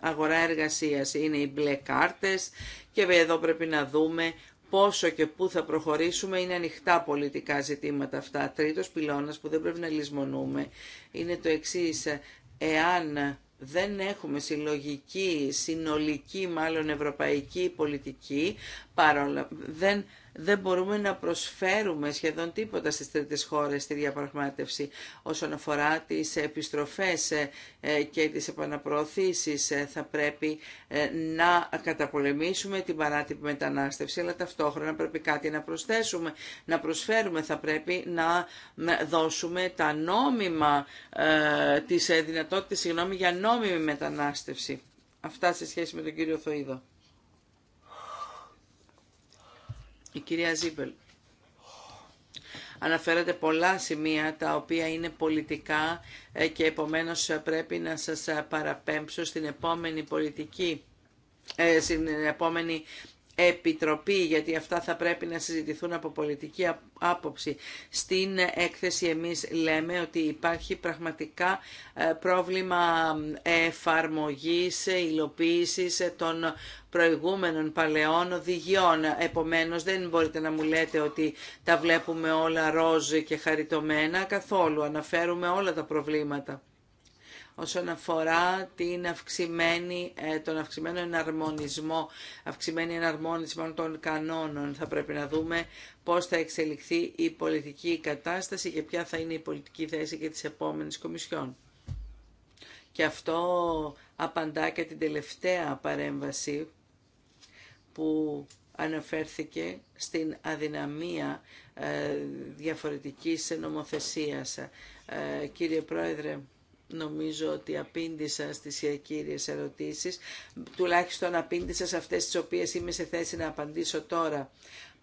αγορά εργασίας. Είναι οι μπλε κάρτες και εδώ πρέπει να δούμε πόσο και πού θα προχωρήσουμε είναι ανοιχτά πολιτικά ζητήματα αυτά. Τρίτος πυλώνας που δεν πρέπει να λησμονούμε είναι το εξής. Εάν δεν έχουμε συλλογική, συνολική μάλλον ευρωπαϊκή πολιτική, παρόλα δεν δεν μπορούμε να προσφέρουμε σχεδόν τίποτα στις τρίτες χώρες στη διαπραγμάτευση όσον αφορά τις επιστροφές ε, ε, και τις επαναπροωθήσεις. Ε, θα πρέπει να καταπολεμήσουμε την παράτυπη μετανάστευση, αλλά ταυτόχρονα πρέπει κάτι να προσθέσουμε, να προσφέρουμε. Θα πρέπει να δώσουμε τα νόμιμα, της δυνατότητες συγγνώμη, για νόμιμη μετανάστευση. Αυτά σε σχέση με τον κύριο Θοήδο. Η κυρία Ζίβελ αναφέρατε πολλά σημεία τα οποία είναι πολιτικά ε, και επομένως ε, πρέπει να σας ε, παραπέμψω στην επόμενη πολιτική στην επόμενη Επιτροπή, γιατί αυτά θα πρέπει να συζητηθούν από πολιτική άποψη. Στην έκθεση εμείς λέμε ότι υπάρχει πραγματικά ε, πρόβλημα ε, εφαρμογής, ε, υλοποίησης των προηγούμενων παλαιών οδηγιών. Επομένως δεν μπορείτε να μου λέτε ότι τα βλέπουμε όλα ροζ και χαριτωμένα καθόλου. Αναφέρουμε όλα τα προβλήματα όσον αφορά την αυξημένη, ε, τον αυξημένο εναρμονισμό, αυξημένη εναρμονισμό των κανόνων. Θα πρέπει να δούμε πώς θα εξελιχθεί η πολιτική κατάσταση και ποια θα είναι η πολιτική θέση και της επόμενης Κομισιόν. Και αυτό απαντά και την τελευταία παρέμβαση που αναφέρθηκε στην αδυναμία ε, διαφορετικής νομοθεσίας. Ε, κύριε Πρόεδρε, νομίζω ότι απήντησα στις κύριες ερωτήσεις, τουλάχιστον απήντησα σε αυτές τις οποίες είμαι σε θέση να απαντήσω τώρα.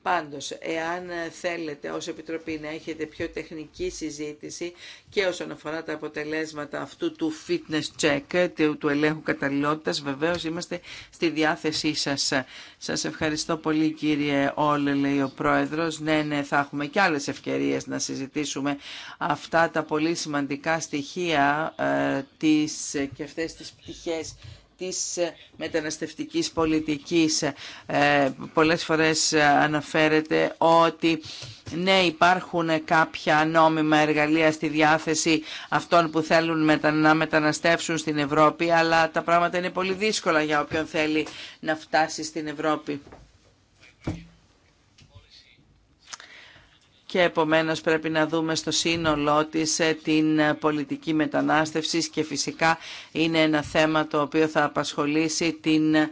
Πάντως, εάν θέλετε ως Επιτροπή να έχετε πιο τεχνική συζήτηση και όσον αφορά τα αποτελέσματα αυτού του fitness check, του ελέγχου καταλληλότητας, βεβαίως είμαστε στη διάθεσή σας. Σας ευχαριστώ πολύ κύριε Όλε, λέει ο Πρόεδρος. Ναι, ναι, θα έχουμε και άλλες ευκαιρίες να συζητήσουμε αυτά τα πολύ σημαντικά στοιχεία ε, της, και αυτές τις πτυχές της μεταναστευτικής πολιτικής. Ε, πολλές φορές αναφέρεται ότι ναι υπάρχουν κάποια νόμιμα εργαλεία στη διάθεση αυτών που θέλουν να μεταναστεύσουν στην Ευρώπη αλλά τα πράγματα είναι πολύ δύσκολα για όποιον θέλει να φτάσει στην Ευρώπη. και επομένως πρέπει να δούμε στο σύνολό της ε, την ε, πολιτική μετανάστευση και φυσικά είναι ένα θέμα το οποίο θα απασχολήσει την ε,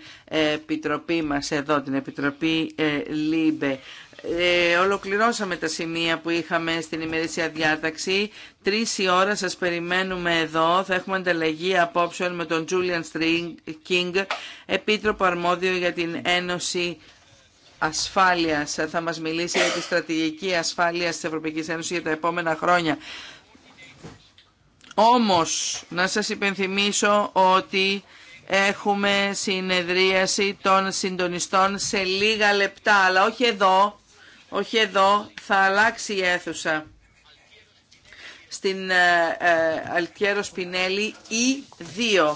Επιτροπή μας εδώ, την Επιτροπή ΛΥΜΠΕ. Ολοκληρώσαμε τα σημεία που είχαμε στην ημερήσια διάταξη. Τρεις η ώρα σας περιμένουμε εδώ. Θα έχουμε ανταλλαγή απόψεων με τον Julian King, Επίτροπο Αρμόδιο για την Ένωση ασφάλειας, θα μας μιλήσει για τη στρατηγική ασφάλεια της Ευρωπαϊκής Ένωσης για τα επόμενα χρόνια. Όμως, να σας υπενθυμίσω ότι έχουμε συνεδρίαση των συντονιστών σε λίγα λεπτά, αλλά όχι εδώ, όχι εδώ, θα αλλάξει η αίθουσα. Στην ε, ε, Αλτιέρο Σπινέλη, ή 2.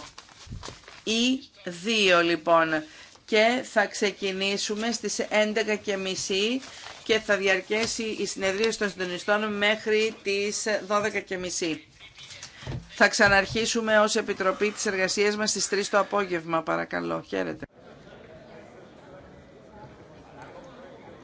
Ή 2 λοιπόν και θα ξεκινήσουμε στις 11.30 και θα διαρκέσει η συνεδρία των συντονιστών μέχρι τις 12.30. Θα ξαναρχίσουμε ως Επιτροπή της Εργασίας μας στις 3 το απόγευμα, παρακαλώ. Χαίρετε.